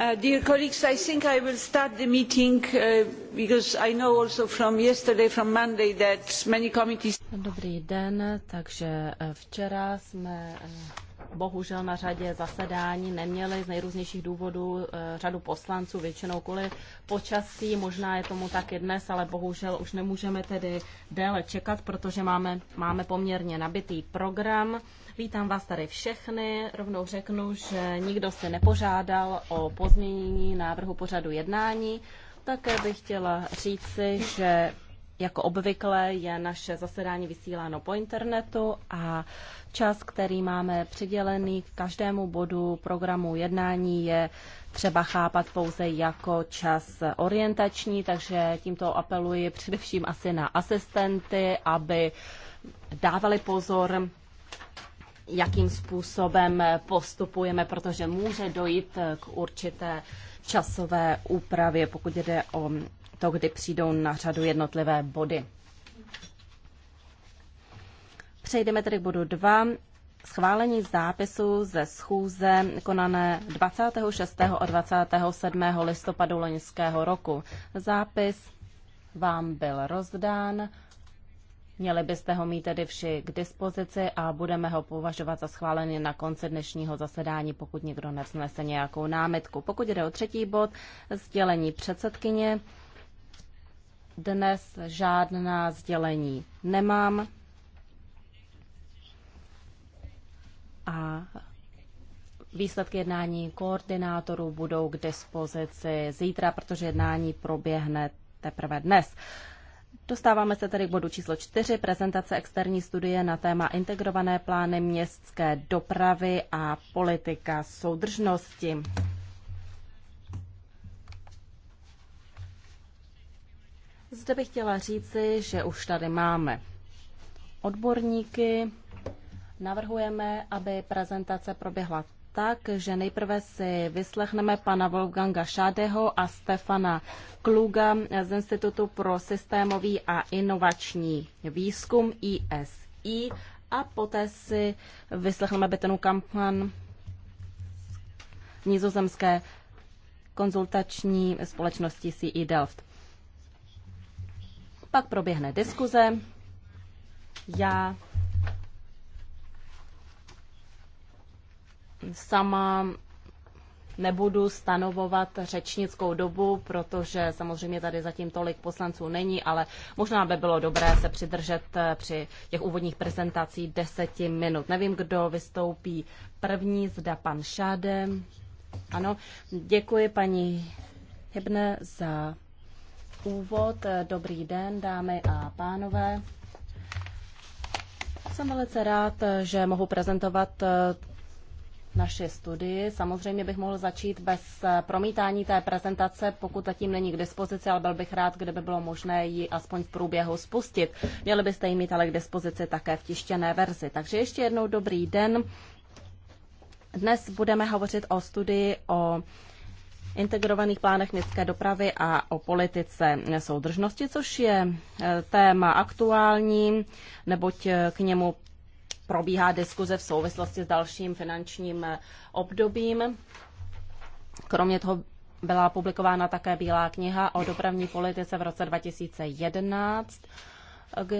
Uh, dear colleagues i think i will start the meeting uh, because i know also from yesterday from monday that many committees Dobrý den, takže uh, včera jsme bohužel na řadě zasedání neměli z nejrůznějších důvodů eh, řadu poslanců, většinou kvůli počasí, možná je tomu tak i dnes, ale bohužel už nemůžeme tedy déle čekat, protože máme, máme poměrně nabitý program. Vítám vás tady všechny. Rovnou řeknu, že nikdo se nepožádal o pozměnění návrhu pořadu jednání. Také bych chtěla říci, že jako obvykle je naše zasedání vysíláno po internetu a čas, který máme přidělený k každému bodu programu jednání, je třeba chápat pouze jako čas orientační, takže tímto apeluji především asi na asistenty, aby dávali pozor jakým způsobem postupujeme, protože může dojít k určité časové úpravě, pokud jde o to, kdy přijdou na řadu jednotlivé body. Přejdeme tedy k bodu 2. Schválení zápisu ze schůze konané 26. a 27. listopadu loňského roku. Zápis vám byl rozdán. Měli byste ho mít tedy vši k dispozici a budeme ho považovat za schválený na konci dnešního zasedání, pokud někdo nevznese nějakou námitku. Pokud jde o třetí bod, sdělení předsedkyně, dnes žádná sdělení nemám. A výsledky jednání koordinátorů budou k dispozici zítra, protože jednání proběhne teprve dnes. Dostáváme se tedy k bodu číslo 4, prezentace externí studie na téma integrované plány městské dopravy a politika soudržnosti. Zde bych chtěla říci, že už tady máme odborníky. Navrhujeme, aby prezentace proběhla tak, že nejprve si vyslechneme pana Wolfganga Šádeho a Stefana Kluga z Institutu pro systémový a inovační výzkum ISI a poté si vyslechneme Betenu Kampman nizozemské konzultační společnosti CE Delft. Pak proběhne diskuze. Já sama nebudu stanovovat řečnickou dobu, protože samozřejmě tady zatím tolik poslanců není, ale možná by bylo dobré se přidržet eh, při těch úvodních prezentací deseti minut. Nevím, kdo vystoupí první, zda pan Šádem. Ano, děkuji paní Hybne za úvod. Dobrý den, dámy a pánové. Jsem velice rád, že mohu prezentovat naše studii. Samozřejmě bych mohl začít bez promítání té prezentace, pokud zatím není k dispozici, ale byl bych rád, kdyby bylo možné ji aspoň v průběhu spustit. Měli byste ji mít ale k dispozici také v tištěné verzi. Takže ještě jednou dobrý den. Dnes budeme hovořit o studii o integrovaných plánech městské dopravy a o politice soudržnosti, což je eh, téma aktuální, neboť eh, k němu probíhá diskuze v souvislosti s dalším finančním eh, obdobím. Kromě toho byla publikována také Bílá kniha o dopravní politice v roce 2011,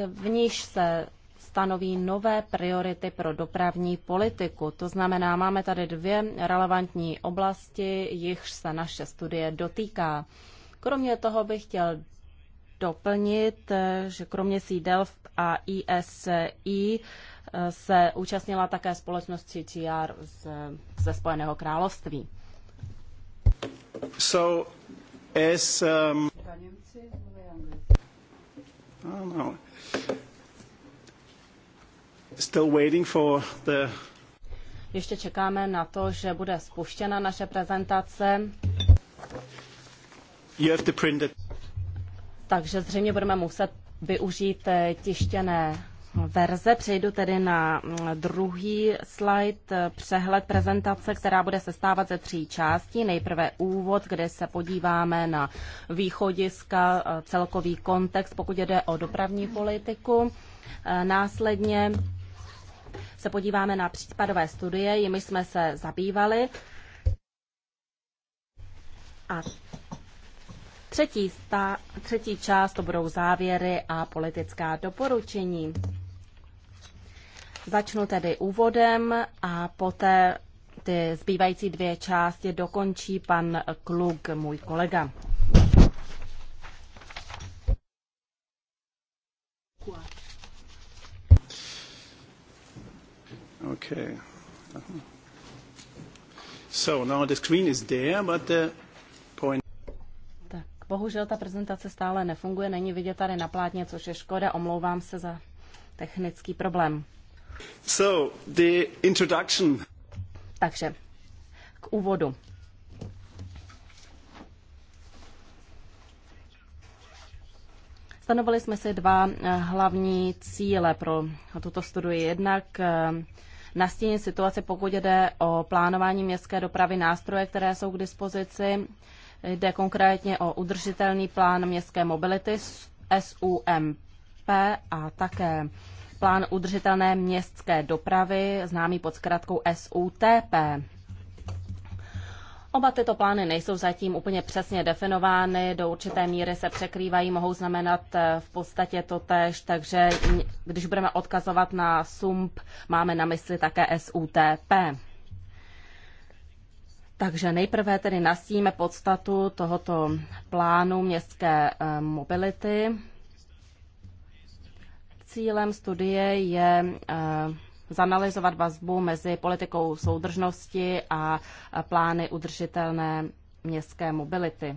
v níž se stanoví nové priority pro dopravní politiku. To znamená, máme tady dvě relevantní oblasti, jichž se naše studie dotýká. Kromě toho bych chtěl doplnit, že kromě Delft a ISI e eh, se účastnila také společnost CTR z, ze Spojeného království. So, as, um... Oh, no still waiting for the... Ještě čekáme na to, že bude spuštěna naše prezentace. You have to print it. Takže zřejmě budeme muset využít eh, tištěné verze. Přejdu tedy na mm, druhý slide, přehled prezentace, která bude sestávat ze tří částí. Nejprve úvod, kde se podíváme na východiska, eh, celkový kontext, pokud jde o dopravní politiku. Eh, následně se podíváme na případové studie, jimi jsme se zabývali. A třetí, sta, třetí část to budou závěry a politická doporučení. Začnu tedy úvodem a poté ty zbývající dvě části dokončí pan Klug, můj kolega. Kuat. Okay. So now the screen is there, but the point... Tak, bohužel ta prezentace stále nefunguje, není vidět tady na plátně, což je škoda, omlouvám se za technický problém. So, the introduction. Takže, k úvodu. Stanovili jsme si dva eh, hlavní cíle pro tuto studii. Jednak eh, nastínit situaci, pokud jde o plánování městské dopravy, nástroje, které jsou k dispozici. Jde konkrétně o udržitelný plán městské mobility SUMP a také plán udržitelné městské dopravy, známý pod zkratkou SUTP. Oba tyto plány nejsou zatím úplně přesně definovány, do určité míry se překrývají, mohou znamenat eh, v podstatě to tež, takže když budeme odkazovat na SUMP, máme na mysli také SUTP. Takže nejprve tedy nastíme podstatu tohoto plánu městské eh, mobility. Cílem studie je eh, zanalizovat vazbu mezi politikou soudržnosti a plány udržitelné městské mobility.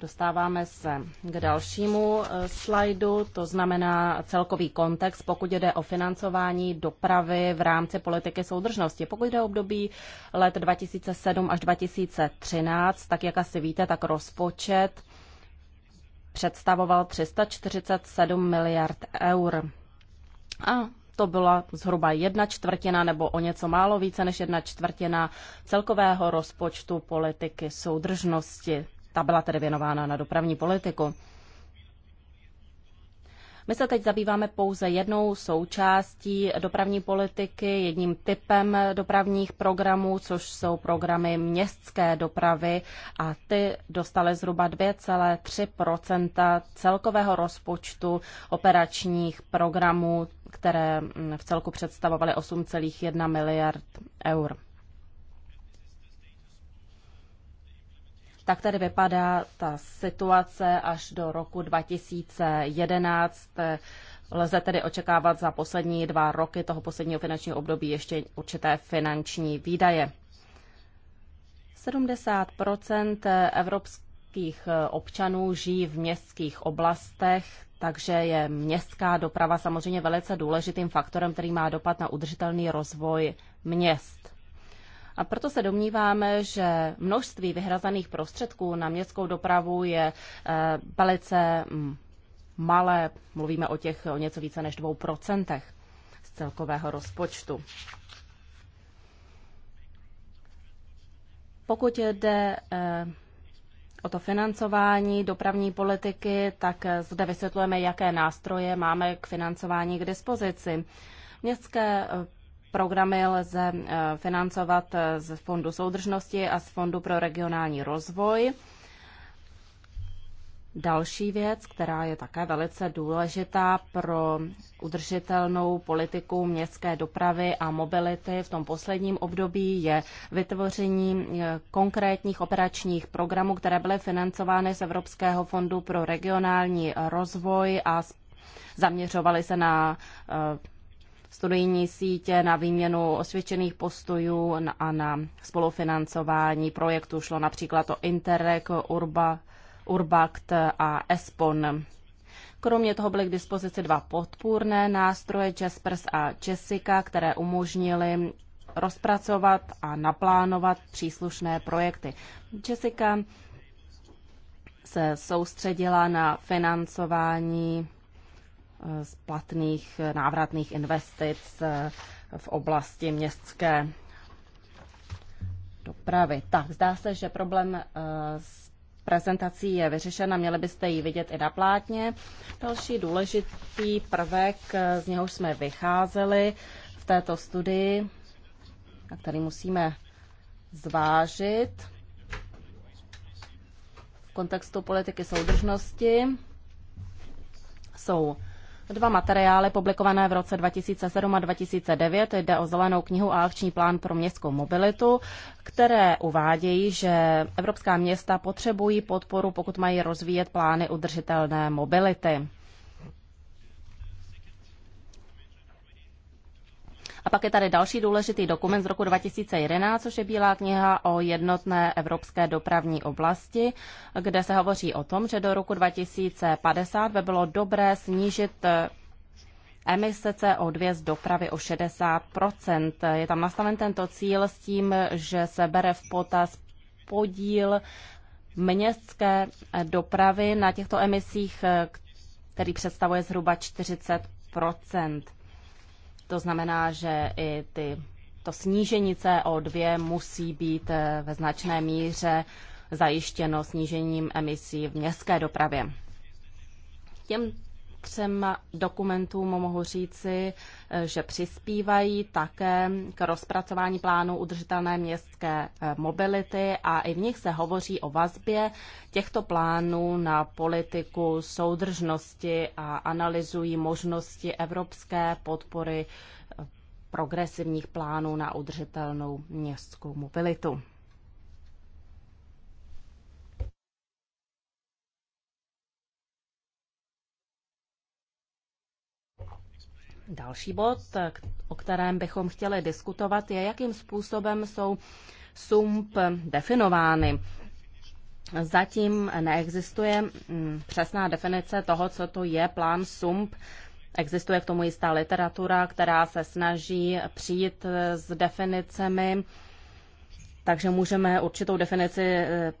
Dostáváme se k dalšímu eh, slajdu, to znamená celkový kontext, pokud jde o financování dopravy v rámci politiky soudržnosti. Pokud jde o období let 2007 až 2013, tak jak asi víte, tak rozpočet představoval 347 miliard eur. A to byla zhruba jedna čtvrtina nebo o něco málo více než jedna čtvrtina celkového rozpočtu politiky soudržnosti. Ta byla tedy věnována na dopravní politiku. My se teď zabýváme pouze jednou součástí dopravní politiky, jedním typem dopravních programů, což jsou programy městské dopravy a ty dostaly zhruba 2,3 celkového rozpočtu operačních programů, které v celku představovaly 8,1 miliard eur. tak tady vypadá ta situace až do roku 2011. Lze tedy očekávat za poslední dva roky toho posledního finančního období ještě určité finanční výdaje. 70 evropských občanů žijí v městských oblastech, takže je městská doprava samozřejmě velice důležitým faktorem, který má dopad na udržitelný rozvoj měst. A proto se domníváme, že množství vyhrazených prostředků na městskou dopravu je eh, velice mm, malé. Mluvíme o těch o něco více než 2% z celkového rozpočtu. Pokud jde eh, o to financování dopravní politiky, tak eh, zde vysvětlujeme, jaké nástroje máme k financování k dispozici. Městské programy lze eh, financovat eh, z Fondu soudržnosti a z Fondu pro regionální rozvoj. Další věc, která je také velice důležitá pro udržitelnou politiku městské dopravy a mobility v tom posledním období, je vytvoření eh, konkrétních operačních programů, které byly financovány z Evropského fondu pro regionální rozvoj a zaměřovaly se na studijní sítě, na výměnu osvědčených postojů a na spolufinancování projektů. Šlo například o Interreg, Urba, Urbact a Espon. Kromě toho byly k dispozici dva podpůrné nástroje Jaspers a Jessica, které umožnily rozpracovat a naplánovat příslušné projekty. Jessica se soustředila na financování splatných návratných investic eh, v oblasti městské dopravy. Tak, zdá se, že problém eh, s prezentací je vyřešena, měli byste ji vidět i na plátně. Další důležitý prvek, eh, z něhož jsme vycházeli v této studii, a který musíme zvážit v kontextu politiky soudržnosti, jsou dva materiály publikované v roce 2007 a 2009. Jde o zelenou knihu a akční plán pro městskou mobilitu, které uvádějí, že evropská města potřebují podporu, pokud mají rozvíjet plány udržitelné mobility. A pak je tady další důležitý dokument z roku 2011, což je Bílá kniha o jednotné evropské dopravní oblasti, kde se hovoří o tom, že do roku 2050 by bylo dobré snížit eh, emise CO2 z dopravy o 60 Je tam nastaven tento cíl s tím, že se bere v potaz podíl městské eh, dopravy na těchto emisích, eh, který představuje zhruba 40 to znamená, že i ty, to snížení CO2 musí být eh, ve značné míře zajištěno snížením emisí v městské dopravě. Těm třem dokumentům mohu říci, eh, že přispívají také k rozpracování plánu udržitelné městské eh, mobility a i v nich se hovoří o vazbě těchto plánů na politiku soudržnosti a analyzují možnosti evropské podpory eh, progresivních plánů na udržitelnou městskou mobilitu. Další bod, o kterém bychom chtěli diskutovat, je, jakým způsobem jsou SUMP definovány. Zatím neexistuje mm, přesná definice toho, co to je plán SUMP. Existuje k tomu jistá literatura, která se snaží přijít s definicemi, takže můžeme určitou definici eh,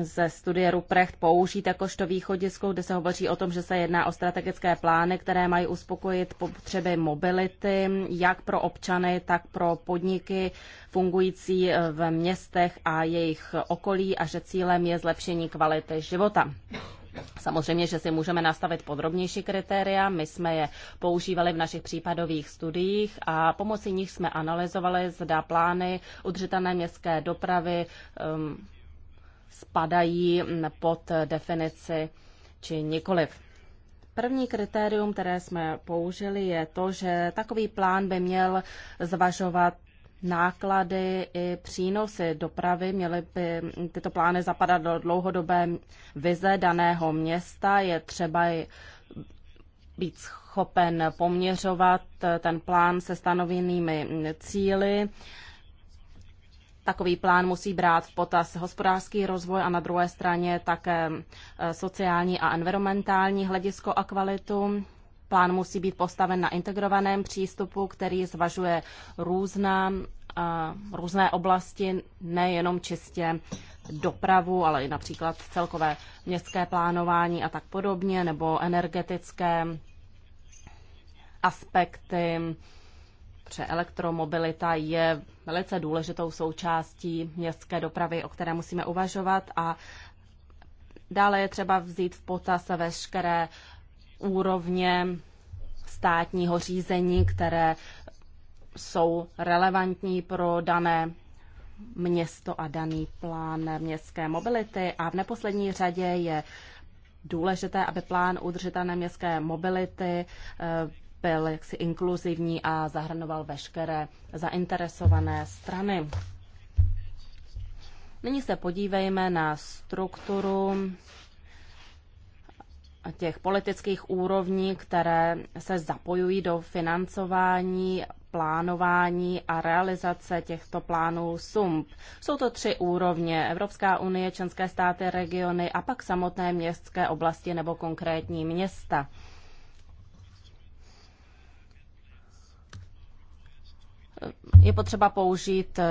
ze studie Ruprecht použít jakožto východisko, kde se hovoří o tom, že se jedná o strategické plány, které mají uspokojit potřeby mobility, jak pro občany, tak pro podniky fungující e, v městech a jejich okolí a že cílem je zlepšení kvality života. Samozřejmě, že si můžeme nastavit podrobnější kritéria. My jsme je používali v našich případových studiích a pomocí nich jsme analyzovali, zda plány udržitelné městské dopravy um, spadají pod definici či nikoliv. První kritérium, které jsme použili, je to, že takový plán by měl zvažovat náklady i přínosy dopravy. Měly by tyto plány zapadat do dlouhodobé vize daného města. Je třeba být schopen poměřovat ten plán se stanovenými cíly Takový plán musí brát v potaz hospodářský rozvoj a na druhé straně také eh, sociální a environmentální hledisko a kvalitu. Plán musí být postaven na integrovaném přístupu, který zvažuje různá, eh, různé oblasti, nejenom čistě dopravu, ale i například celkové městské plánování a tak podobně, nebo energetické aspekty, protože elektromobilita je velice důležitou součástí městské dopravy, o které musíme uvažovat a dále je třeba vzít v potaz veškeré úrovně státního řízení, které jsou relevantní pro dané město a daný plán městské mobility. A v neposlední řadě je důležité, aby plán udržitelné městské mobility eh, byl jaksi inkluzivní a zahrnoval veškeré zainteresované strany. Nyní se podívejme na strukturu těch politických úrovní, které se zapojují do financování, plánování a realizace těchto plánů SUMP. Jsou to tři úrovně. Evropská unie, členské státy, regiony a pak samotné městské oblasti nebo konkrétní města. je potřeba použít eh,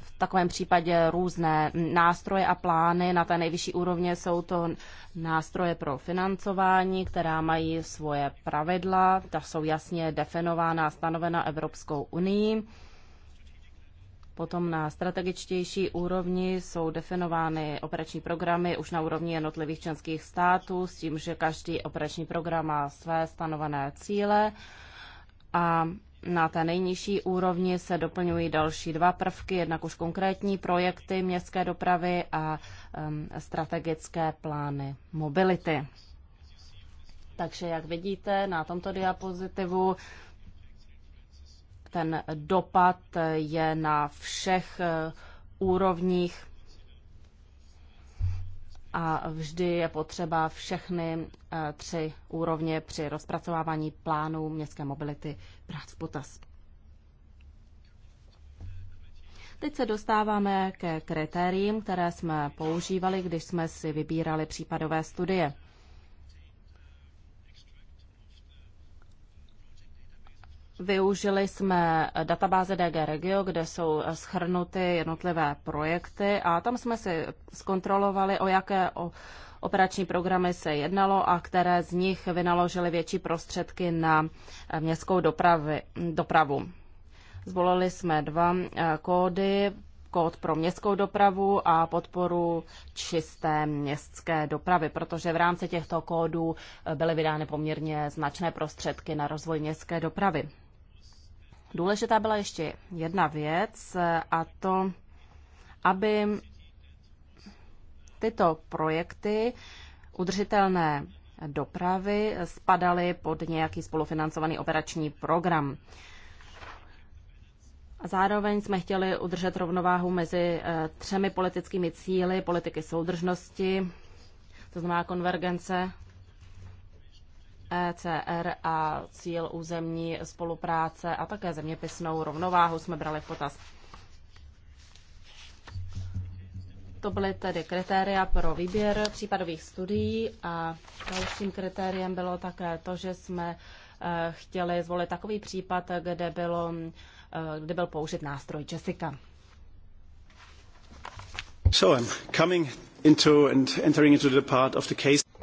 v takovém případě různé nástroje a plány. Na té nejvyšší úrovně jsou to nástroje pro financování, která mají svoje pravidla, ta jsou jasně definována a stanovena Evropskou unii. Potom na strategičtější úrovni jsou definovány operační programy už na úrovni jednotlivých členských států s tím, že každý operační program má své stanovené cíle a na té nejnižší úrovni se doplňují další dva prvky, jednak už konkrétní projekty městské dopravy a um, strategické plány mobility. Takže jak vidíte na tomto diapozitivu, ten dopad je na všech eh, úrovních a vždy je potřeba všechny eh, tři úrovně při rozpracovávání plánů městské mobility brát v potaz. Teď se dostáváme ke kritériím, které jsme používali, když jsme si vybírali případové studie. Využili jsme databáze DG Regio, kde jsou schrnuty jednotlivé projekty a tam jsme si zkontrolovali, o jaké operační programy se jednalo a které z nich vynaložily větší prostředky na eh, městskou dopravy, dopravu. Zvolili jsme dva eh, kódy, kód pro městskou dopravu a podporu čisté městské dopravy, protože v rámci těchto kódů eh, byly vydány poměrně značné prostředky na rozvoj městské dopravy. Důležitá byla ještě jedna věc a to, aby tyto projekty udržitelné dopravy spadaly pod nějaký spolufinancovaný operační program. A zároveň jsme chtěli udržet rovnováhu mezi eh, třemi politickými cíly politiky soudržnosti, to znamená konvergence, ECR a cíl územní spolupráce a také zeměpisnou rovnováhu jsme brali v potaz. To byly tedy kritéria pro výběr případových studií a dalším kritériem bylo také to, že jsme e, chtěli zvolit takový případ, kde, bylo, e, kde byl použit nástroj Jessica. So I'm coming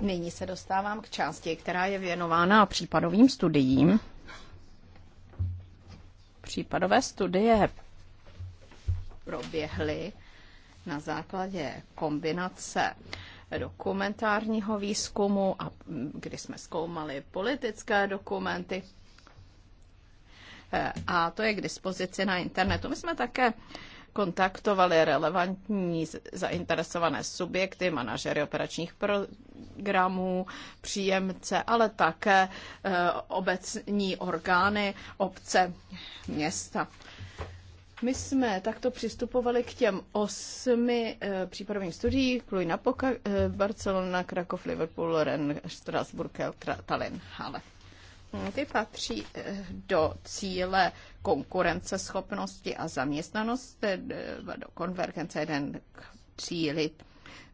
Nyní se dostávám k části, která je věnována případovým studiím. Případové studie proběhly na základě kombinace dokumentárního výzkumu, a kdy jsme zkoumali politické dokumenty. E, a to je k dispozici na internetu. My jsme také kontaktovali relevantní zainteresované subjekty, manažery operačních programů, příjemce, ale také eh, obecní orgány, obce, města. My jsme takto přistupovali k těm osmi e, případovým studiím, Kluj na Poka, e, Barcelona, Krakov, Liverpool, Rennes, Strasburg, Tallinn, Halle ty patří eh, do cíle konkurenceschopnosti a zaměstnanost, eh, eh, do konvergence jeden k cíli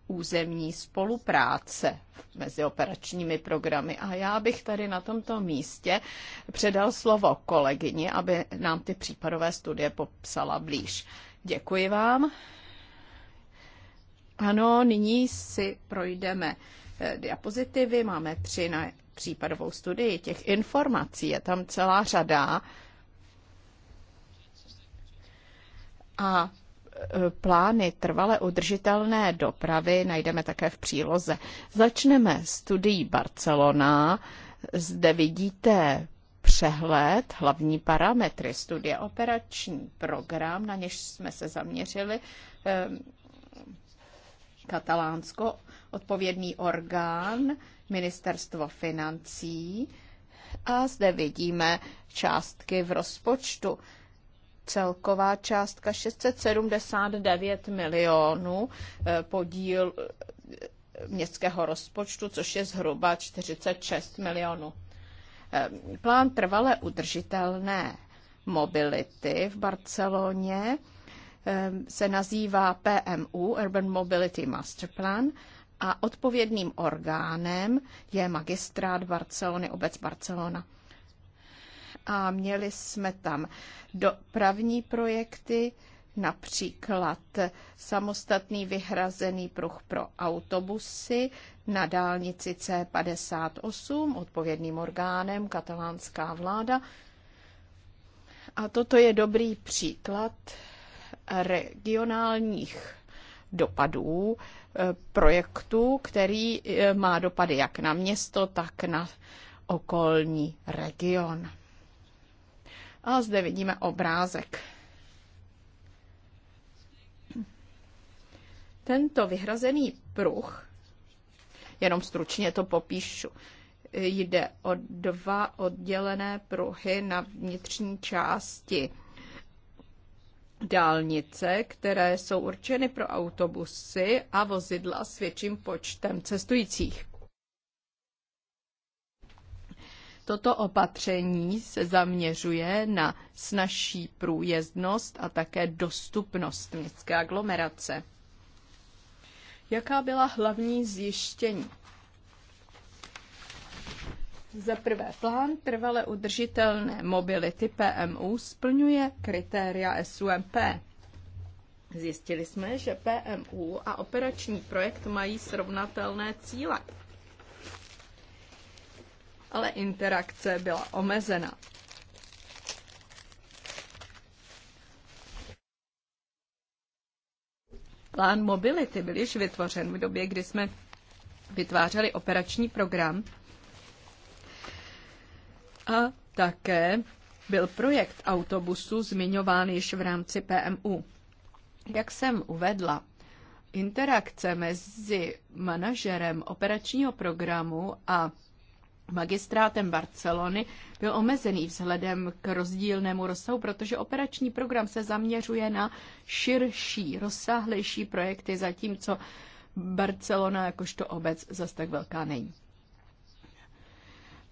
územní spolupráce mezi operačními programy. A já bych tady na tomto místě předal slovo kolegyni, aby nám ty případové studie popsala blíž. Děkuji vám. Ano, nyní si projdeme diapozitivy. Máme tři na případovou studii. Těch informací je tam celá řada. A e, plány trvale udržitelné dopravy najdeme také v příloze. Začneme studií Barcelona. Zde vidíte přehled, hlavní parametry studie, operační program, na něž jsme se zaměřili. E, Katalánsko, odpovědný orgán ministerstvo financí a zde vidíme částky v rozpočtu. Celková částka 679 milionů eh, podíl eh, městského rozpočtu, což je zhruba 46 milionů. Eh, plán trvale udržitelné mobility v Barceloně se nazývá PMU, Urban Mobility Master Plan, a odpovědným orgánem je magistrát Barcelony, obec Barcelona. A měli jsme tam dopravní projekty, například samostatný vyhrazený pruh pro autobusy na dálnici C58, odpovědným orgánem katalánská vláda. A toto je dobrý příklad regionálních dopadů eh, projektu, který eh, má dopady jak na město, tak na okolní region. A zde vidíme obrázek. Tento vyhrazený pruh, jenom stručně to popíšu, jde o dva oddělené pruhy na vnitřní části dálnice, které jsou určeny pro autobusy a vozidla s větším počtem cestujících. Toto opatření se zaměřuje na snažší průjezdnost a také dostupnost městské aglomerace. Jaká byla hlavní zjištění? Za prvé, plán trvale udržitelné mobility PMU splňuje kritéria SUMP. Zjistili jsme, že PMU a operační projekt mají srovnatelné cíle. Ale interakce byla omezena. Plán mobility byl již vytvořen v době, kdy jsme vytvářeli operační program a také byl projekt autobusu zmiňován již v rámci PMU. Jak jsem uvedla, interakce mezi manažerem operačního programu a magistrátem Barcelony byl omezený vzhledem k rozdílnému rozsahu, protože operační program se zaměřuje na širší, rozsáhlejší projekty, zatímco Barcelona jakožto obec zase tak velká není.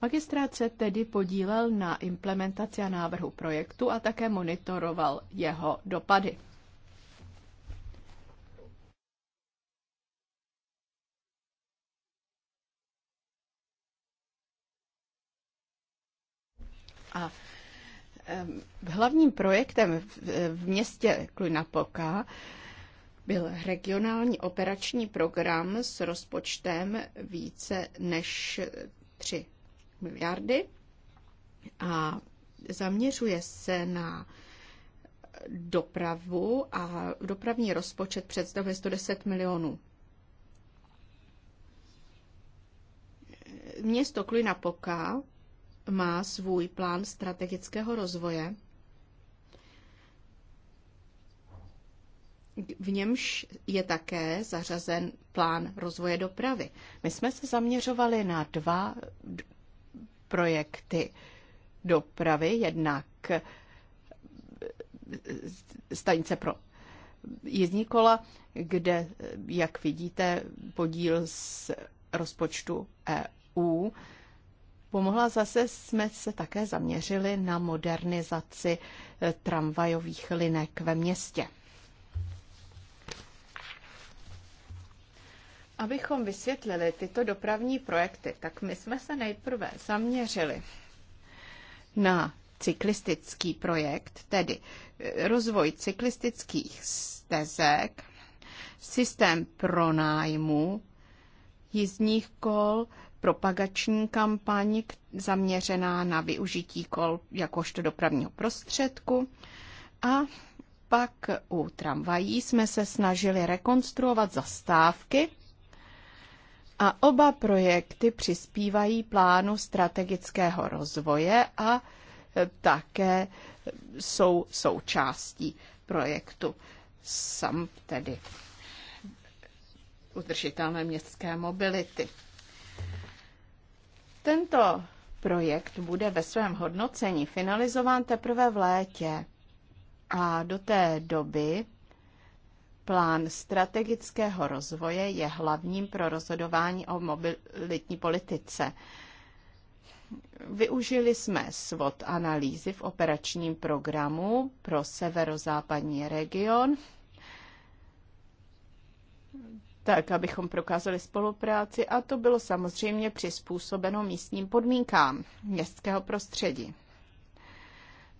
Magistrát se tedy podílel na implementaci a návrhu projektu a také monitoroval jeho dopady. A hlavním projektem v městě Klunapoka byl regionální operační program s rozpočtem více než 3 miliardy a zaměřuje se na dopravu a dopravní rozpočet představuje 110 milionů. Město Klina Poká má svůj plán strategického rozvoje, v němž je také zařazen plán rozvoje dopravy. My jsme se zaměřovali na dva projekty dopravy, jednak eh, stanice pro jízdní kola, kde, eh, jak vidíte, podíl z rozpočtu EU pomohla. Zase jsme se také zaměřili na modernizaci eh, tramvajových linek ve městě. Abychom vysvětlili tyto dopravní projekty, tak my jsme se nejprve zaměřili na cyklistický projekt, tedy eh, rozvoj cyklistických stezek, systém pronájmu jízdních kol, propagační kampaň zaměřená na využití kol jakožto dopravního prostředku a pak u tramvají jsme se snažili rekonstruovat zastávky a oba projekty přispívají plánu strategického rozvoje a e, také jsou součástí projektu SAM, tedy udržitelné městské mobility. Tento projekt bude ve svém hodnocení finalizován teprve v létě a do té doby Plán strategického rozvoje je hlavním pro rozhodování o mobilitní politice. Využili jsme SWOT analýzy v operačním programu pro severozápadní region, tak abychom prokázali spolupráci a to bylo samozřejmě přizpůsobeno místním podmínkám městského prostředí.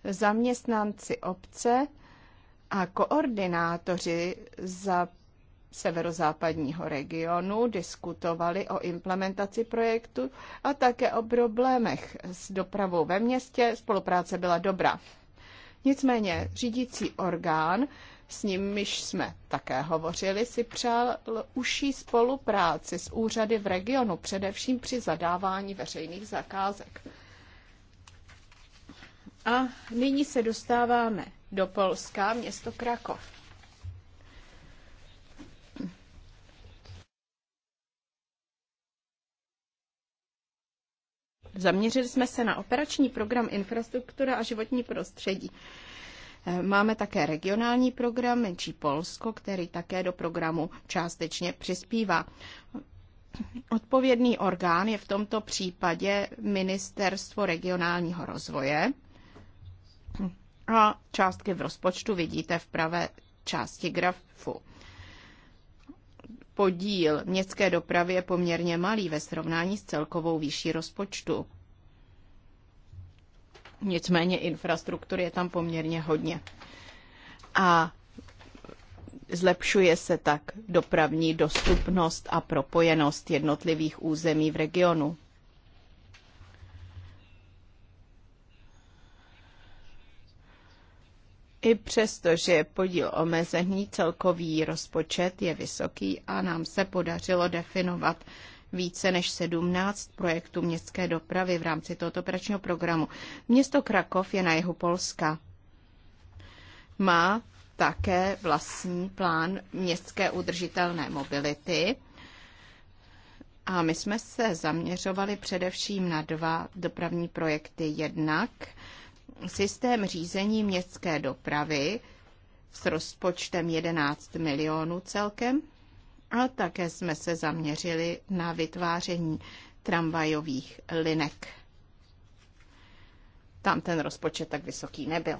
Zaměstnanci obce a koordinátoři za severozápadního regionu diskutovali o implementaci projektu a také o problémech s dopravou ve městě. Spolupráce byla dobrá. Nicméně řídící orgán, s nimiž jsme také hovořili, si přál užší spolupráci s úřady v regionu, především při zadávání veřejných zakázek. A nyní se dostáváme do Polska, město Krakov. Zaměřili jsme se na operační program Infrastruktura a životní prostředí. Eh, máme také regionální program Menší Polsko, který také do programu částečně přispívá. Odpovědný orgán je v tomto případě Ministerstvo regionálního rozvoje a částky v rozpočtu vidíte v pravé části grafu. Podíl městské dopravy je poměrně malý ve srovnání s celkovou výší rozpočtu. Nicméně infrastruktury je tam poměrně hodně. A zlepšuje se tak dopravní dostupnost a propojenost jednotlivých území v regionu. I přesto, že je podíl omezený, celkový rozpočet je vysoký a nám se podařilo definovat více než 17 projektů městské dopravy v rámci tohoto operačního programu. Město Krakov je na jihu Polska. Má také vlastní plán městské udržitelné mobility. A my jsme se zaměřovali především na dva dopravní projekty. Jednak systém řízení městské dopravy s rozpočtem 11 milionů celkem, ale také jsme se zaměřili na vytváření tramvajových linek. Tam ten rozpočet tak vysoký nebyl.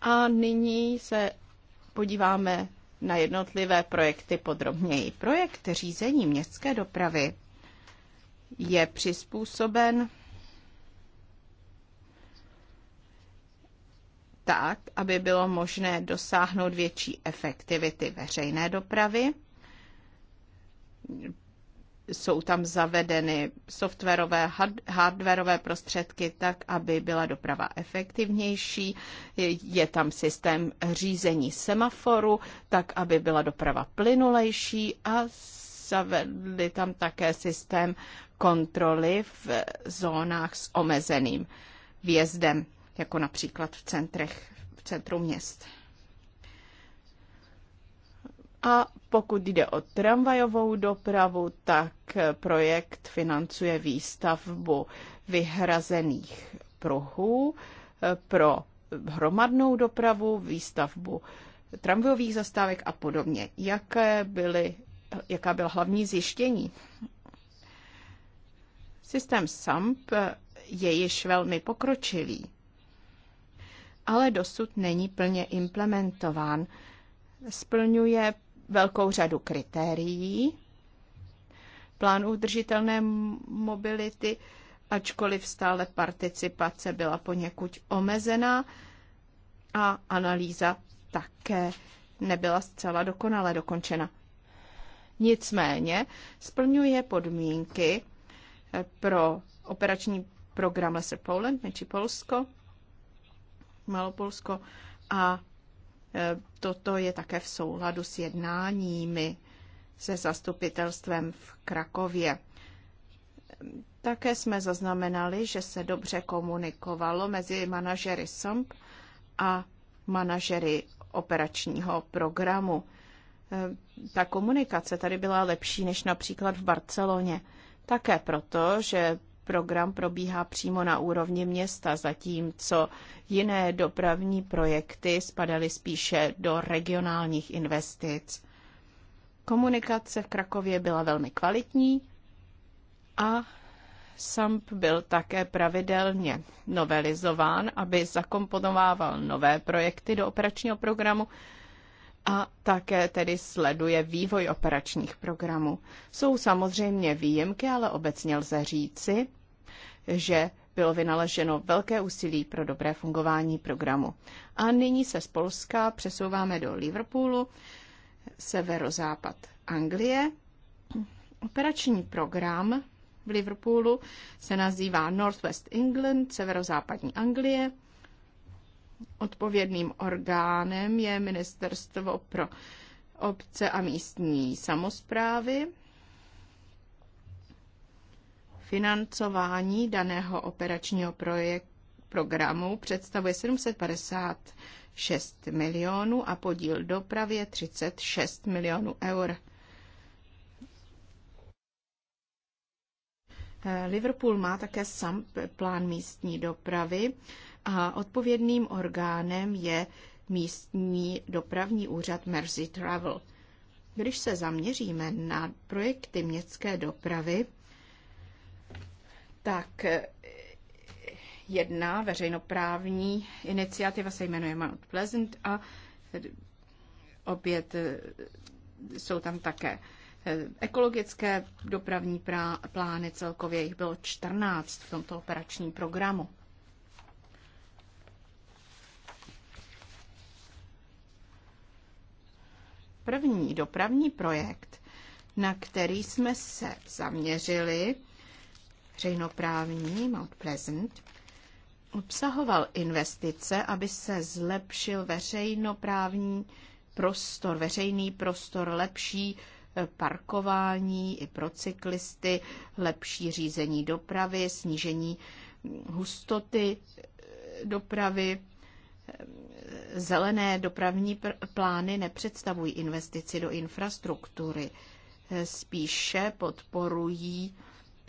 A nyní se podíváme na jednotlivé projekty podrobněji. Projekt řízení městské dopravy je přizpůsoben tak, aby bylo možné dosáhnout větší efektivity veřejné dopravy. Jsou tam zavedeny softwarové, hardwarové prostředky tak, aby byla doprava efektivnější. Je tam systém řízení semaforu tak, aby byla doprava plynulejší a zavedli tam také systém kontroly v zónách s omezeným vjezdem jako například v centrech, v centru měst. A pokud jde o tramvajovou dopravu, tak projekt financuje výstavbu vyhrazených pruhů pro hromadnou dopravu, výstavbu tramvajových zastávek a podobně. Jaké byly, jaká byla hlavní zjištění? Systém SAMP je již velmi pokročilý ale dosud není plně implementován. Splňuje velkou řadu kritérií. Plán udržitelné mobility, ačkoliv stále participace byla poněkud omezená a analýza také nebyla zcela dokonale dokončena. Nicméně splňuje podmínky pro operační program Lesser Poland, Meči Polsko, Malopolsko a e, toto je také v souladu s jednáními se zastupitelstvem v Krakově. Také jsme zaznamenali, že se dobře komunikovalo mezi manažery SOMP a manažery operačního programu. E, ta komunikace tady byla lepší než například v Barceloně. Také proto, že program probíhá přímo na úrovni města, zatímco jiné dopravní projekty spadaly spíše do regionálních investic. Komunikace v Krakově byla velmi kvalitní a SAMP byl také pravidelně novelizován, aby zakomponovával nové projekty do operačního programu a také tedy sleduje vývoj operačních programů. Jsou samozřejmě výjimky, ale obecně lze říci, že bylo vynaleženo velké úsilí pro dobré fungování programu. A nyní se z Polska přesouváme do Liverpoolu, severozápad Anglie. Operační program v Liverpoolu se nazývá Northwest England, severozápadní Anglie. Odpovědným orgánem je Ministerstvo pro obce a místní samozprávy Financování daného operačního projektu programu představuje 756 milionů a podíl dopravě 36 milionů eur. Liverpool má také sam plán místní dopravy a odpovědným orgánem je místní dopravní úřad Mersey Travel. Když se zaměříme na projekty městské dopravy, tak eh, jedna veřejnoprávní iniciativa se jmenuje Mount Pleasant a eh, opět eh, jsou tam také ekologické dopravní plány, celkově jich bylo 14 v tomto operačním programu. První dopravní projekt, na který jsme se zaměřili, veřejnoprávní Mount Pleasant obsahoval investice, aby se zlepšil veřejnoprávní prostor, veřejný prostor, lepší eh, parkování i pro cyklisty, lepší řízení dopravy, snížení hustoty eh, dopravy. Eh, zelené dopravní plány nepředstavují investici do infrastruktury, spíše podporují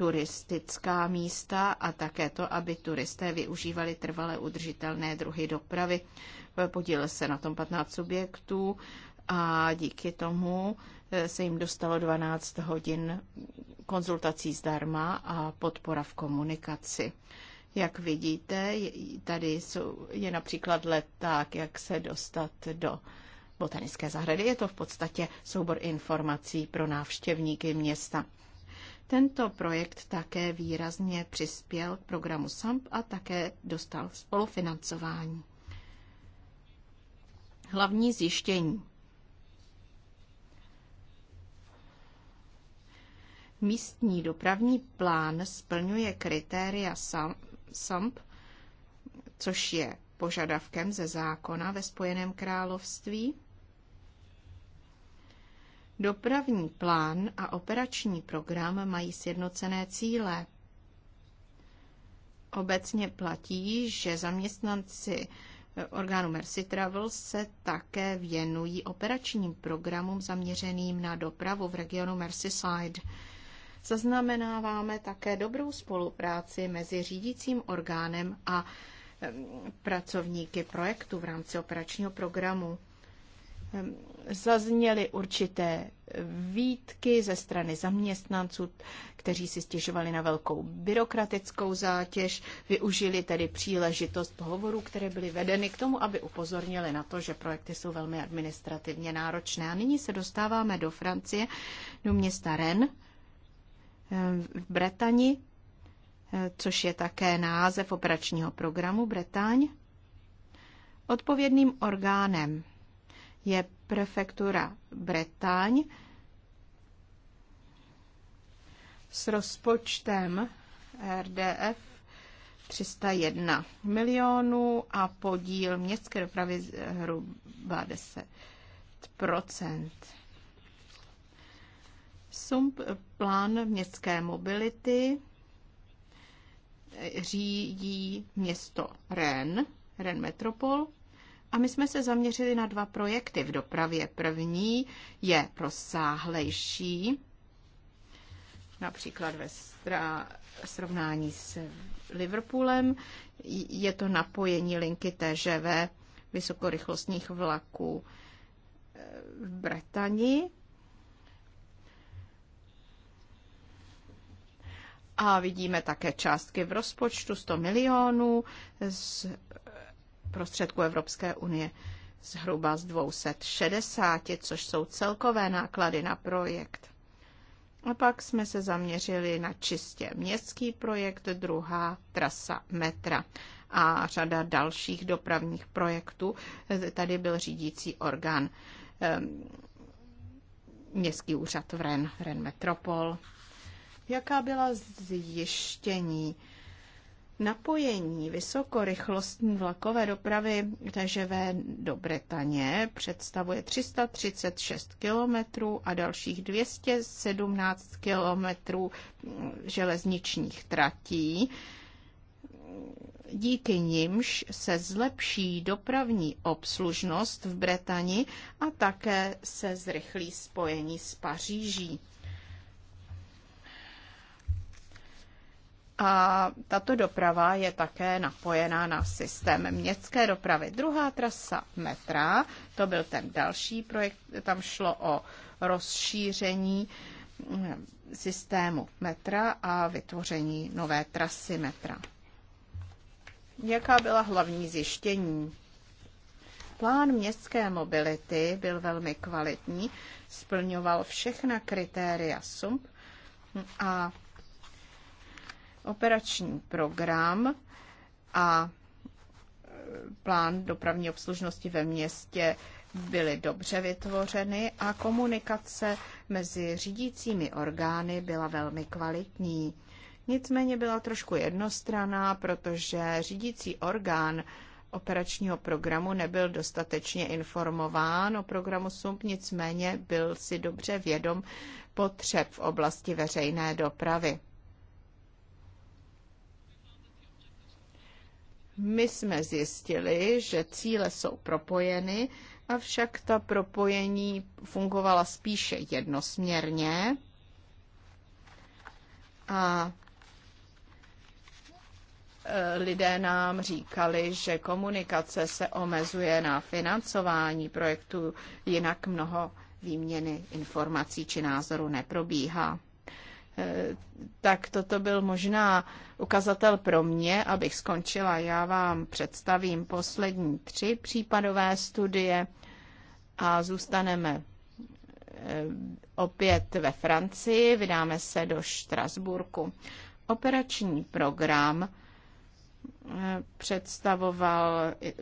turistická místa a také to, aby turisté využívali trvale udržitelné druhy dopravy. Podílel se na tom 15 subjektů a díky tomu eh, se jim dostalo 12 hodin konzultací zdarma a podpora v komunikaci. Jak vidíte, tady jsou, je například leták, jak se dostat do botanické zahrady. Je to v podstatě soubor informací pro návštěvníky města. Tento projekt také výrazně přispěl k programu SAMP a také dostal spolufinancování. Hlavní zjištění. Místní dopravní plán splňuje kritéria SAMP, což je požadavkem ze zákona ve Spojeném království Dopravní plán a operační program mají sjednocené cíle. Obecně platí, že zaměstnanci eh, orgánu Mercy Travel se také věnují operačním programům zaměřeným na dopravu v regionu Merseyside. Zaznamenáváme také dobrou spolupráci mezi řídícím orgánem a pracovníky projektu v rámci operačního programu. Ehm, zazněly určité výtky ze strany zaměstnanců, kteří si stěžovali na velkou byrokratickou zátěž, využili tedy příležitost pohovorů, které byly vedeny k tomu, aby upozornili na to, že projekty jsou velmi administrativně náročné. A nyní se dostáváme do Francie, do města Rennes ehm, v Bretani, ehm, což je také název operačního programu Bretaň. Odpovědným orgánem je prefektura Bretaň s rozpočtem RDF 301 milionů a podíl městské dopravy hruba 10 Sump plán městské mobility řídí město Ren, Ren Metropol, a my jsme se zaměřili na dva projekty v dopravě. První je rozsáhlejší, například ve srovnání s Liverpoolem. Je to napojení linky TŽV vysokorychlostních vlaků eh, v Bretani. A vidíme také částky v rozpočtu 100 milionů z prostředků Evropské unie zhruba z 260, což jsou celkové náklady na projekt. A pak jsme se zaměřili na čistě městský projekt, druhá trasa metra a řada dalších dopravních projektů. Tady byl řídící orgán ehm, městský úřad v Ren, Ren Metropol. Jaká byla zjištění? Napojení vysokorychlostní vlakové dopravy TGV do Bretaně představuje 336 km a dalších 217 km železničních tratí díky nimž se zlepší dopravní obslužnost v Bretani a také se zrychlí spojení s Paříží. A tato doprava je také napojená na systém městské dopravy. Druhá trasa metra, to byl ten další projekt, tam šlo o rozšíření mm, systému metra a vytvoření nové trasy metra. Jaká byla hlavní zjištění? Plán městské mobility byl velmi kvalitní, splňoval všechna kritéria SUMP a operační program a e, plán dopravní obslužnosti ve městě byly dobře vytvořeny a komunikace mezi řídícími orgány byla velmi kvalitní. Nicméně byla trošku jednostraná, protože řídící orgán operačního programu nebyl dostatečně informován o programu SUMP, nicméně byl si dobře vědom potřeb v oblasti veřejné dopravy. My jsme zjistili, že cíle jsou propojeny, avšak ta propojení fungovala spíše jednosměrně a e, lidé nám říkali, že komunikace se omezuje na financování projektu, jinak mnoho výměny informací či názorů neprobíhá tak toto byl možná ukazatel pro mě, abych skončila. Já vám představím poslední tři případové studie a zůstaneme eh, opět ve Francii, vydáme se do Štrasburku. Operační program eh, představoval eh,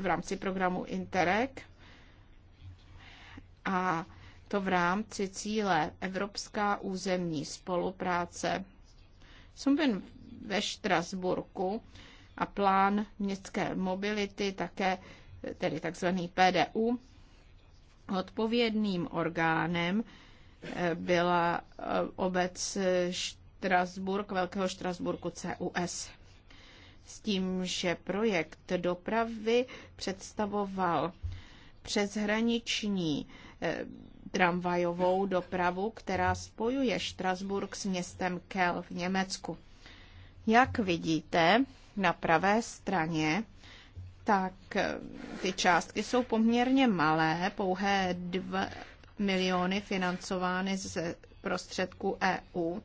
v rámci programu Interreg a to v rámci cíle Evropská územní spolupráce. Jsem byl ve Štrasburku a plán městské mobility, také tedy takzvaný PDU, odpovědným orgánem eh, byla eh, obec Štrasburg, Velkého Štrasburku CUS. S tím, že projekt dopravy představoval přeshraniční eh, tramvajovou dopravu, která spojuje Štrasburg s městem Kel v Německu. Jak vidíte na pravé straně, tak ty částky jsou poměrně malé, pouhé 2 miliony financovány z prostředků EU.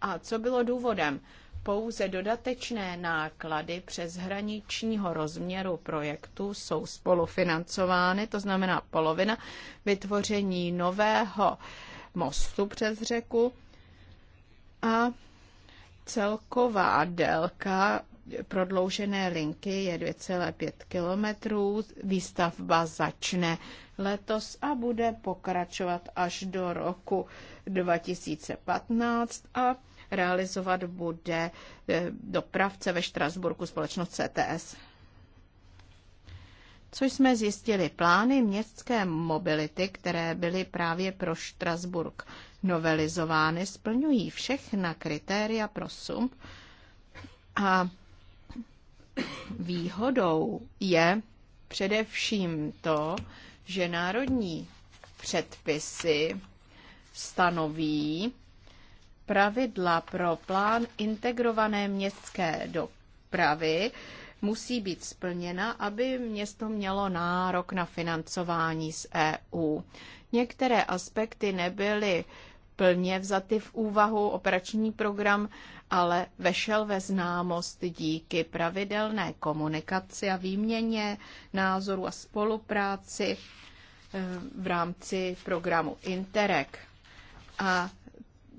A co bylo důvodem? Pouze dodatečné náklady hraničního rozměru projektu jsou spolufinancovány, to znamená polovina vytvoření nového mostu přes řeku a celková délka prodloužené linky je 2,5 kilometrů. Výstavba začne letos a bude pokračovat až do roku 2015 a realizovat bude eh, dopravce ve Štrasburku společnost CTS. Co jsme zjistili, plány městské mobility, které byly právě pro Štrasburg novelizovány, splňují všechna kritéria pro SUMP a výhodou je především to, že národní předpisy stanoví pravidla pro plán integrované městské dopravy musí být splněna, aby město mělo nárok na financování z EU. Některé aspekty nebyly plně vzaty v úvahu operační program, ale vešel ve známost díky pravidelné komunikaci a výměně názorů a spolupráci eh, v rámci programu Interreg. A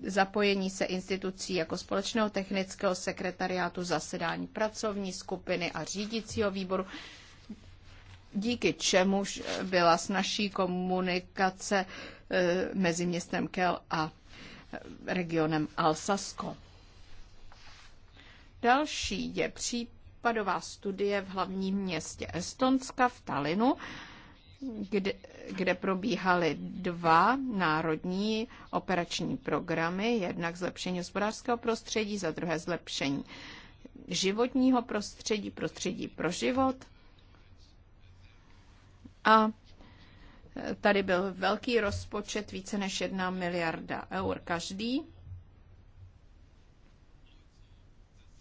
zapojení se institucí jako společného technického sekretariátu, zasedání pracovní skupiny a řídícího výboru, díky čemuž byla s naší komunikace eh, mezi městem Kel a eh, regionem Alsasko. Další je případová studie v hlavním městě Estonska v Talinu, kde, kde probíhaly dva národní operační programy, jednak zlepšení hospodářského prostředí, za druhé zlepšení životního prostředí, prostředí pro život. A tady byl velký rozpočet, více než jedna miliarda eur každý.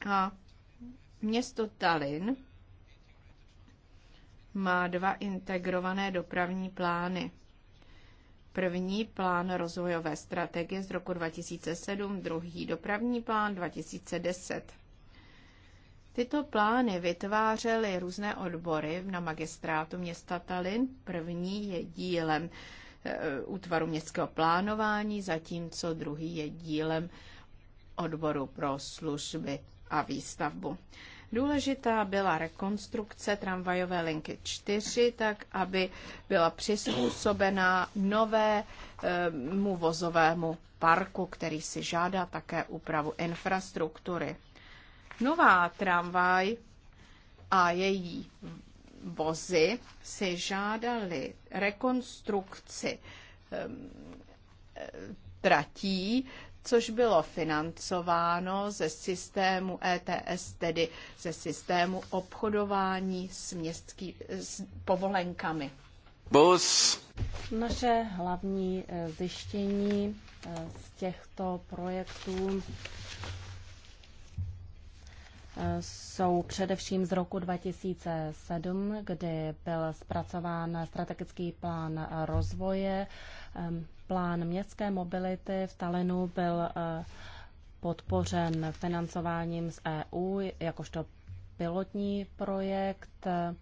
A město Tallinn má dva integrované dopravní plány. První plán rozvojové strategie z roku 2007, druhý dopravní plán 2010. Tyto plány vytvářely různé odbory na magistrátu města Tallinn. První je dílem eh, útvaru městského plánování, zatímco druhý je dílem odboru pro služby a výstavbu. Důležitá byla rekonstrukce tramvajové linky 4, tak aby byla přizpůsobená novému vozovému parku, který si žádá také úpravu infrastruktury. Nová tramvaj a její vozy si žádali rekonstrukci ehm, tratí což bylo financováno ze systému ETS, tedy ze systému obchodování s, městský, s povolenkami. Bus. Naše hlavní eh, zjištění eh, z těchto projektů jsou především z roku 2007, kdy byl zpracován strategický plán rozvoje. Plán městské mobility v Talinu byl eh, podpořen financováním z EU jakožto pilotní projekt eh,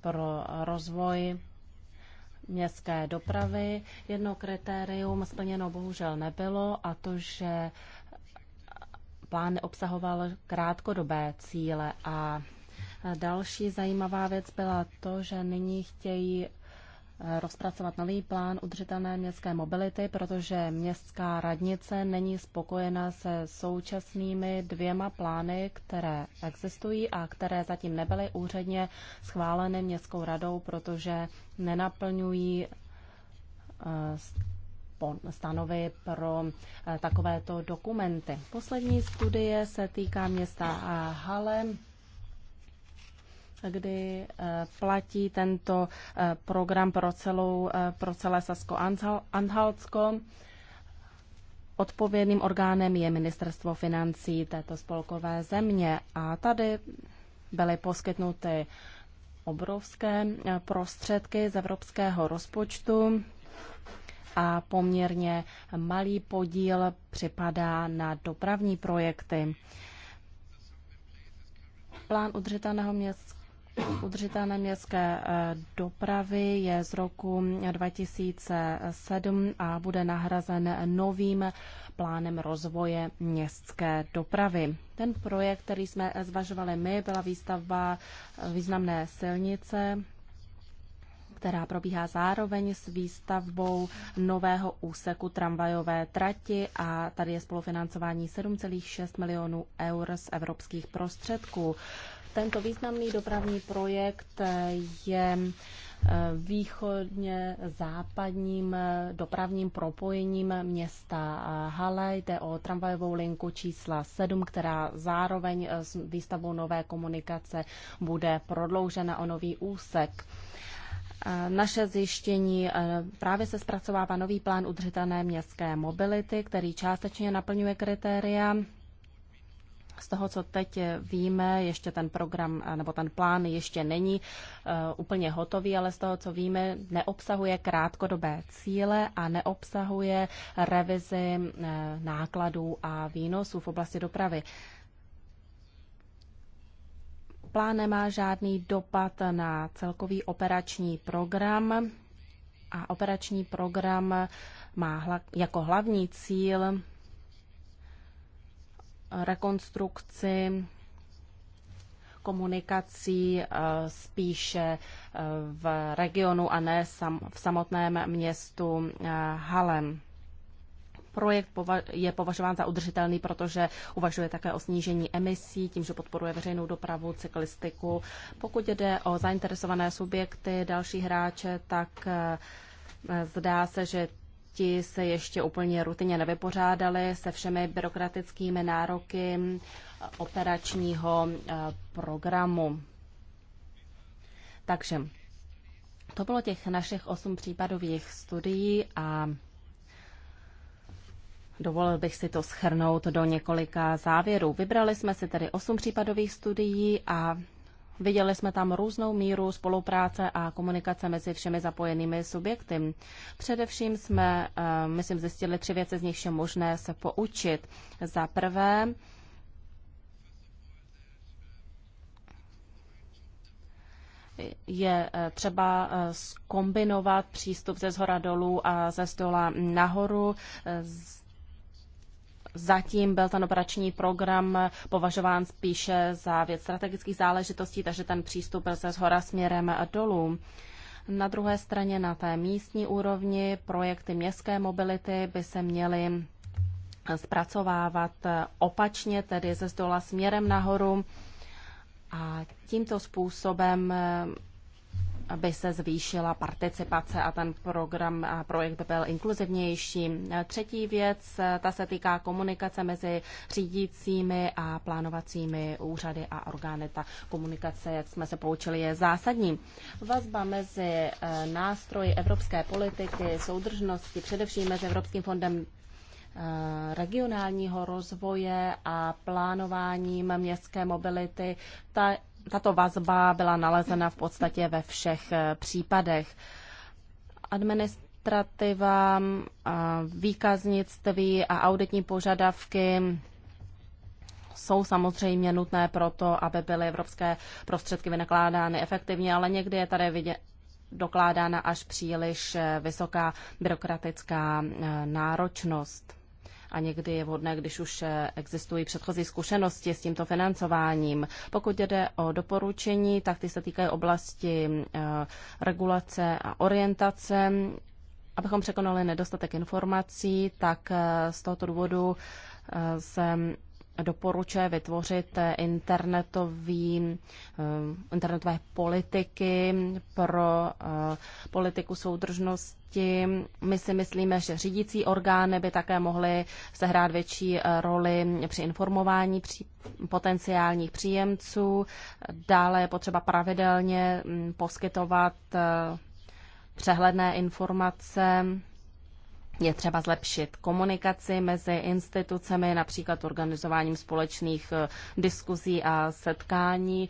pro rozvoj městské dopravy. Jedno kritérium splněno bohužel nebylo a to, že plán obsahoval krátkodobé cíle a další zajímavá věc byla to, že nyní chtějí eh, rozpracovat nový plán udržitelné městské mobility, protože městská radnice není spokojena se současnými dvěma plány, které existují a které zatím nebyly úředně schváleny městskou radou, protože nenaplňují eh, stanovy pro eh, takovéto dokumenty. Poslední studie se týká města eh, Hale, kdy eh, platí tento program pro, celou, pro celé Sasko-Anhaltsko. Odpovědným orgánem je Ministerstvo financí této spolkové země a tady byly poskytnuty obrovské prostředky z evropského rozpočtu a poměrně malý podíl připadá na dopravní projekty. Plán udržitelného městského udržitelné městské eh, dopravy je z roku 2007 a bude nahrazen novým plánem rozvoje městské dopravy. Ten projekt, který jsme eh, zvažovali my, byla výstavba eh, významné silnice která probíhá zároveň s výstavbou nového úseku tramvajové trati a tady je spolufinancování 7,6 milionů eur z evropských prostředků. Tento významný dopravní projekt je eh, východně západním eh, dopravním propojením města eh, Hale. Jde o tramvajovou linku čísla 7, která zároveň s výstavbou nové komunikace bude prodloužena o nový úsek. Naše zjištění e, právě se zpracovává nový plán udržitelné městské mobility, který částečně naplňuje kritéria. Z toho, co teď víme, ještě ten program e, nebo ten plán ještě není e, úplně hotový, ale z toho, co víme, neobsahuje krátkodobé cíle a neobsahuje revizi nákladů a výnosů v oblasti dopravy plán nemá žádný dopad na celkový operační program a operační program má jako hlavní cíl rekonstrukci komunikací eh, spíše eh, v regionu a ne v samotném městu eh, Halem projekt je považován za udržitelný, protože uvažuje také o snížení emisí, tím, že podporuje veřejnou dopravu, cyklistiku. Pokud jde o zainteresované subjekty, další hráče, tak eh, zdá se, že ti se ještě úplně rutině nevypořádali se všemi byrokratickými nároky eh, operačního eh, programu. Takže to bylo těch našich osm případových studií a Dovolil bych si to schrnout do několika závěrů. Vybrali jsme si tedy osm případových studií a Viděli jsme tam různou míru spolupráce a komunikace mezi všemi zapojenými subjekty. Především jsme, eh, myslím, zjistili tři věci, z nich je možné se poučit. Za prvé, je eh, třeba eh, skombinovat přístup ze zhora dolů a ze stola nahoru. Z zatím byl ten operační program považován spíše za věc strategických záležitostí, takže ten přístup byl se zhora směrem dolů. Na druhé straně na té místní úrovni projekty městské mobility by se měly zpracovávat opačně, tedy ze zdola směrem nahoru. A tímto způsobem aby se zvýšila participace a ten program a projekt byl inkluzivnější. Třetí věc, ta se týká komunikace mezi řídícími a plánovacími úřady a orgány. Ta komunikace, jak jsme se poučili, je zásadní. Vazba mezi eh, nástroji evropské politiky, soudržnosti, především mezi Evropským fondem eh, regionálního rozvoje a plánováním městské mobility, ta tato vazba byla nalezena v podstatě ve všech eh, případech. Administrativa, eh, výkaznictví a auditní požadavky jsou samozřejmě nutné proto, aby byly evropské prostředky vynakládány efektivně, ale někdy je tady vidět, dokládána až příliš eh, vysoká byrokratická náročnost a někdy je vhodné, když už eh, existují předchozí zkušenosti s tímto financováním. Pokud jde o doporučení, tak ty se týkají oblasti eh, regulace a orientace. Abychom překonali nedostatek informací, tak eh, z tohoto důvodu se doporučuje vytvořit eh, internetový, eh, internetové politiky pro eh, politiku soudržnosti. My si myslíme, že řídící orgány by také mohly sehrát větší roli při informování při potenciálních příjemců. Dále je potřeba pravidelně mm, poskytovat přehledné informace je třeba zlepšit komunikaci mezi institucemi, například organizováním společných eh, diskuzí a setkání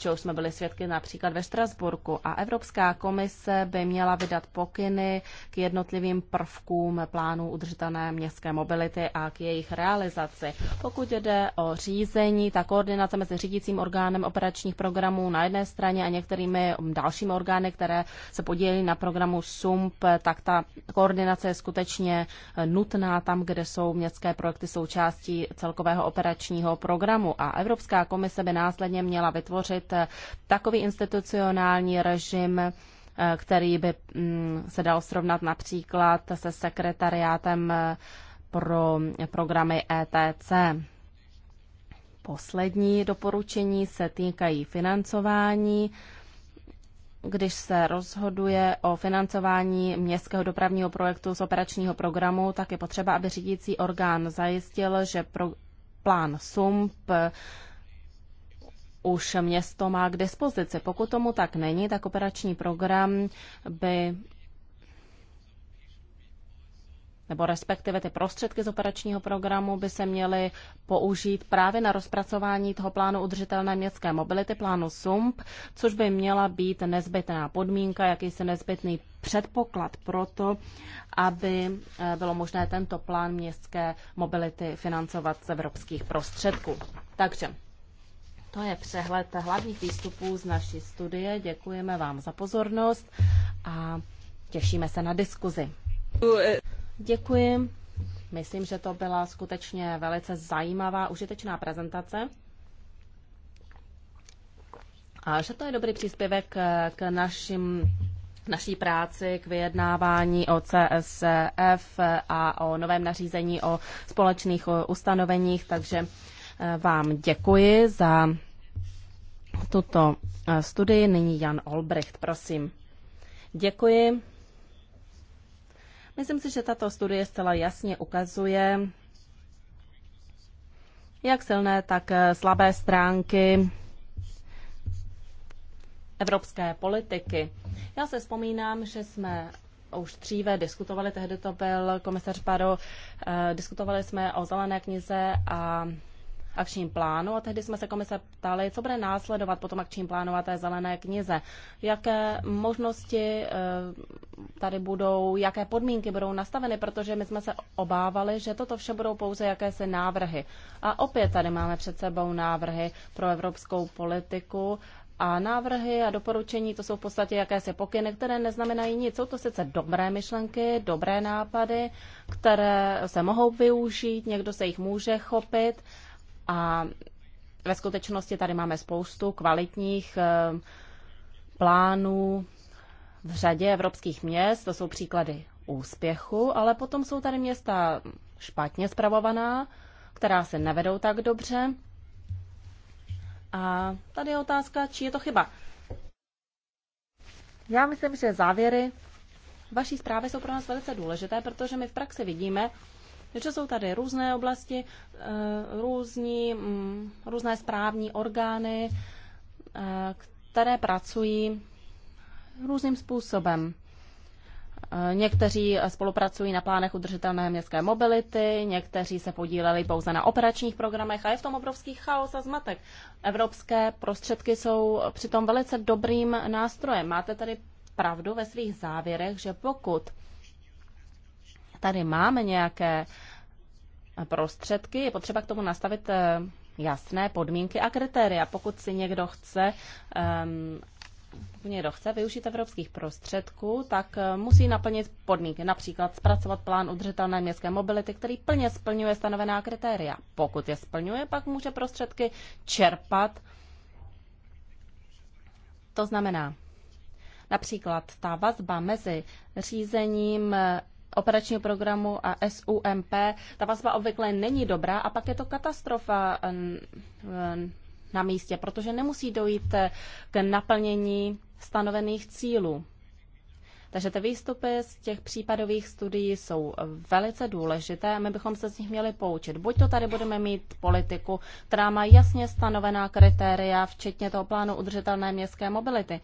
čeho jsme byli svědky například ve Štrasburku. A Evropská komise by měla vydat pokyny k jednotlivým prvkům plánu udržitelné městské mobility a k jejich realizaci. Pokud jde o řízení, ta koordinace mezi řídícím orgánem operačních programů na jedné straně a některými dalšími orgány, které se podílí na programu SUMP, tak ta koordinace je skutečně nutná tam, kde jsou městské projekty součástí celkového operačního programu. A Evropská komise by následně měla vytvořit Eh, takový institucionální režim, eh, který by mm, se dal srovnat například se sekretariátem eh, pro programy ETC. Poslední doporučení se týkají financování. Když se rozhoduje o financování městského dopravního projektu z operačního programu, tak je potřeba, aby řídící orgán zajistil, že pro plán SUMP už město má k dispozici. Pokud tomu tak není, tak operační program by nebo respektive ty prostředky z operačního programu by se měly použít právě na rozpracování toho plánu udržitelné městské mobility, plánu SUMP, což by měla být nezbytná podmínka, jakýsi nezbytný předpoklad pro to, aby eh, bylo možné tento plán městské mobility financovat z evropských prostředků. Takže to je přehled hlavních výstupů z naší studie. Děkujeme vám za pozornost a těšíme se na diskuzi. Děkuji. Myslím, že to byla skutečně velice zajímavá, užitečná prezentace. A že to je dobrý příspěvek k našim, naší práci, k vyjednávání o CSF a o novém nařízení o společných ustanoveních, takže vám děkuji za tuto eh, studii. Nyní Jan Olbrecht, prosím. Děkuji. Myslím si, že tato studie zcela jasně ukazuje jak silné, tak eh, slabé stránky evropské politiky. Já se vzpomínám, že jsme už dříve diskutovali, tehdy to byl komisař Paro, eh, diskutovali jsme o zelené knize a akčním plánu a tehdy jsme se komise ptali, co bude následovat po tom akčním plánu a té zelené knize. Jaké možnosti eh, tady budou, jaké podmínky budou nastaveny, protože my jsme se obávali, že toto vše budou pouze jakési návrhy. A opět tady máme před sebou návrhy pro evropskou politiku a návrhy a doporučení, to jsou v podstatě jakési pokyny, které neznamenají nic. Jsou to sice dobré myšlenky, dobré nápady, které se mohou využít, někdo se jich může chopit, a ve skutečnosti tady máme spoustu kvalitních eh, plánů v řadě evropských měst, to jsou příklady úspěchu, ale potom jsou tady města špatně zpravovaná, která se nevedou tak dobře. A tady je otázka, či je to chyba. Já myslím, že závěry vaší zprávy jsou pro nás velice důležité, protože my v praxi vidíme, takže jsou tady různé oblasti, eh, různí, mm, různé správní orgány, eh, které pracují různým způsobem. Eh, někteří spolupracují na plánech udržitelné městské mobility, někteří se podíleli pouze na operačních programech a je v tom obrovský chaos a zmatek. Evropské prostředky jsou přitom velice dobrým nástrojem. Máte tady pravdu ve svých závěrech, že pokud tady máme nějaké prostředky, je potřeba k tomu nastavit eh, jasné podmínky a kritéria. Pokud si někdo chce um, někdo chce využít evropských prostředků, tak eh, musí naplnit podmínky, například zpracovat plán udržitelné městské mobility, který plně splňuje stanovená kritéria. Pokud je splňuje, pak může prostředky čerpat. To znamená, například ta vazba mezi řízením operačního programu a SUMP, ta vazba obvykle není dobrá a pak je to katastrofa eh, eh, na místě, protože nemusí dojít eh, k naplnění stanovených cílů. Takže ty výstupy z těch případových studií jsou velice důležité a my bychom se z nich měli poučit. Buď to tady budeme mít politiku, která má jasně stanovená kritéria, včetně toho plánu udržitelné městské mobility.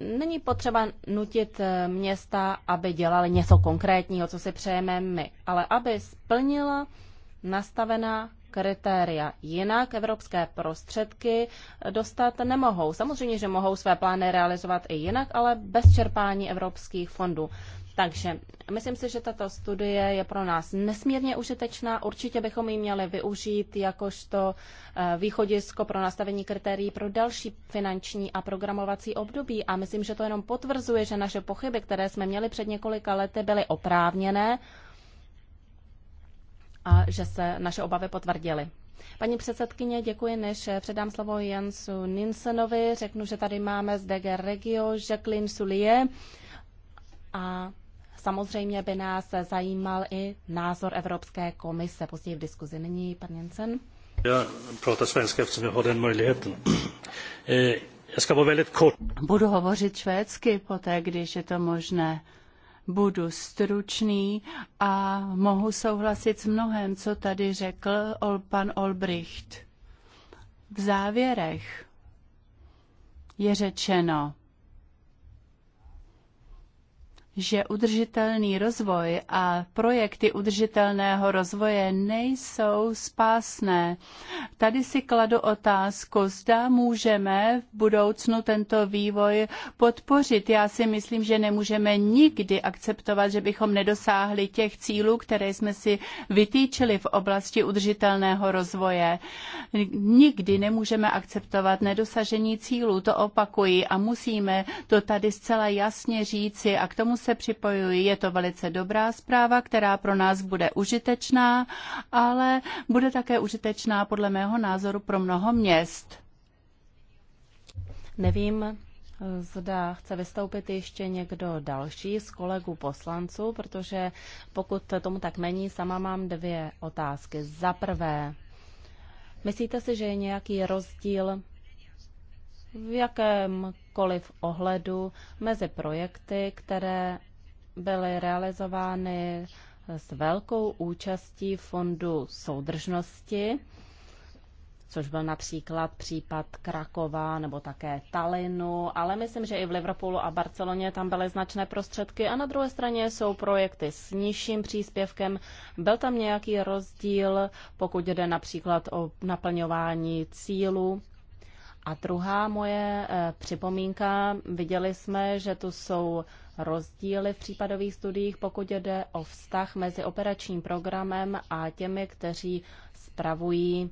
Není potřeba nutit eh, města, aby dělali něco konkrétního, co si přejeme my, ale aby splnila nastavená kritéria. Jinak evropské prostředky eh, dostat nemohou. Samozřejmě, že mohou své plány realizovat i jinak, ale bez čerpání evropských fondů. Takže myslím si, že tato studie je pro nás nesmírně užitečná. Určitě bychom ji měli využít jakožto eh, východisko pro nastavení kritérií pro další finanční a programovací období. A myslím, že to jenom potvrzuje, že naše pochyby, které jsme měli před několika lety, byly oprávněné a že se naše obavy potvrdily. Paní předsedkyně, děkuji, než předám slovo Jansu Ninsenovi. Řeknu, že tady máme z DG Regio Jacqueline Sulie a Samozřejmě by nás zajímal i názor Evropské komise později v diskuzi. Nyní pan Jensen. Já proto svenska, eftersom jag har den möjligheten. Eh, Já ska vara väldigt Budu hovořit švédsky poté, když je to možné. Budu stručný a mohu souhlasit s mnohem, co tady řekl pan Olbricht. V závěrech je řečeno, že udržitelný rozvoj a projekty udržitelného rozvoje nejsou spásné. Tady si kladu otázku, zda můžeme v budoucnu tento vývoj podpořit. Já si myslím, že nemůžeme nikdy akceptovat, že bychom nedosáhli těch cílů, které jsme si vytýčili v oblasti udržitelného rozvoje. Nikdy nemůžeme akceptovat nedosažení cílů, to opakuji a musíme to tady zcela jasně říci a k tomu se se připojuji. Je to velice dobrá zpráva, která pro nás bude užitečná, ale bude také užitečná podle mého názoru pro mnoho měst. Nevím, Zda chce vystoupit ještě někdo další z kolegů poslanců, protože pokud tomu tak není, sama mám dvě otázky. Za prvé, myslíte si, že je nějaký rozdíl v jakémkoliv ohledu mezi projekty, které byly realizovány s velkou účastí Fondu soudržnosti, což byl například případ Krakova nebo také Talinu, ale myslím, že i v Liverpoolu a Barceloně tam byly značné prostředky a na druhé straně jsou projekty s nižším příspěvkem. Byl tam nějaký rozdíl, pokud jde například o naplňování cílu? A druhá moje eh, připomínka, viděli jsme, že tu jsou rozdíly v případových studiích, pokud jde o vztah mezi operačním programem a těmi, kteří spravují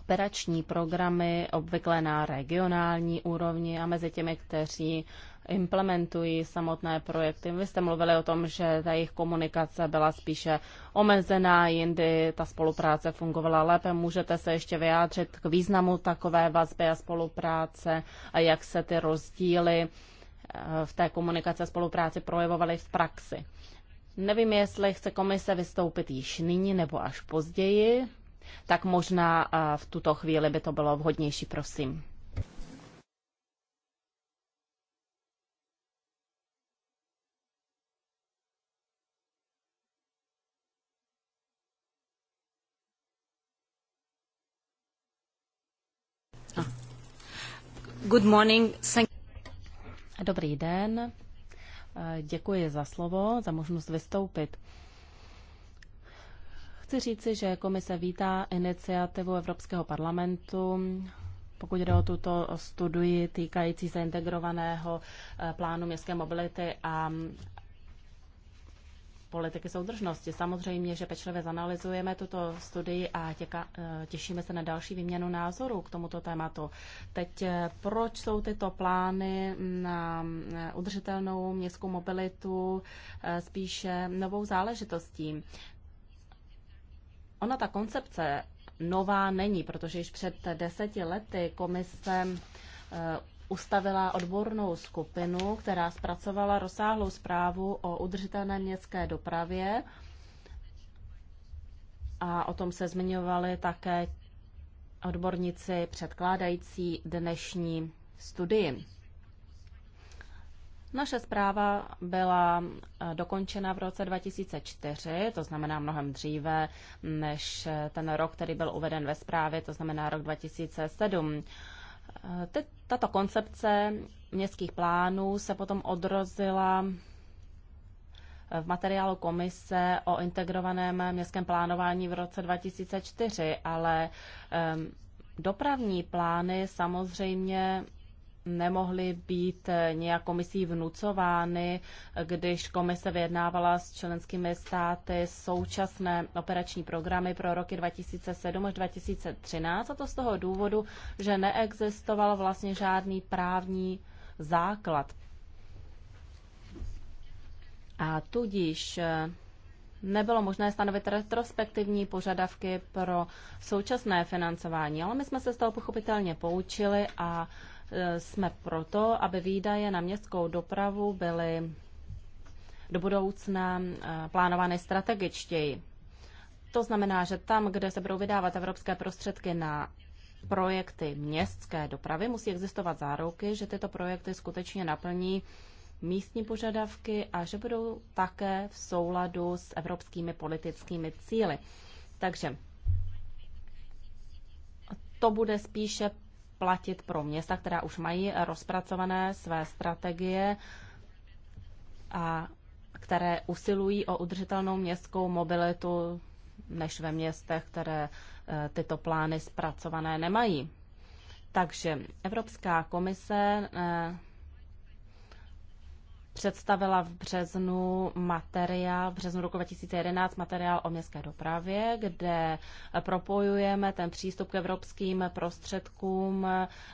operační programy, obvykle na regionální úrovni a mezi těmi, kteří implementují samotné projekty. Vy jste mluvili o tom, že ta jejich komunikace byla spíše omezená, jindy ta spolupráce fungovala lépe. Můžete se ještě vyjádřit k významu takové vazby a spolupráce a jak se ty rozdíly eh, v té komunikaci a spolupráci projevovaly v praxi. Nevím, jestli chce komise vystoupit již nyní nebo až později, tak možná eh, v tuto chvíli by to bylo vhodnější, prosím. Good morning. Dobrý den. Děkuji za slovo, za možnost vystoupit. Chci říci, že komise vítá iniciativu Evropského parlamentu pokud jde o tuto studii týkající se integrovaného eh, plánu městské mobility a politiky soudržnosti. Samozřejmě, že pečlivě zanalizujeme tuto studii a těka, eh, těšíme se na další výměnu názorů k tomuto tématu. Teď, eh, proč jsou tyto plány na eh, udržitelnou městskou mobilitu spíše novou záležitostí? Ona ta koncepce nová není, protože již před deseti lety komise ustavila odbornou skupinu, která zpracovala rozsáhlou zprávu o udržitelné městské dopravě a o tom se zmiňovali také odborníci předkládající dnešní studii. Naše zpráva byla eh, dokončena v roce 2004, to znamená mnohem dříve než eh, ten rok, který byl uveden ve zprávě, to znamená rok 2007 tato koncepce městských plánů se potom odrozila v materiálu komise o integrovaném městském plánování v roce 2004, ale ehm, dopravní plány samozřejmě nemohly být nějak komisí vnucovány, když komise vyjednávala s členskými státy současné operační programy pro roky 2007 až 2013, a to z toho důvodu, že neexistoval vlastně žádný právní základ. A tudíž eh, nebylo možné stanovit retrospektivní požadavky pro současné financování, ale my jsme se z toho pochopitelně poučili a Eh, jsme proto, aby výdaje na městskou dopravu byly do budoucna eh, plánovány strategičtěji. To znamená, že tam, kde se budou vydávat evropské prostředky na projekty městské dopravy, musí existovat záruky, že tyto projekty skutečně naplní místní požadavky a že budou také v souladu s evropskými politickými cíly. Takže to bude spíše platit pro města, která už mají rozpracované své strategie a které usilují o udržitelnou městskou mobilitu než ve městech, které eh, tyto plány zpracované nemají. Takže Evropská komise eh, představila v březnu materiál, v březnu roku 2011 materiál o městské dopravě, kde propojujeme ten přístup k evropským prostředkům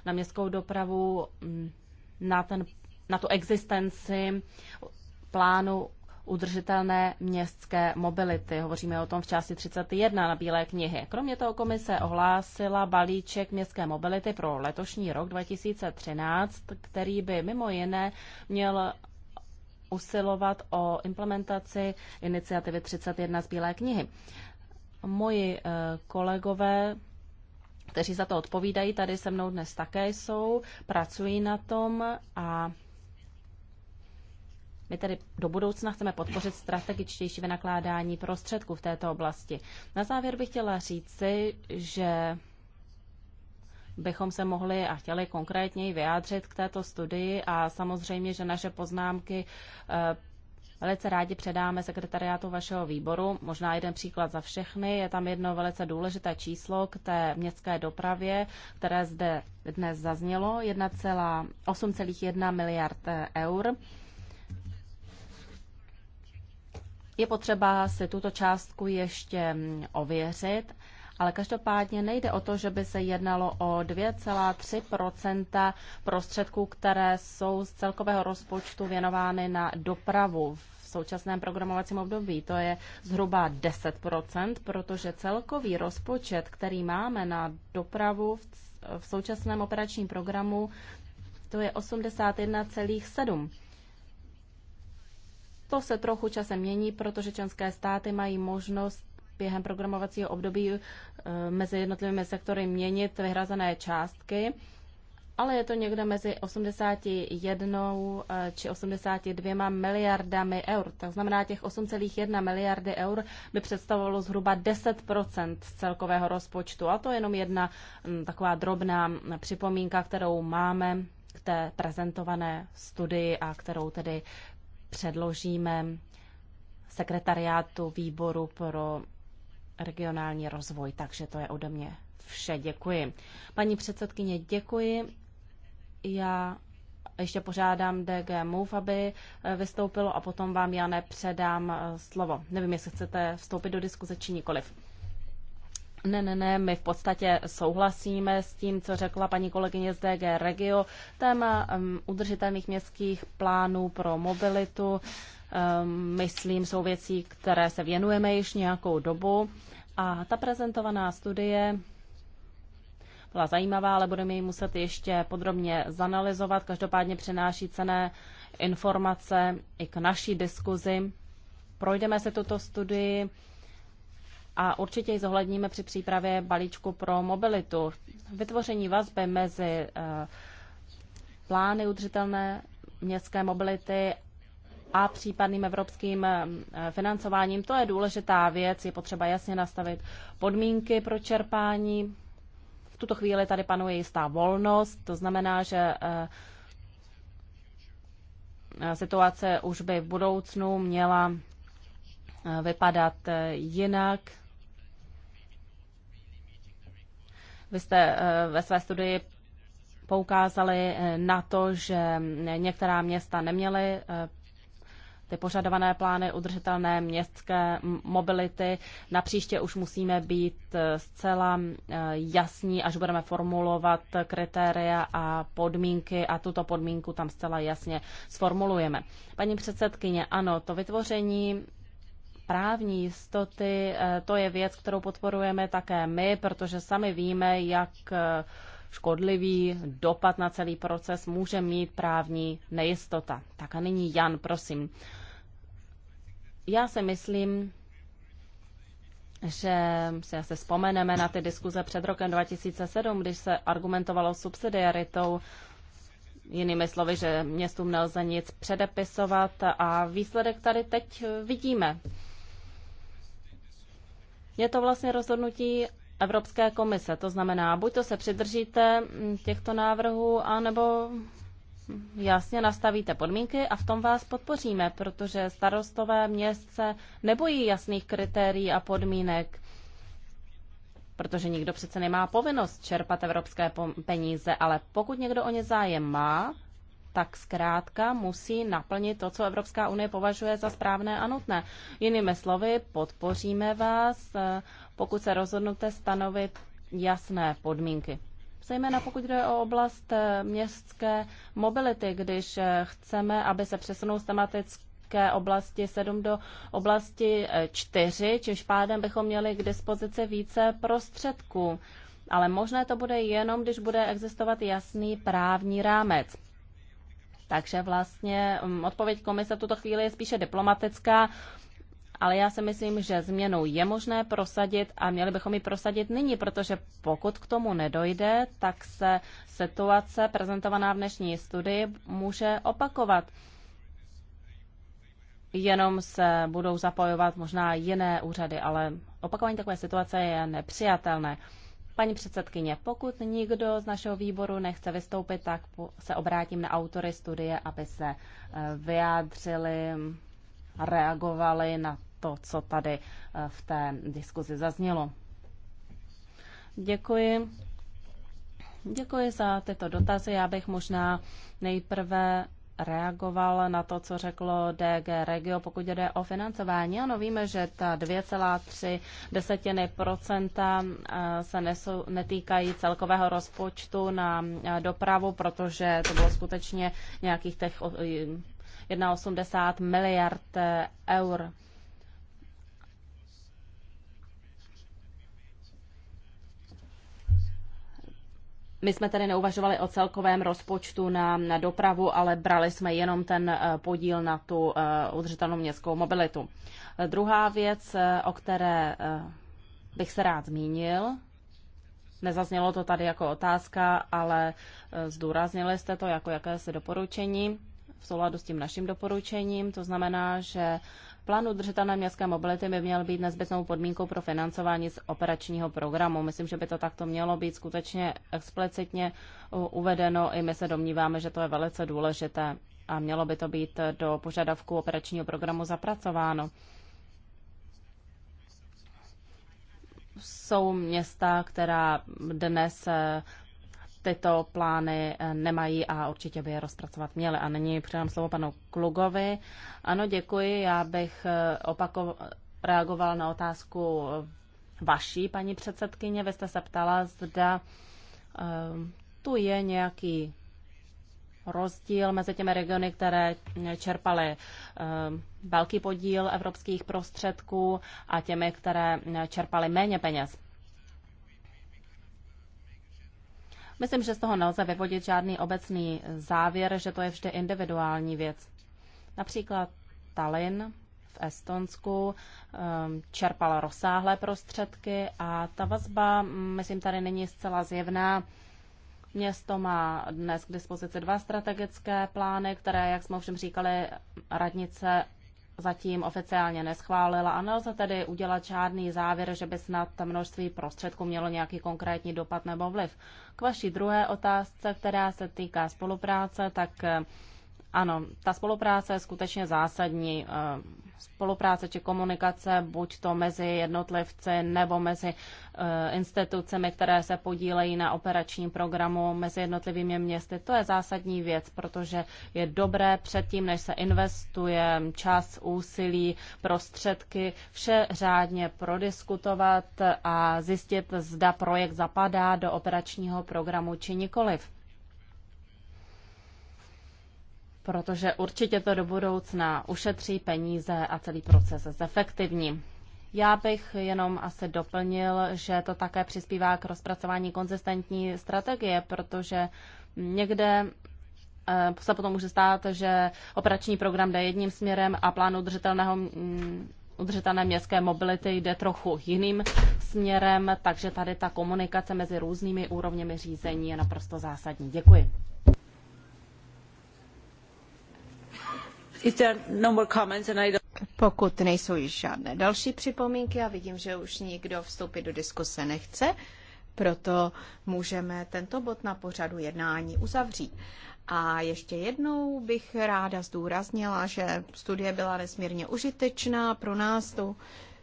na městskou dopravu mm, na, ten, na tu existenci plánu udržitelné městské mobility. Hovoříme o tom v části 31 na Bílé knihy. Kromě toho komise ohlásila balíček městské mobility pro letošní rok 2013, který by mimo jiné měl usilovat o implementaci iniciativy 31 z Bílé knihy. Moji eh, kolegové, kteří za to odpovídají, tady se mnou dnes také jsou, pracují na tom a my tedy do budoucna chceme podpořit strategičtější vynakládání prostředků v této oblasti. Na závěr bych chtěla říci, že bychom se mohli a chtěli konkrétněji vyjádřit k této studii a samozřejmě, že naše poznámky eh, Velice rádi předáme sekretariátu vašeho výboru. Možná jeden příklad za všechny. Je tam jedno velice důležité číslo k té městské dopravě, které zde dnes zaznělo, 8,1 miliard eh, eur. Je potřeba si tuto částku ještě mm, ověřit ale každopádně nejde o to, že by se jednalo o 2,3 prostředků, které jsou z celkového rozpočtu věnovány na dopravu v současném programovacím období. To je zhruba 10 protože celkový rozpočet, který máme na dopravu v současném operačním programu, to je 81,7 to se trochu časem mění, protože členské státy mají možnost během programovacího období eh, mezi jednotlivými sektory měnit vyhrazené částky, ale je to někde mezi 81 eh, či 82 miliardami eur. To znamená, těch 8,1 miliardy eur by představovalo zhruba 10 z celkového rozpočtu. A to je jenom jedna hm, taková drobná připomínka, kterou máme k té prezentované studii a kterou tedy předložíme sekretariátu výboru pro regionální rozvoj. Takže to je ode mě vše. Děkuji. Paní předsedkyně, děkuji. Já ještě požádám DG Move, aby eh, vystoupilo a potom vám, Jane, předám eh, slovo. Nevím, jestli chcete vstoupit do diskuze či nikoliv. Ne, ne, ne, my v podstatě souhlasíme s tím, co řekla paní kolegyně z DG Regio. Téma um, udržitelných městských plánů pro mobilitu. Uh, Ehm, myslím, jsou věcí, které se věnujeme již nějakou dobu. A ta prezentovaná studie byla zajímavá, ale budeme ji muset ještě podrobně zanalizovat. Každopádně přináší cené informace i k naší diskuzi. Projdeme se tuto studii a určitě ji zohledníme při přípravě balíčku pro mobilitu. Vytvoření vazby mezi eh, plány udržitelné městské mobility a případným evropským eh, financováním. To je důležitá věc, je potřeba jasně nastavit podmínky pro čerpání. V tuto chvíli tady panuje jistá volnost, to znamená, že eh, eh, situace už by v budoucnu měla vypadat jinak. Vy jste ve své studii poukázali na to, že některá města neměly ty požadované plány udržitelné městské mobility. Na příště už musíme být eh, zcela eh, jasní, až budeme formulovat kritéria a podmínky a tuto podmínku tam zcela jasně sformulujeme. Paní předsedkyně, ano, to vytvoření právní jistoty, eh, to je věc, kterou podporujeme také my, protože sami víme, jak škodlivý dopad na celý proces může mít právní nejistota. Tak a nyní Jan, prosím. Já si myslím, že si asi vzpomeneme na ty diskuze před rokem 2007, když se argumentovalo subsidiaritou, jinými slovy, že městům nelze nic předepisovat a výsledek tady teď vidíme. Je to vlastně rozhodnutí Evropské komise, to znamená, buď to se přidržíte těchto návrhů, anebo jasně nastavíte podmínky a v tom vás podpoříme, protože starostové měst se nebojí jasných kritérií a podmínek, protože nikdo přece nemá povinnost čerpat evropské peníze, ale pokud někdo o ně zájem má, tak zkrátka musí naplnit to, co Evropská unie považuje za správné a nutné. Jinými slovy, podpoříme vás, eh, pokud se rozhodnete stanovit jasné podmínky zejména pokud jde o oblast eh, městské mobility, když eh, chceme, aby se přesunul z tematické oblasti 7 do oblasti 4, eh, čímž pádem bychom měli k dispozici více prostředků. Ale možné to bude jenom, když bude existovat jasný právní rámec. Takže vlastně mm, odpověď komise v tuto chvíli je spíše diplomatická ale já si myslím, že změnu je možné prosadit a měli bychom ji prosadit nyní, protože pokud k tomu nedojde, tak se situace prezentovaná v dnešní studii může opakovat. Jenom se budou zapojovat možná jiné úřady, ale opakování takové situace je nepřijatelné. Paní předsedkyně, pokud nikdo z našeho výboru nechce vystoupit, tak se obrátím na autory studie, aby se eh, vyjádřili, reagovali na to, co tady eh, v té diskuzi zaznělo. Děkuji. Děkuji za tyto dotazy. Já bych možná nejprve reagoval na to, co řeklo DG Regio, pokud jde o financování. Ano, víme, že ta 2,3 desetiny procenta eh, se nesou, netýkají celkového rozpočtu na eh, dopravu, protože to bylo skutečně nějakých těch 1,80 miliard eur. my jsme tady neuvažovali o celkovém rozpočtu na, na dopravu, ale brali jsme jenom ten eh, podíl na tu eh, udržitelnou městskou mobilitu. Eh, druhá věc, o které bych se rád zmínil, nezaznělo to tady jako otázka, ale zdůraznili jste to jako jakési doporučení v souladu s tím naším doporučením. To znamená, že Plán udržitelné městské mobility by měl být nezbytnou podmínkou pro financování z operačního programu. Myslím, že by to takto mělo být skutečně explicitně uvedeno. I my se domníváme, že to je velice důležité a mělo by to být do požadavku operačního programu zapracováno. Jsou města, která dnes eh, tyto plány eh, nemají a určitě by je rozpracovat měly. A nyní předám slovo panu Klugovi. Ano, děkuji. Já bych eh, opakov, reagoval na otázku eh, vaší, paní předsedkyně. Vy jste se ptala, zda tu je nějaký rozdíl mezi těmi regiony, které čerpaly velký podíl evropských prostředků a těmi, které čerpaly méně peněz. Myslím, že z toho nelze vyvodit žádný obecný závěr, že to je vždy individuální věc. Například Tallinn v Estonsku ehm, čerpala rozsáhlé prostředky a ta vazba, mm, myslím, tady není zcela zjevná. Město má dnes k dispozici dva strategické plány, které, jak jsme ovšem říkali, radnice zatím oficiálně neschválila a nelze tedy udělat žádný závěr, že by snad množství prostředků mělo nějaký konkrétní dopad nebo vliv. K vaší druhé otázce, která se týká spolupráce, tak eh, ano, ta spolupráce je skutečně zásadní. Eh, spolupráce či komunikace, buď to mezi jednotlivci nebo mezi eh, institucemi, které se podílejí na operačním programu mezi jednotlivými městy, to je zásadní věc, protože je dobré předtím, než se investuje čas, úsilí, prostředky, vše řádně prodiskutovat a zjistit, zda projekt zapadá do operačního programu či nikoliv protože určitě to do budoucna ušetří peníze a celý proces zefektivní. Já bych jenom asi doplnil, že to také přispívá k rozpracování konzistentní strategie, protože někde eh, se potom může stát, že operační program jde jedním směrem a plán udržitelného mm, udržitelné městské mobility jde trochu jiným směrem, takže tady ta komunikace mezi různými úrovněmi řízení je naprosto zásadní. Děkuji. No Pokud nejsou již žádné další připomínky, a vidím, že už nikdo vstoupit do diskuse nechce, proto můžeme tento bod na pořadu jednání uzavřít. A ještě jednou bych ráda zdůraznila, že studie byla nesmírně užitečná pro nás tu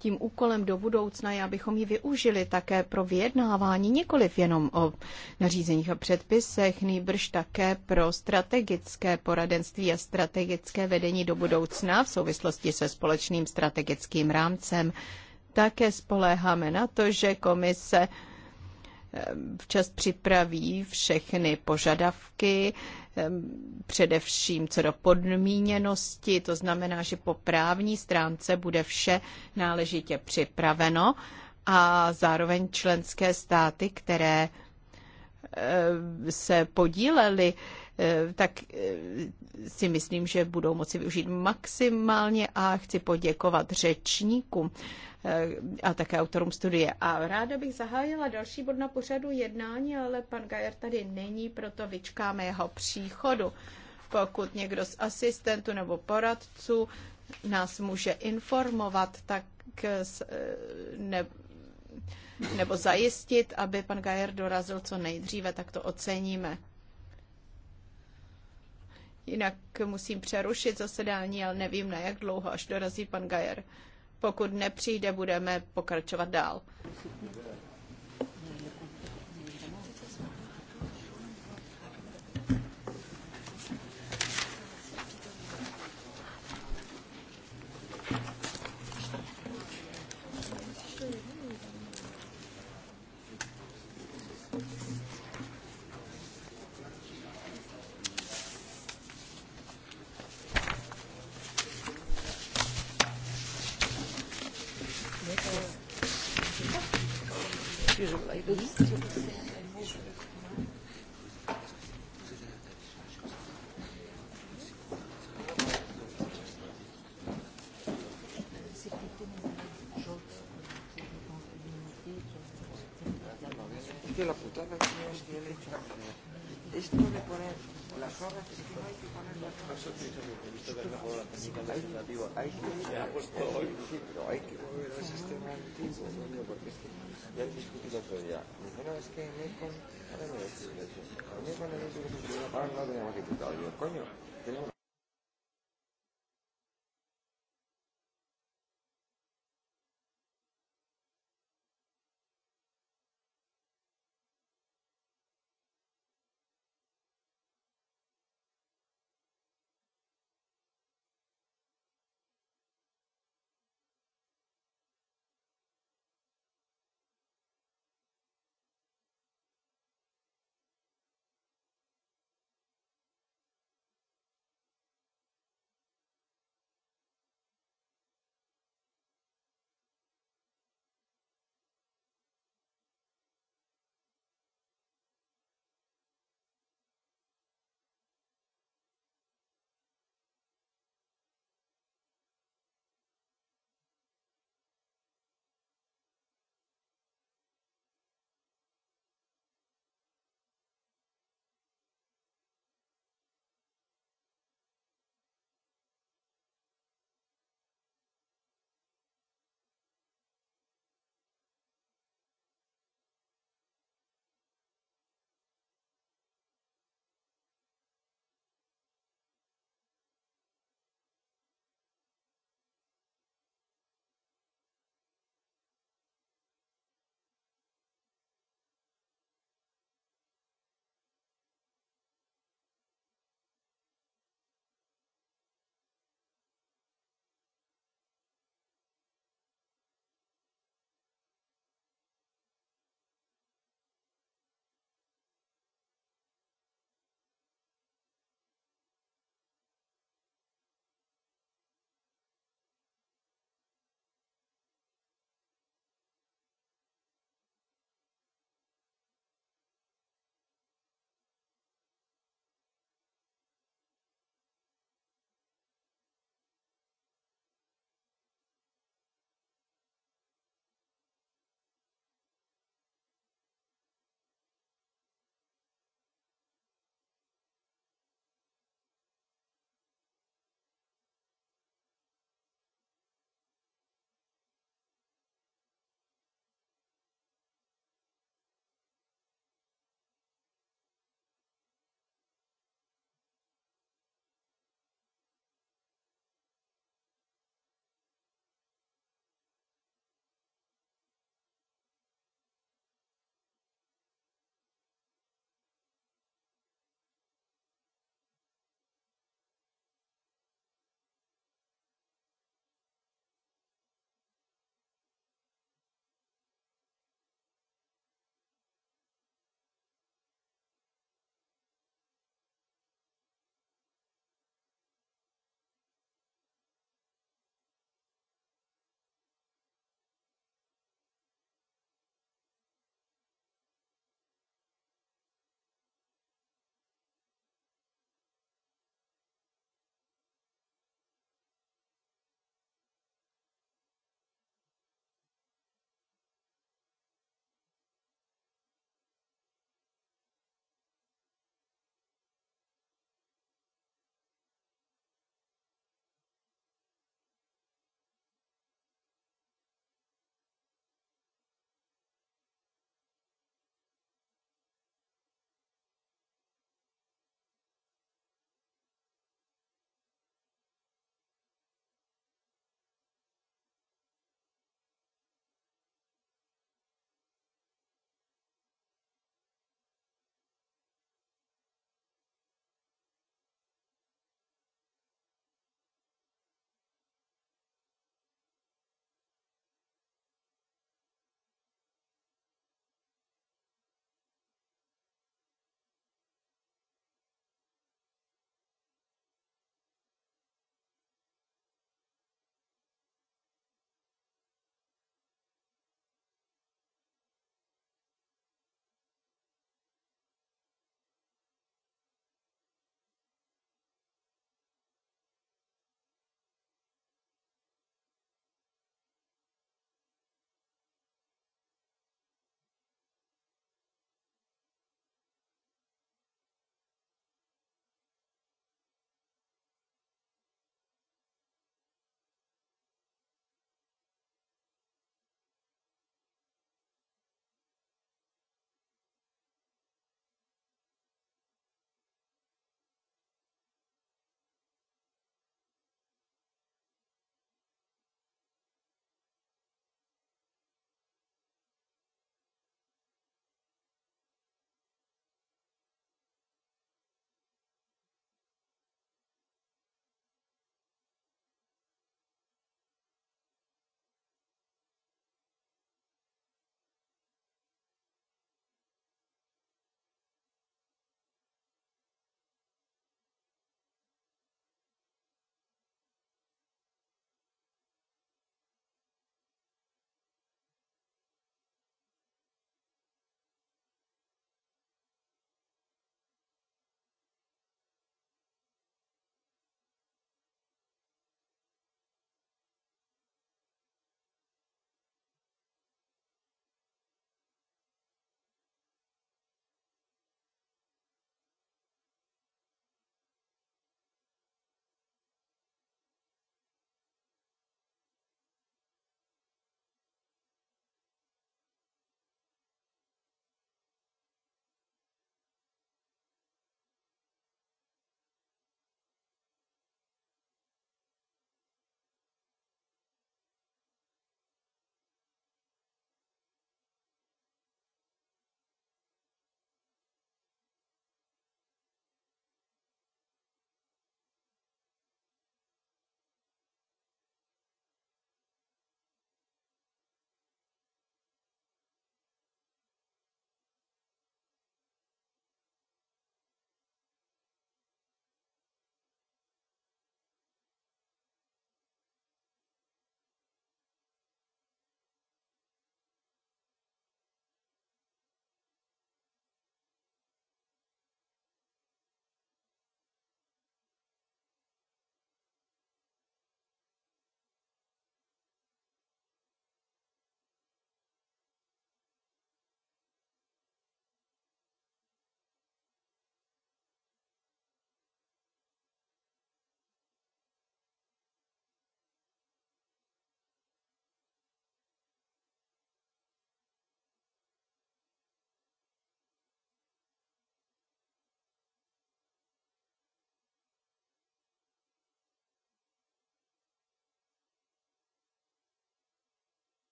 tím úkolem do budoucna je, abychom ji využili také pro vyjednávání nikoliv jenom o nařízeních a předpisech, nýbrž také pro strategické poradenství a strategické vedení do budoucna v souvislosti se společným strategickým rámcem. Také spoléháme na to, že komise eh, včas připraví všechny požadavky, především co do podmíněnosti, to znamená, že po právní stránce bude vše náležitě připraveno a zároveň členské státy, které eh, se podíleli, eh, tak eh, si myslím, že budou moci využít maximálně a chci poděkovat řečníkům Eh, a také autorům studie. A ráda bych zahájila další bod na pořadu jednání, ale pan Gajer tady není, proto vyčkáme jeho příchodu. Pokud někdo z asistentů nebo poradců nás může informovat, tak eh, eh, ne, nebo zajistit, aby pan Gajer dorazil co nejdříve, tak to oceníme. Jinak musím přerušit zasedání, ale nevím na jak dlouho, až dorazí pan Gajer. Pokud nepřijde, budeme pokračovat dál. usual, I believe.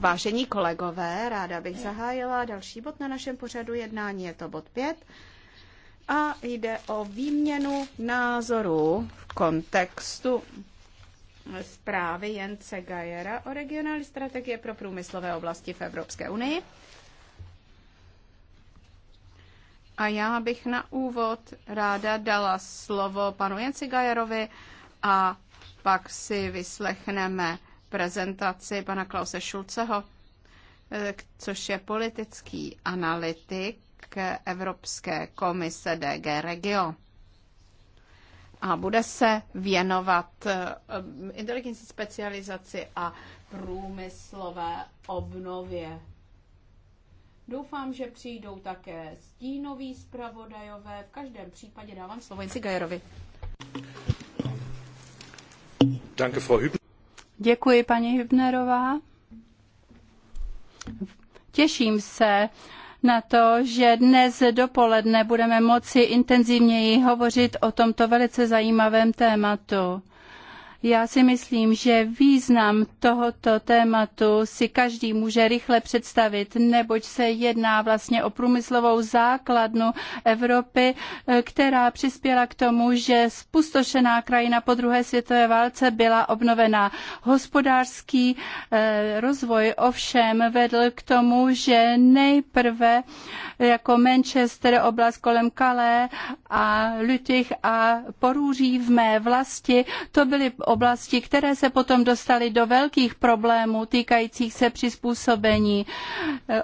Vážení kolegové, ráda bych zahájila další bod na našem pořadu jednání, je to bod pět A jde o výměnu názorů v kontextu zprávy Jence Gajera o regionální strategie pro průmyslové oblasti v Evropské unii. A já bych na úvod ráda dala slovo panu Jenci Gajerovi a pak si vyslechneme prezentaci pana Klause Šulceho, eh, což je politický analytik Evropské komise DG Regio. A bude se věnovat eh, eh, inteligenci specializaci a průmyslové obnově. Doufám, že přijdou také stínoví zpravodajové. V každém případě dávám slovo Gajerovi. Děkuji, paní Hübnerová. Těším se na to, že dnes dopoledne budeme moci intenzivněji hovořit o tomto velice zajímavém tématu. Já si myslím, že význam tohoto tématu si každý může rychle představit, neboť se jedná vlastně o průmyslovou základnu Evropy, eh, která přispěla k tomu, že spustošená krajina po druhé světové válce byla obnovena. Hospodářský eh, rozvoj ovšem vedl k tomu, že nejprve jako Manchester, oblast kolem Calais a Lüttich a Porůří v mé vlasti, to byly oblasti, které se potom dostaly do velkých problémů týkajících se přizpůsobení.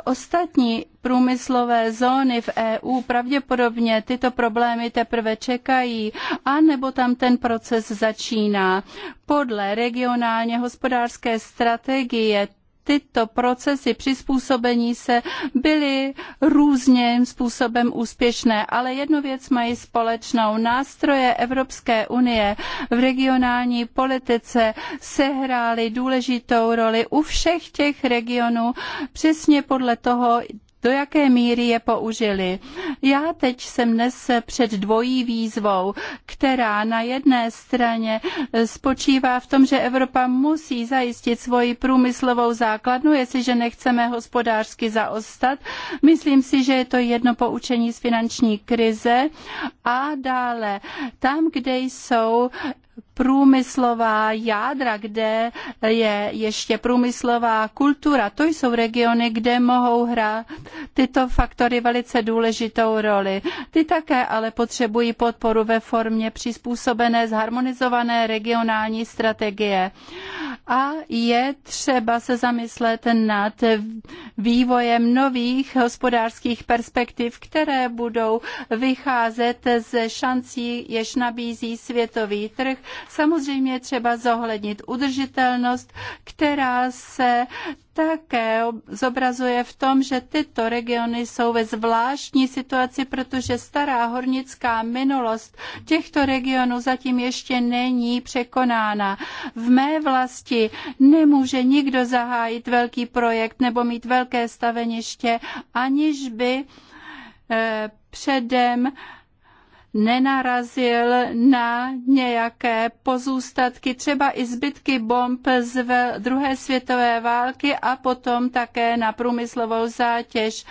Ostatní průmyslové zóny v EU pravděpodobně tyto problémy teprve čekají, a nebo tam ten proces začíná. Podle regionálně hospodářské strategie tyto procesy přizpůsobení se byly různým způsobem úspěšné, ale jednu věc mají společnou. Nástroje Evropské unie v regionální politice sehrály důležitou roli u všech těch regionů přesně podle toho, do jaké míry je použili. Já teď jsem dnes před dvojí výzvou, která na jedné straně spočívá v tom, že Evropa musí zajistit svoji průmyslovou základnu, jestliže nechceme hospodářsky zaostat. Myslím si, že je to jedno poučení z finanční krize a dále tam, kde jsou průmyslová jádra, kde je ještě průmyslová kultura. To jsou regiony, kde mohou hrát tyto faktory velice důležitou roli. Ty také ale potřebují podporu ve formě přizpůsobené zharmonizované regionální strategie a je třeba se zamyslet nad vývojem nových hospodářských perspektiv, které budou vycházet ze šancí, jež nabízí světový trh. Samozřejmě třeba zohlednit udržitelnost, která se také zobrazuje v tom, že tyto regiony jsou ve zvláštní situaci, protože stará hornická minulost těchto regionů zatím ještě není překonána. V mé vlasti nemůže nikdo zahájit velký projekt nebo mít velké staveniště, aniž by eh, předem nenarazil na nějaké pozůstatky, třeba i zbytky bomb z druhé světové války a potom také na průmyslovou zátěž.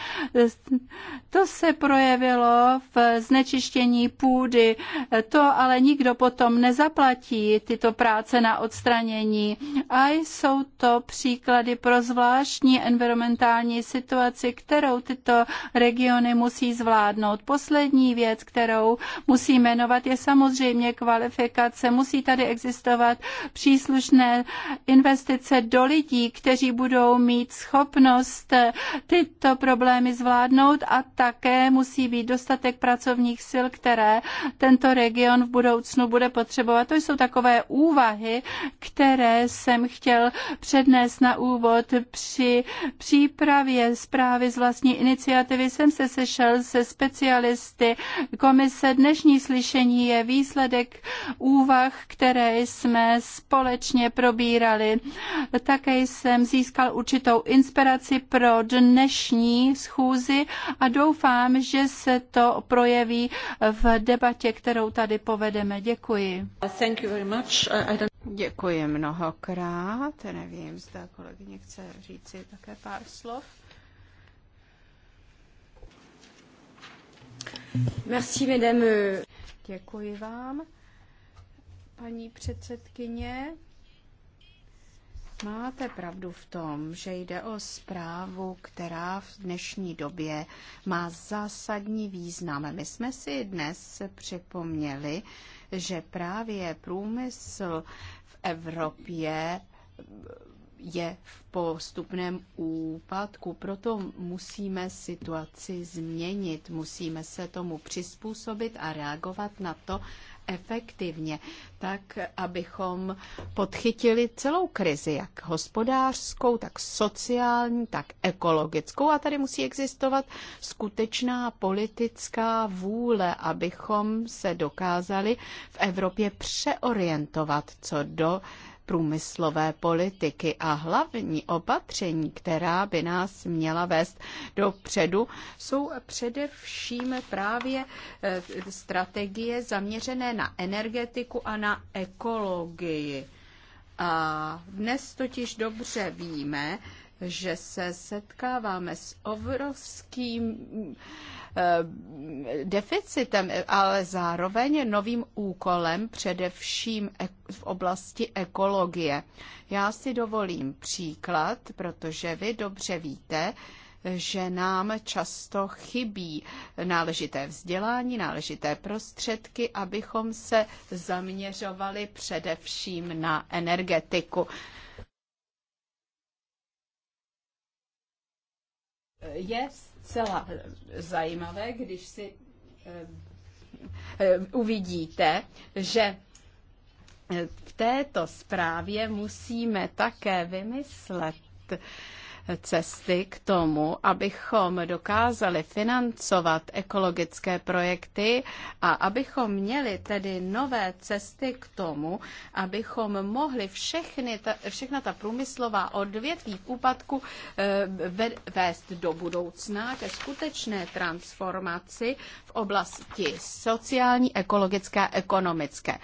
To se projevilo v znečištění půdy. To ale nikdo potom nezaplatí, tyto práce na odstranění. A jsou to příklady pro zvláštní environmentální situaci, kterou tyto regiony musí zvládnout. Poslední věc, kterou musí jmenovat, je samozřejmě kvalifikace. Musí tady existovat příslušné investice do lidí, kteří budou mít schopnost eh, tyto problémy zvládnout a také musí být dostatek pracovních sil, které tento region v budoucnu bude potřebovat. To jsou takové úvahy, které jsem chtěl přednést na úvod při přípravě zprávy z vlastní iniciativy. Jsem se sešel se specialisty komise Dnešní slyšení je výsledek úvah, které jsme společně probírali. Také jsem získal určitou inspiraci pro dnešní schůzi a doufám, že se to projeví v debatě, kterou tady povedeme. Děkuji. Thank you very much. I don't... Děkuji mnohokrát. Nevím, zda kolegyně chce říci také pár slov. Merci, madame. Děkuji vám, paní předsedkyně. Máte pravdu v tom, že jde o zprávu, která v dnešní době má zásadní význam. My jsme si dnes připomněli, že právě průmysl v Evropě je v postupném úpadku. Proto musíme situaci změnit, musíme se tomu přizpůsobit a reagovat na to efektivně, tak abychom podchytili celou krizi, jak hospodářskou, tak sociální, tak ekologickou. A tady musí existovat skutečná politická vůle, abychom se dokázali v Evropě přeorientovat co do průmyslové politiky a hlavní opatření, která by nás měla vést dopředu, jsou především právě eh, strategie zaměřené na energetiku a na ekologii. A dnes totiž dobře víme, že se setkáváme s obrovským Eh, deficitem, ale zároveň novým úkolem, především v oblasti ekologie. Já si dovolím příklad, protože vy dobře víte, že nám často chybí náležité vzdělání, náležité prostředky, abychom se zaměřovali především na energetiku. Yes docela eh, zajímavé, když si eh, eh, uvidíte, že v této zprávě musíme také vymyslet, cesty k tomu, abychom dokázali financovat ekologické projekty a abychom měli tedy nové cesty k tomu, abychom mohli všechny ta, všechna ta průmyslová odvětví v úpadku eh, vést do budoucna ke skutečné transformaci v oblasti sociální, ekologické a ekonomické.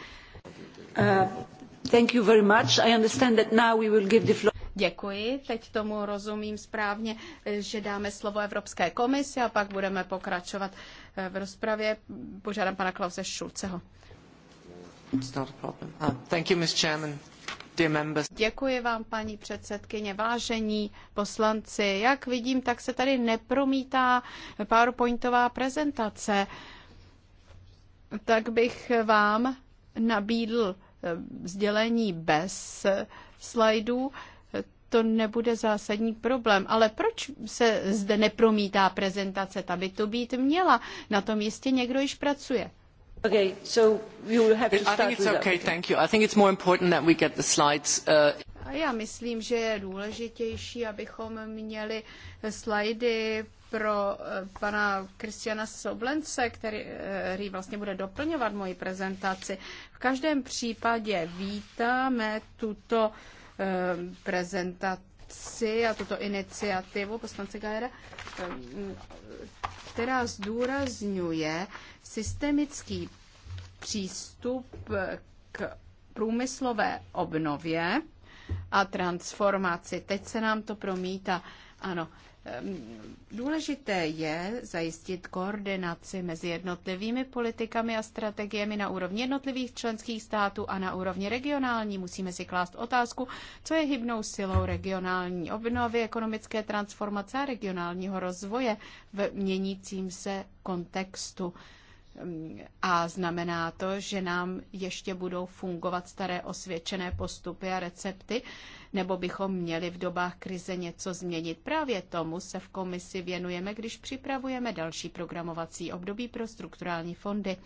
Uh, thank you very much. I understand that now we will give the floor. Děkuji, teď tomu rozumím správně, že dáme slovo Evropské komisi a pak budeme pokračovat eh, v rozpravě. Požádám pana Klause Šulceho. Ah, Děkuji vám, paní předsedkyně. Vážení poslanci, jak vidím, tak se tady nepromítá PowerPointová prezentace. Tak bych vám nabídl eh, sdělení bez slajdů to nebude zásadní problém. Ale proč se zde nepromítá prezentace? Ta by to být měla. Na tom jistě někdo již pracuje. I think it's okay, thank you. I think it's more important that we get the slides. Uh, já myslím, že je důležitější, abychom měli slajdy pro eh, pana Kristiana Soblence, který, eh, který vlastně bude doplňovat moji prezentaci. V každém případě vítáme tuto uh, Eh, prezentaci a tuto iniciativu poslance Gajera, eh, která zdůrazňuje systemický přístup k průmyslové obnově a transformaci. Teď se nám to promítá. Ano, Důležité je zajistit koordinaci mezi jednotlivými politikami a strategiemi na úrovni jednotlivých členských států a na úrovni regionální. Musíme si klást otázku, co je hybnou silou regionální obnovy, ekonomické transformace a regionálního rozvoje v měnícím se kontextu. Ehm, a znamená to, že nám ještě budou fungovat staré osvědčené postupy a recepty, nebo bychom měli v dobách krize něco změnit. Právě tomu se v komisi věnujeme, když připravujeme další programovací období pro strukturální fondy.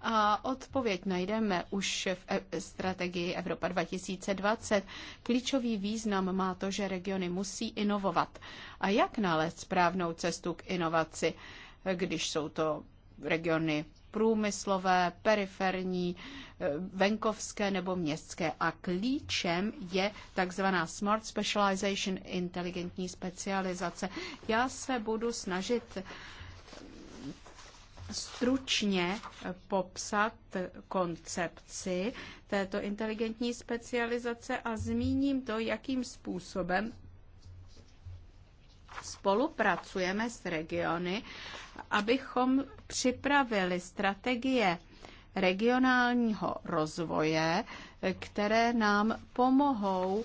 A odpověď najdeme už v e- strategii Evropa 2020. Klíčový význam má to, že regiony musí inovovat. A jak nalézt správnou cestu k inovaci, když jsou to regiony průmyslové, periferní, eh, venkovské nebo městské. A klíčem je takzvaná smart specialization, inteligentní specializace. Já se budu snažit stručně popsat koncepci této inteligentní specializace a zmíním to, jakým způsobem spolupracujeme s regiony, abychom připravili strategie regionálního rozvoje, které nám pomohou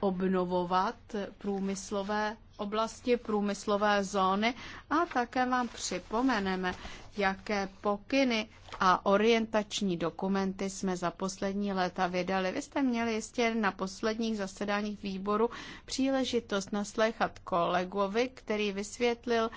obnovovat průmyslové oblasti, průmyslové zóny a také vám připomeneme, jaké pokyny a orientační dokumenty jsme za poslední léta vydali. Vy jste měli jistě na posledních zasedáních výboru příležitost naslechat kolegovi, který vysvětlil,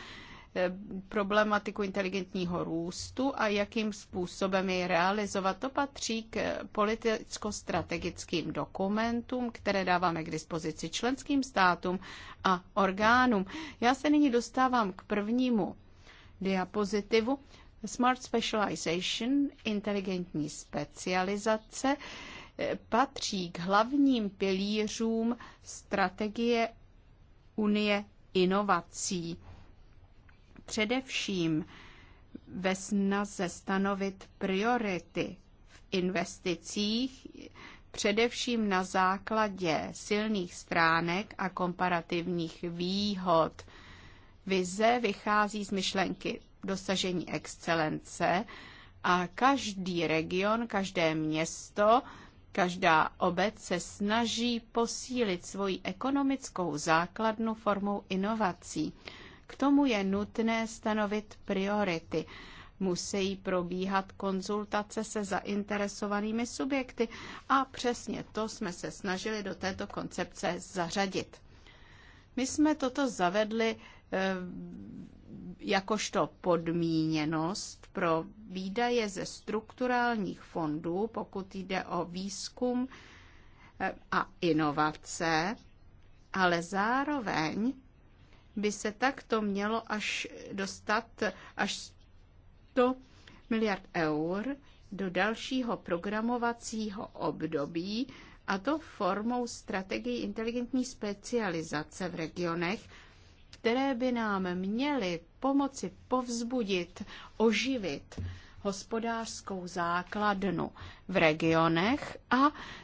Eh, problematiku inteligentního růstu a jakým způsobem jej realizovat. To patří k politicko-strategickým dokumentům, které dáváme k dispozici členským státům a orgánům. Já se nyní dostávám k prvnímu diapozitivu. Smart Specialization, inteligentní specializace, eh, patří k hlavním pilířům strategie Unie inovací především ve snaze stanovit priority v investicích, především na základě silných stránek a komparativních výhod. Vize vychází z myšlenky dosažení excelence a každý region, každé město, každá obec se snaží posílit svoji ekonomickou základnu formou inovací. K tomu je nutné stanovit priority. Musí probíhat konzultace se zainteresovanými subjekty a přesně to jsme se snažili do této koncepce zařadit. My jsme toto zavedli eh, jakožto podmíněnost pro výdaje ze strukturálních fondů, pokud jde o výzkum eh, a inovace, ale zároveň by se takto mělo až dostat až 100 miliard eur do dalšího programovacího období, a to formou strategii inteligentní specializace v regionech, které by nám měly pomoci povzbudit, oživit hospodářskou základnu v regionech a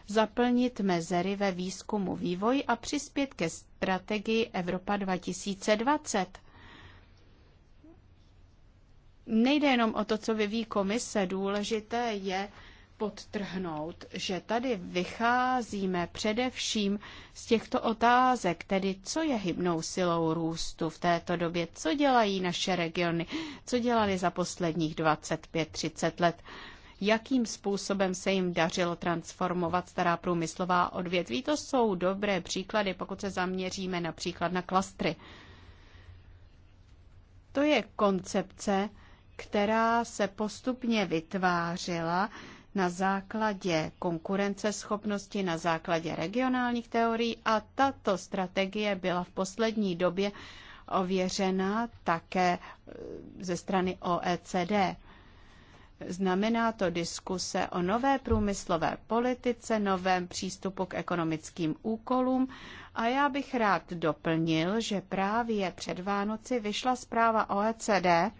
zaplnit mezery ve výzkumu vývoji a přispět ke strategii Evropa 2020. Nejde jenom o to, co vyvíjí komise, důležité je podtrhnout, že tady vycházíme především z těchto otázek, tedy co je hybnou silou růstu v této době, co dělají naše regiony, co dělali za posledních 25-30 let, jakým způsobem se jim dařilo transformovat stará průmyslová odvětví. To jsou dobré příklady, pokud se zaměříme například na klastry. To je koncepce, která se postupně vytvářela na základě konkurenceschopnosti, na základě regionálních teorií a tato strategie byla v poslední době ověřena také e, ze strany OECD. Znamená to diskuse o nové průmyslové politice, novém přístupu k ekonomickým úkolům a já bych rád doplnil, že právě před Vánoci vyšla zpráva OECD,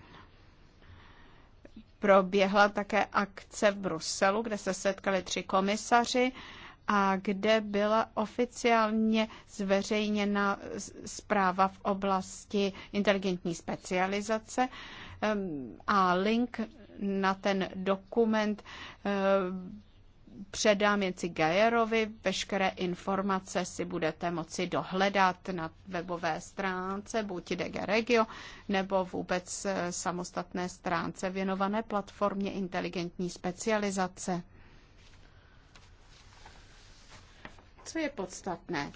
proběhla také akce v Bruselu, kde se setkali tři komisaři a kde byla oficiálně zveřejněna zpráva v oblasti inteligentní specializace a link na ten dokument předám Jenci Gajerovi. Veškeré informace si budete moci dohledat na webové stránce buď DG Regio nebo vůbec eh, samostatné stránce věnované platformě inteligentní specializace. Co je podstatné?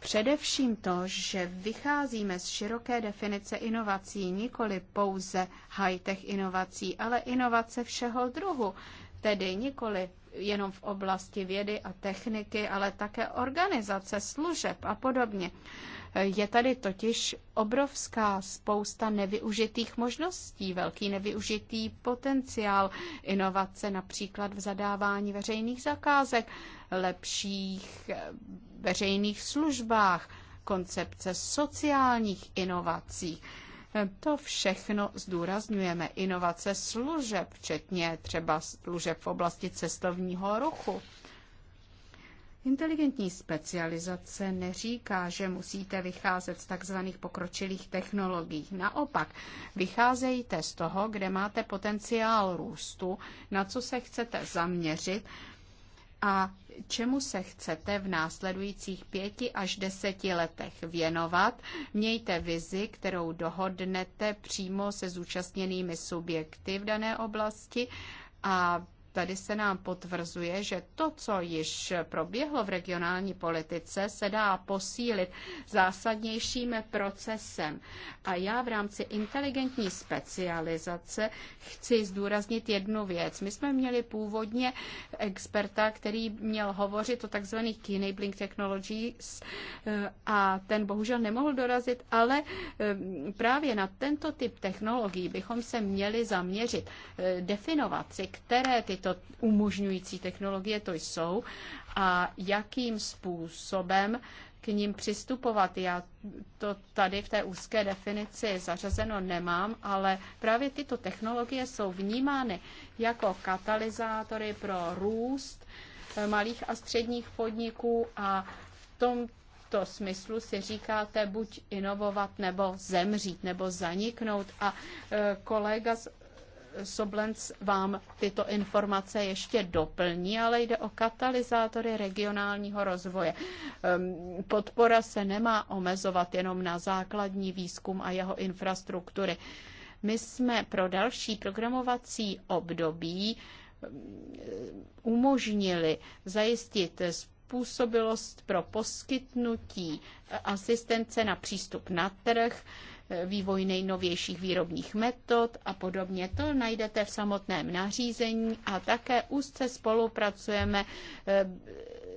Především to, že vycházíme z široké definice inovací, nikoli pouze high-tech inovací, ale inovace všeho druhu, tedy nikoli jenom v oblasti vědy a techniky, ale také organizace, služeb a podobně. Je tady totiž obrovská spousta nevyužitých možností, velký nevyužitý potenciál, inovace například v zadávání veřejných zakázek, lepších eh, veřejných službách, koncepce sociálních inovací. To všechno zdůrazňujeme. Inovace služeb, včetně třeba služeb v oblasti cestovního ruchu. Inteligentní specializace neříká, že musíte vycházet z takzvaných pokročilých technologií. Naopak, vycházejte z toho, kde máte potenciál růstu, na co se chcete zaměřit a čemu se chcete v následujících pěti až deseti letech věnovat. Mějte vizi, kterou dohodnete přímo se zúčastněnými subjekty v dané oblasti a tady se nám potvrzuje, že to, co již proběhlo v regionální politice, se dá posílit zásadnějším procesem. A já v rámci inteligentní specializace chci zdůraznit jednu věc. My jsme měli původně experta, který měl hovořit o takzvaných key enabling technologies eh, a ten bohužel nemohl dorazit, ale eh, právě na tento typ technologií bychom se měli zaměřit, eh, definovat si, které ty to umožňující technologie to jsou a jakým způsobem k ním přistupovat. Já to tady v té úzké definici zařazeno nemám, ale právě tyto technologie jsou vnímány jako katalyzátory pro růst eh, malých a středních podniků a v tomto smyslu si říkáte buď inovovat, nebo zemřít, nebo zaniknout. A eh, kolega z Soblenc vám tyto informace ještě doplní, ale jde o katalyzátory regionálního rozvoje. Ehm, podpora se nemá omezovat jenom na základní výzkum a jeho infrastruktury. My jsme pro další programovací období ehm, umožnili zajistit způsobilost pro poskytnutí asistence na přístup na trh, vývoj nejnovějších výrobních metod a podobně. To najdete v samotném nařízení a také úzce spolupracujeme eh,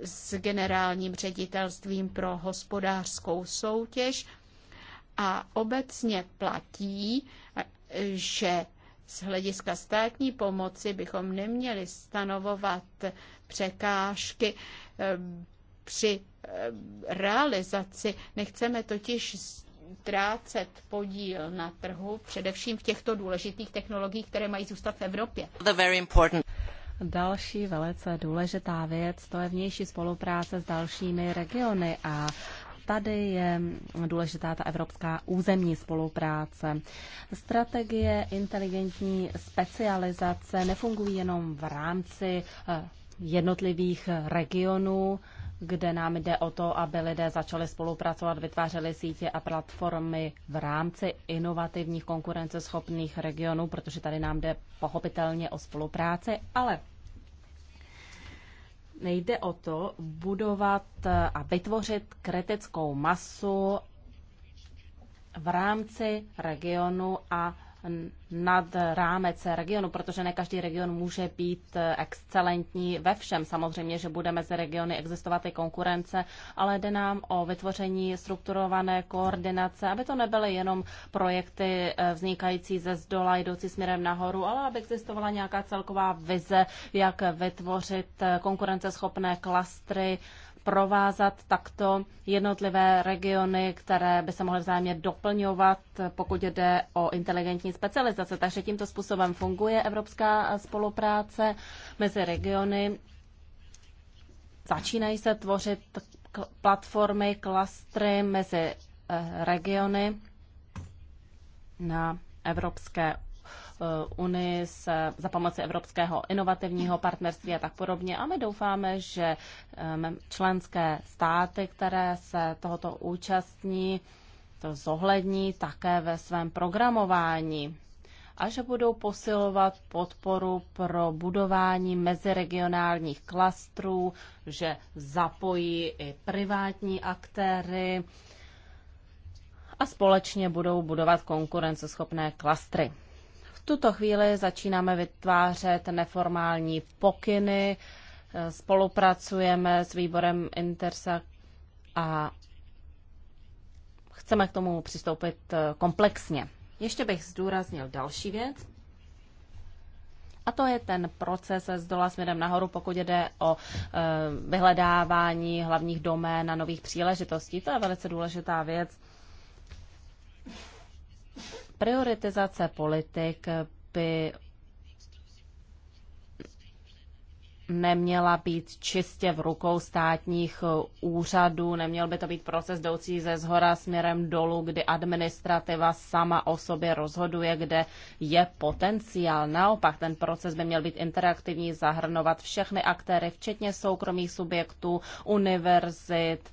s generálním ředitelstvím pro hospodářskou soutěž a obecně platí, že z hlediska státní pomoci bychom neměli stanovovat překážky eh, při eh, realizaci. Nechceme totiž utrácet podíl na trhu, především v těchto důležitých technologiích, které mají zůstat v Evropě. Další velice důležitá věc, to je vnější spolupráce s dalšími regiony a tady je důležitá ta evropská územní spolupráce. Strategie inteligentní specializace nefungují jenom v rámci eh, jednotlivých regionů, kde nám jde o to, aby lidé začali spolupracovat, vytvářeli sítě a platformy v rámci inovativních konkurenceschopných regionů, protože tady nám jde pochopitelně o spolupráci, ale nejde o to budovat a vytvořit kritickou masu v rámci regionu a nad rámec regionu, protože ne každý region může být eh, excelentní ve všem. Samozřejmě, že bude mezi regiony existovat i konkurence, ale jde nám o vytvoření strukturované koordinace, aby to nebyly jenom projekty eh, vznikající ze zdola, jdoucí směrem nahoru, ale aby existovala nějaká celková vize, jak vytvořit eh, konkurenceschopné klastry provázat takto jednotlivé regiony, které by se mohly vzájemně doplňovat, pokud jde o inteligentní specializace. Takže tímto způsobem funguje evropská spolupráce mezi regiony. Začínají se tvořit platformy, klastry mezi eh, regiony na evropské Eh, unii s, za pomoci Evropského inovativního partnerství a tak podobně. A my doufáme, že eh, členské státy, které se tohoto účastní, to zohlední také ve svém programování a že budou posilovat podporu pro budování meziregionálních klastrů, že zapojí i privátní aktéry a společně budou budovat konkurenceschopné klastry tuto chvíli začínáme vytvářet neformální pokyny, spolupracujeme s výborem Intersa a chceme k tomu přistoupit eh, komplexně. Ještě bych zdůraznil další věc. A to je ten proces z dola směrem nahoru, pokud jde o eh, vyhledávání hlavních domén a nových příležitostí. To je velice důležitá věc prioritizace politik by neměla být čistě v rukou státních úřadů, neměl by to být proces jdoucí ze zhora směrem dolů, kdy administrativa sama o sobě rozhoduje, kde je potenciál. Naopak ten proces by měl být interaktivní, zahrnovat všechny aktéry, včetně soukromých subjektů, univerzit,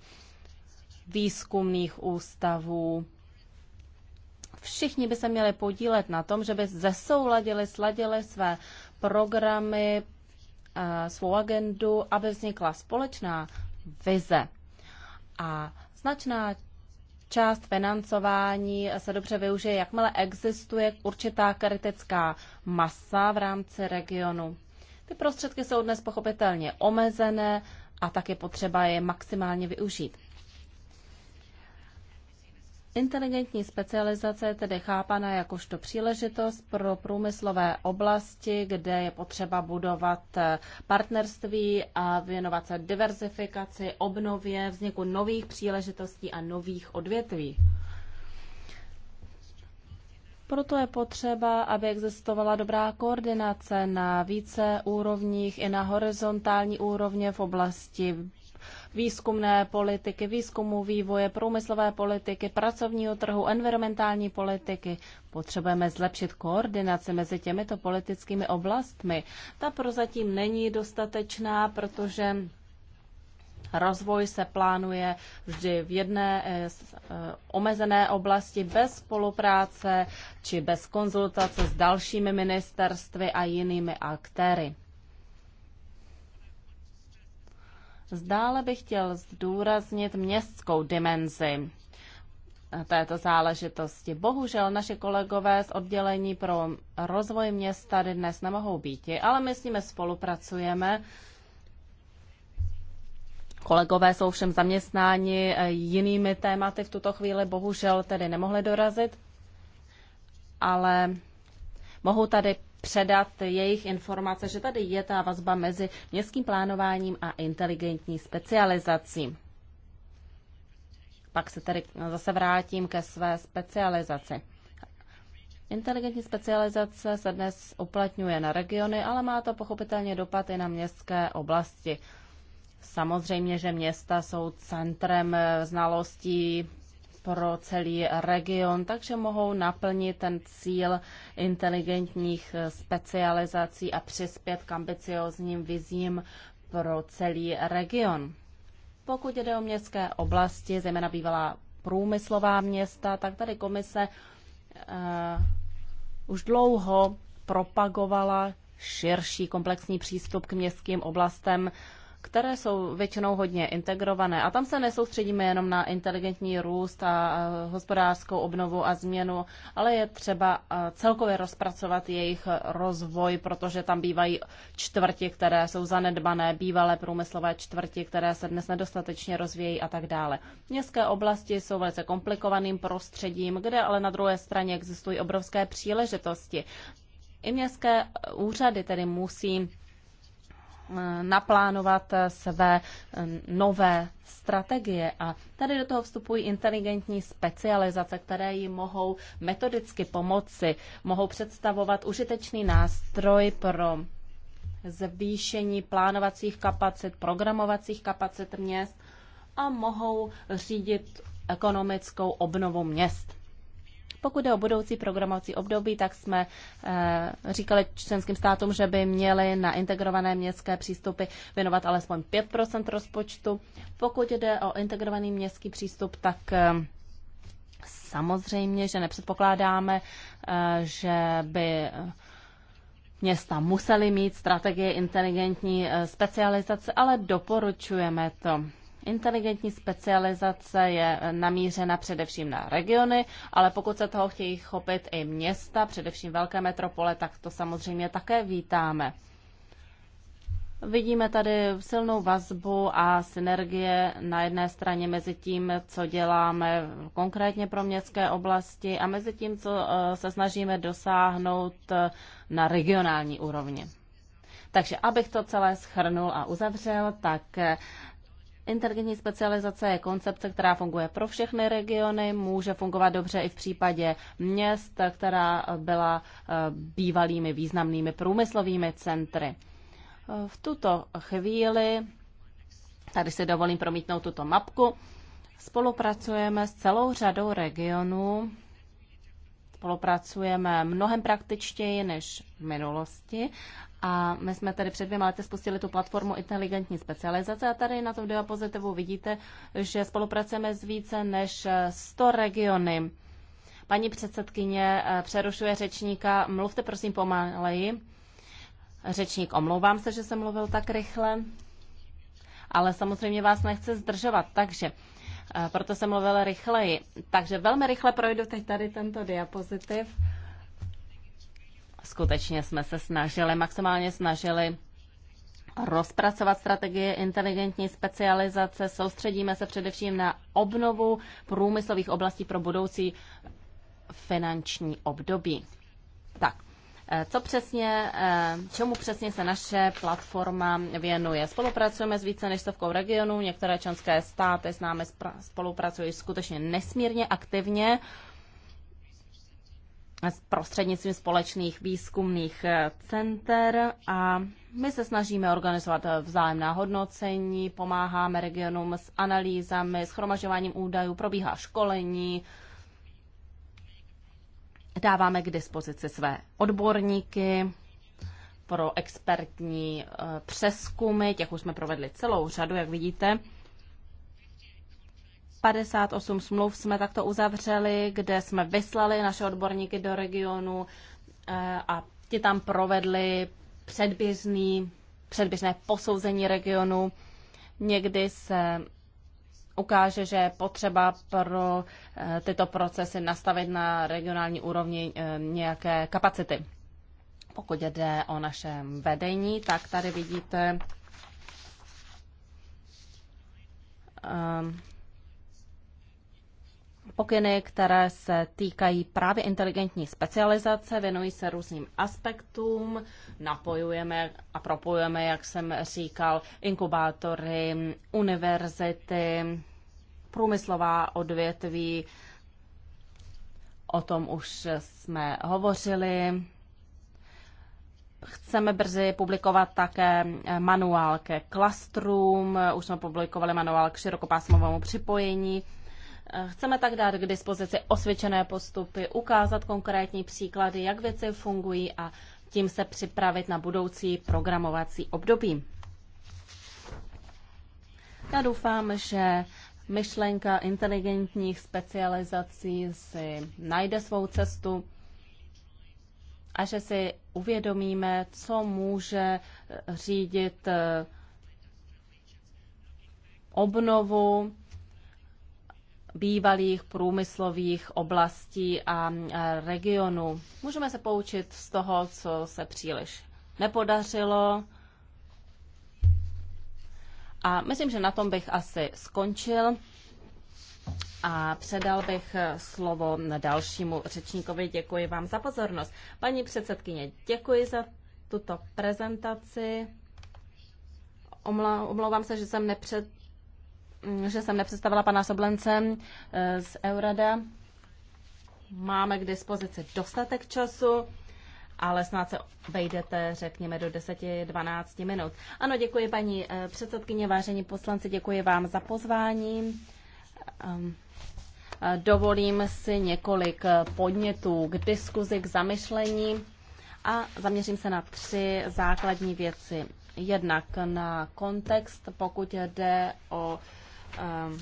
výzkumných ústavů všichni by se měli podílet na tom, že by zesouladili, sladili své programy, eh, svou agendu, aby vznikla společná vize. A značná část financování se dobře využije, jakmile existuje určitá kritická masa v rámci regionu. Ty prostředky jsou dnes pochopitelně omezené a tak je potřeba je maximálně využít. Inteligentní specializace je tedy chápana jakožto příležitost pro průmyslové oblasti, kde je potřeba budovat eh, partnerství a věnovat se diverzifikaci, obnově, vzniku nových příležitostí a nových odvětví. Proto je potřeba, aby existovala dobrá koordinace na více úrovních i na horizontální úrovně v oblasti výzkumné politiky, výzkumu vývoje, průmyslové politiky, pracovního trhu, environmentální politiky. Potřebujeme zlepšit koordinaci mezi těmito politickými oblastmi. Ta prozatím není dostatečná, protože Rozvoj se plánuje vždy v jedné eh, eh, omezené oblasti bez spolupráce či bez konzultace s dalšími ministerstvy a jinými aktéry. Zdále bych chtěl zdůraznit městskou dimenzi této záležitosti. Bohužel naše kolegové z oddělení pro rozvoj měst tady dnes nemohou být, ale my s nimi spolupracujeme. Kolegové jsou všem zaměstnáni eh, jinými tématy v tuto chvíli, bohužel tedy nemohli dorazit, ale mohu tady předat jejich informace, že tady je ta vazba mezi městským plánováním a inteligentní specializací. Pak se tedy zase vrátím ke své specializaci. Inteligentní specializace se dnes uplatňuje na regiony, ale má to pochopitelně dopad i na městské oblasti. Samozřejmě, že města jsou centrem znalostí, pro celý region, takže mohou naplnit ten cíl inteligentních eh, specializací a přispět k ambiciozním vizím pro celý region. Pokud jde o městské oblasti, zejména bývalá průmyslová města, tak tady komise uh, už dlouho propagovala širší komplexní přístup k městským oblastem uh, které jsou většinou hodně integrované. A tam se nesoustředíme jenom na inteligentní růst a hospodářskou obnovu a změnu, ale je třeba celkově rozpracovat jejich rozvoj, protože tam bývají čtvrti, které jsou zanedbané, bývalé průmyslové čtvrti, které se dnes nedostatečně rozvíjí a tak dále. Městské oblasti jsou velice komplikovaným prostředím, kde ale na druhé straně existují obrovské příležitosti. I městské úřady tedy musí naplánovat své nové strategie. A tady do toho vstupují inteligentní specializace, které jim mohou metodicky pomoci, mohou představovat užitečný nástroj pro zvýšení plánovacích kapacit, programovacích kapacit měst a mohou řídit ekonomickou obnovu měst. Pokud jde o budoucí programovací období, tak jsme eh, říkali členským státům, že by měli na integrované městské přístupy věnovat alespoň 5 rozpočtu. Pokud jde o integrovaný městský přístup, tak eh, samozřejmě, že nepředpokládáme, eh, že by města museli mít strategie inteligentní specializace, ale doporučujeme to. Inteligentní specializace je namířena především na regiony, ale pokud se toho chtějí chopit i města, především velké metropole, tak to samozřejmě také vítáme. Vidíme tady silnou vazbu a synergie na jedné straně mezi tím, co děláme konkrétně pro městské oblasti a mezi tím, co eh, se snažíme dosáhnout eh, na regionální úrovni. Takže abych to celé schrnul a uzavřel, tak eh, Inteligentní specializace je koncepce, která funguje pro všechny regiony, může fungovat dobře i v případě měst, která byla eh, bývalými významnými průmyslovými centry. Eh, v tuto chvíli, tady si dovolím promítnout tuto mapku, spolupracujeme s celou řadou regionů spolupracujeme mnohem praktičtěji než v minulosti a my jsme tady před dvěma lety spustili tu platformu inteligentní specializace a tady na tom diapozitivu vidíte, že spolupracujeme s více než 100 regiony. Paní předsedkyně eh, přerušuje řečníka, mluvte prosím pomaleji. Řečník, omlouvám se, že jsem mluvil tak rychle, ale samozřejmě vás nechce zdržovat, takže proto jsem mluvila rychleji. Takže velmi rychle projdu teď tady tento diapozitiv. Skutečně jsme se snažili, maximálně snažili rozpracovat strategie inteligentní specializace. Soustředíme se především na obnovu průmyslových oblastí pro budoucí finanční období. Eh, co přesně, eh, čemu přesně se naše platforma věnuje? Spolupracujeme s více než stovkou regionů, některé členské státy s námi spolupracují skutečně nesmírně aktivně s prostřednictvím společných výzkumných eh, center a my se snažíme organizovat vzájemná hodnocení, pomáháme regionům s analýzami, schromažováním údajů, probíhá školení, Dáváme k dispozici své odborníky pro expertní eh, přeskumy, těch už jsme provedli celou řadu, jak vidíte. 58 smluv jsme takto uzavřeli, kde jsme vyslali naše odborníky do regionu eh, a ti tam provedli předběžný, předběžné posouzení regionu. Někdy se ukáže, že je potřeba pro eh, tyto procesy nastavit na regionální úrovni eh, nějaké kapacity. Pokud jde o naše vedení, tak tady vidíte eh, pokyny, které se týkají právě inteligentní specializace, věnují se různým aspektům, napojujeme a propojujeme, jak jsem říkal, inkubátory, univerzity, průmyslová odvětví, o tom už jsme hovořili. Chceme brzy publikovat také manuál ke klastrům, už jsme publikovali manuál k širokopásmovému připojení. Chceme tak dát k dispozici osvědčené postupy, ukázat konkrétní příklady, jak věci fungují a tím se připravit na budoucí programovací období. Já doufám, že myšlenka inteligentních specializací si najde svou cestu a že si uvědomíme, co může řídit eh, obnovu bývalých průmyslových oblastí a eh, regionů. Můžeme se poučit z toho, co se příliš nepodařilo a myslím, že na tom bych asi skončil a předal bych slovo dalšímu řečníkovi. Děkuji vám za pozornost. Paní předsedkyně, děkuji za tuto prezentaci. Omlouvám se, že jsem, nepřed, že jsem nepředstavila pana Soblence eh, z Eurada. Máme k dispozici dostatek času ale snad se vejdete, řekněme, do 10-12 minut. Ano, děkuji paní eh, předsedkyně, vážení poslanci, děkuji vám za pozvání. Ehm, eh, dovolím si několik eh, podnětů k diskuzi, k zamyšlení a zaměřím se na tři základní věci. Jednak na kontext, pokud jde o ehm,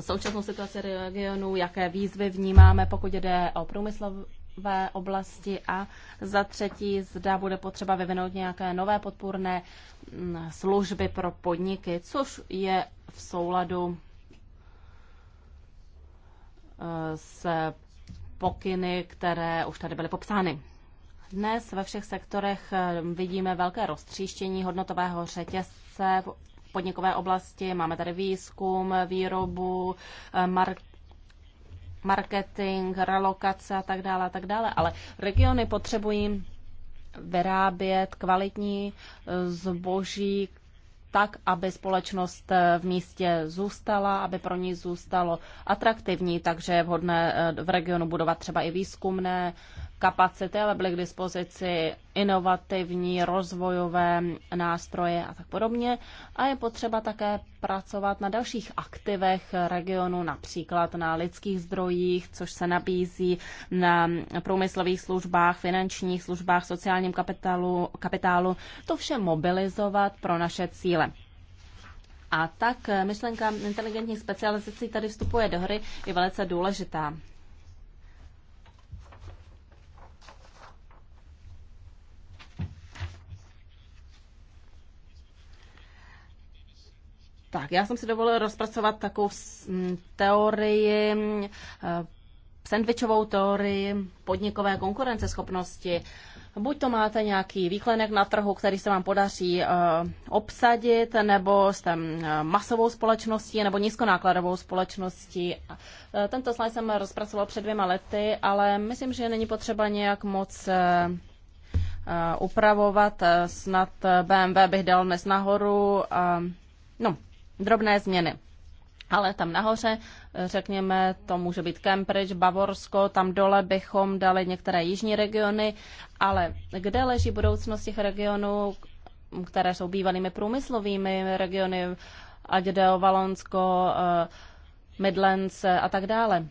současnou situaci regionu, jaké výzvy vnímáme, pokud jde o průmyslov, ve oblasti a za třetí, zda bude potřeba vyvinout nějaké nové podpůrné mm, služby pro podniky, což je v souladu eh, s pokyny, které už tady byly popsány. Dnes ve všech sektorech eh, vidíme velké roztříštění hodnotového řetězce v podnikové oblasti. Máme tady výzkum, výrobu, eh, mark marketing, relokace a tak dále a tak dále, ale regiony potřebují vyrábět kvalitní eh, zboží tak, aby společnost eh, v místě zůstala, aby pro ní zůstalo atraktivní, takže je vhodné eh, v regionu budovat třeba i výzkumné kapacity, ale byly k dispozici inovativní, rozvojové nástroje a tak podobně. A je potřeba také pracovat na dalších aktivech regionu, například na lidských zdrojích, což se nabízí na průmyslových službách, finančních službách, sociálním kapitálu. kapitálu. To vše mobilizovat pro naše cíle. A tak myšlenka inteligentních specializací tady vstupuje do hry, je velice důležitá. Tak, já jsem si dovolil rozpracovat takovou mm, teorii, eh, sandvičovou teorii podnikové konkurenceschopnosti. Buď to máte nějaký výklenek na trhu, který se vám podaří eh, obsadit, nebo jste mm, masovou společností, nebo nízkonákladovou společností. Eh, tento slide jsem rozpracoval před dvěma lety, ale myslím, že není potřeba nějak moc upravovat. Snad BMW bych dal dnes nahoru. No, drobné změny. Ale tam nahoře, řekněme, to může být Cambridge, Bavorsko, tam dole bychom dali některé jižní regiony, ale kde leží budoucnost těch regionů, které jsou bývalými průmyslovými regiony, ať jde o Valonsko, eh, Midlands eh, a tak dále.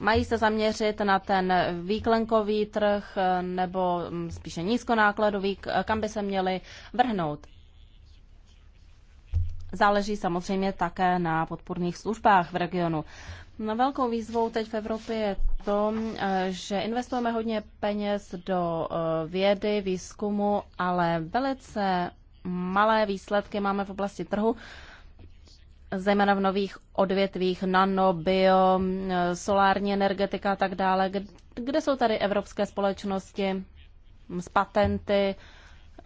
Mají se zaměřit na ten výklenkový trh eh, nebo hm, spíše nízkonákladový, kam by se měli vrhnout záleží samozřejmě také na podporných službách v regionu. Na velkou výzvou teď v Evropě je to, eh, že investujeme hodně peněz do eh, vědy, výzkumu, ale velice malé výsledky máme v oblasti trhu, zejména v nových odvětvích nano, bio, eh, solární energetika a tak dále. Kde jsou tady evropské společnosti s patenty,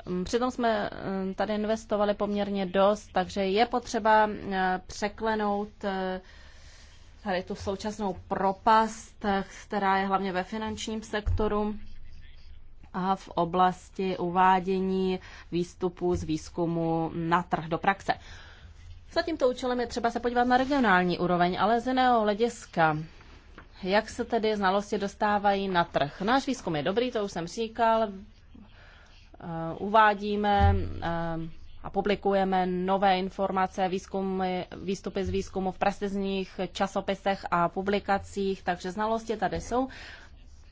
Eh, přitom jsme eh, tady investovali poměrně dost, takže je potřeba eh, překlenout tady tu současnou propast, která je hlavně ve finančním sektoru a v oblasti uvádění výstupů z výzkumu na trh do praxe. Za tímto účelem je třeba se podívat na regionální úroveň, ale z jiného hlediska. Jak se tedy znalosti dostávají na trh? Náš výzkum je dobrý, to už jsem říkal, Eh, uvádíme eh, a publikujeme nové informace, výzkumy, výstupy z výzkumu v prestižních časopisech a publikacích, takže znalosti tady jsou.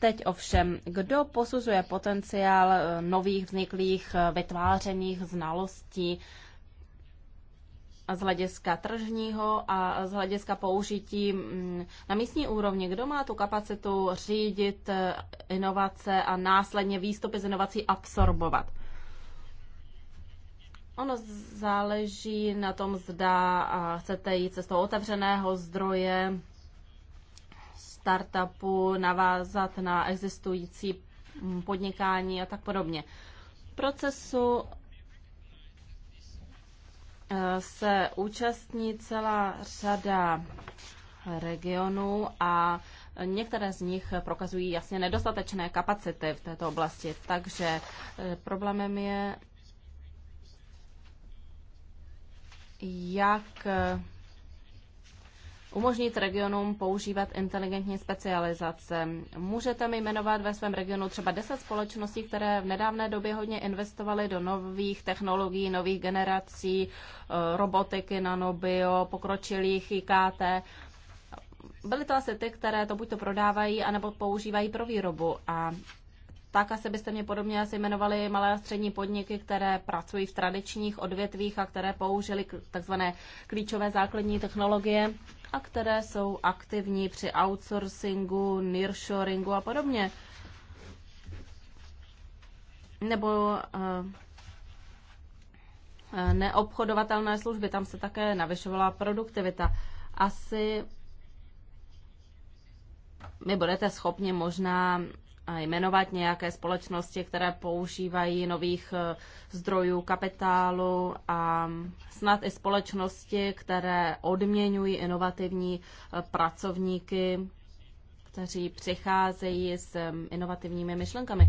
Teď ovšem, kdo posuzuje potenciál eh, nových vzniklých vytvářených znalostí z hlediska tržního a z hlediska použití mm, na místní úrovni. Kdo má tu kapacitu řídit eh, inovace a následně výstupy z inovací absorbovat? Ono záleží na tom, zda chcete jít cestou otevřeného zdroje startupu, navázat na existující mm, podnikání a tak podobně. procesu se účastní celá řada regionů a některé z nich prokazují jasně nedostatečné kapacity v této oblasti. Takže eh, problémem je, jak eh, umožnit regionům používat inteligentní specializace. Můžete mi jmenovat ve svém regionu třeba 10 společností, které v nedávné době hodně investovaly do nových technologií, nových generací, eh, robotiky, nanobio, pokročilých IKT. Byly to asi ty, které to buď to prodávají, anebo používají pro výrobu. A tak asi byste mě podobně asi jmenovali malé a střední podniky, které pracují v tradičních odvětvích a které použili takzvané klíčové základní technologie a které jsou aktivní při outsourcingu, nearshoringu a podobně. Nebo eh, eh, neobchodovatelné služby, tam se také navyšovala produktivita. Asi mi budete schopni možná jmenovat nějaké společnosti, které používají nových eh, zdrojů kapitálu a snad i společnosti, které odměňují inovativní eh, pracovníky, kteří přicházejí s eh, inovativními myšlenkami.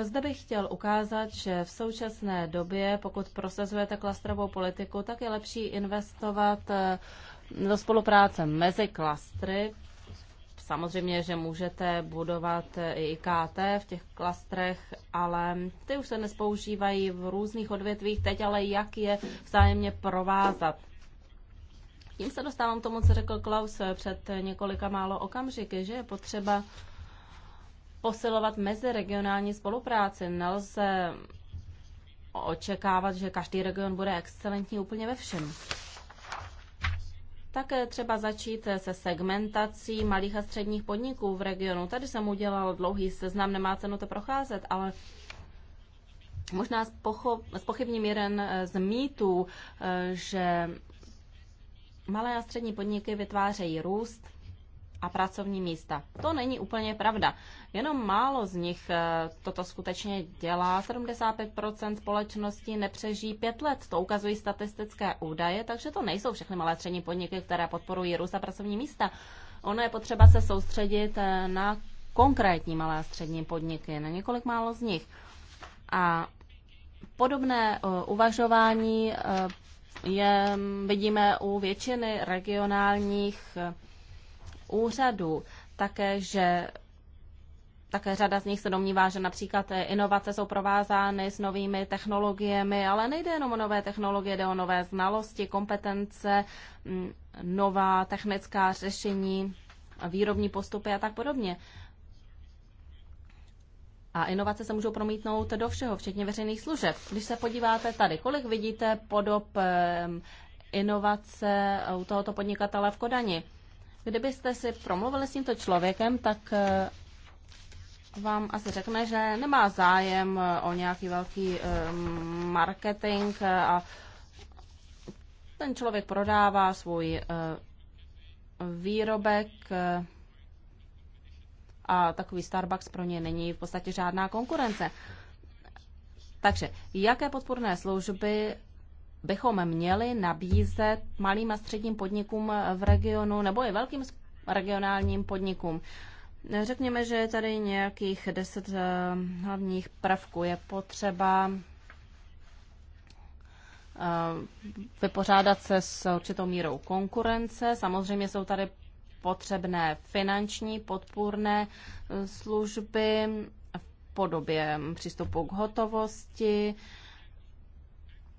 Zde bych chtěl ukázat, že v současné době, pokud prosazujete klastrovou politiku, tak je lepší investovat do spolupráce mezi klastry, Samozřejmě, že můžete budovat i IKT v těch klastrech, ale ty už se nespoužívají v různých odvětvích teď, ale jak je vzájemně provázat. Tím se dostávám tomu, co řekl Klaus před několika málo okamžiky, že je potřeba posilovat meziregionální spolupráci. Nelze očekávat, že každý region bude excelentní úplně ve všem. Tak třeba začít se segmentací malých a středních podniků v regionu. Tady jsem udělal dlouhý seznam, nemá cenu to procházet, ale možná spochybním jeden eh, z mýtů, eh, že malé a střední podniky vytvářejí růst a pracovní místa. To není úplně pravda. Jenom málo z nich eh, toto skutečně dělá. 75% společnosti nepřeží pět let. To ukazují statistické údaje, takže to nejsou všechny malé střední podniky, které podporují růst a pracovní místa. Ono je potřeba se soustředit eh, na konkrétní malé a střední podniky, na několik málo z nich. A podobné eh, uvažování je, vidíme u většiny regionálních úřadů. Také, že také řada z nich se domnívá, že například inovace jsou provázány s novými technologiemi, ale nejde jenom o nové technologie, jde o nové znalosti, kompetence, mm, nová technická řešení, výrobní postupy a tak podobně. A inovace se můžou promítnout do všeho, včetně veřejných služeb. Když se podíváte tady, kolik vidíte podob inovace u tohoto podnikatele v Kodani? Kdybyste si promluvili s tímto člověkem, tak eh, vám asi řekne, že nemá zájem eh, o nějaký velký eh, marketing a ten člověk prodává svůj výrobek a takový Starbucks pro ně není v podstatě žádná konkurence. Takže jaké podporné služby bychom měli nabízet malým a středním podnikům v regionu nebo i velkým regionálním podnikům. Řekněme, že je tady nějakých deset eh, hlavních prvků. Je potřeba eh, vypořádat se s určitou mírou konkurence. Samozřejmě jsou tady potřebné finanční podpůrné eh, služby v podobě přístupu k hotovosti,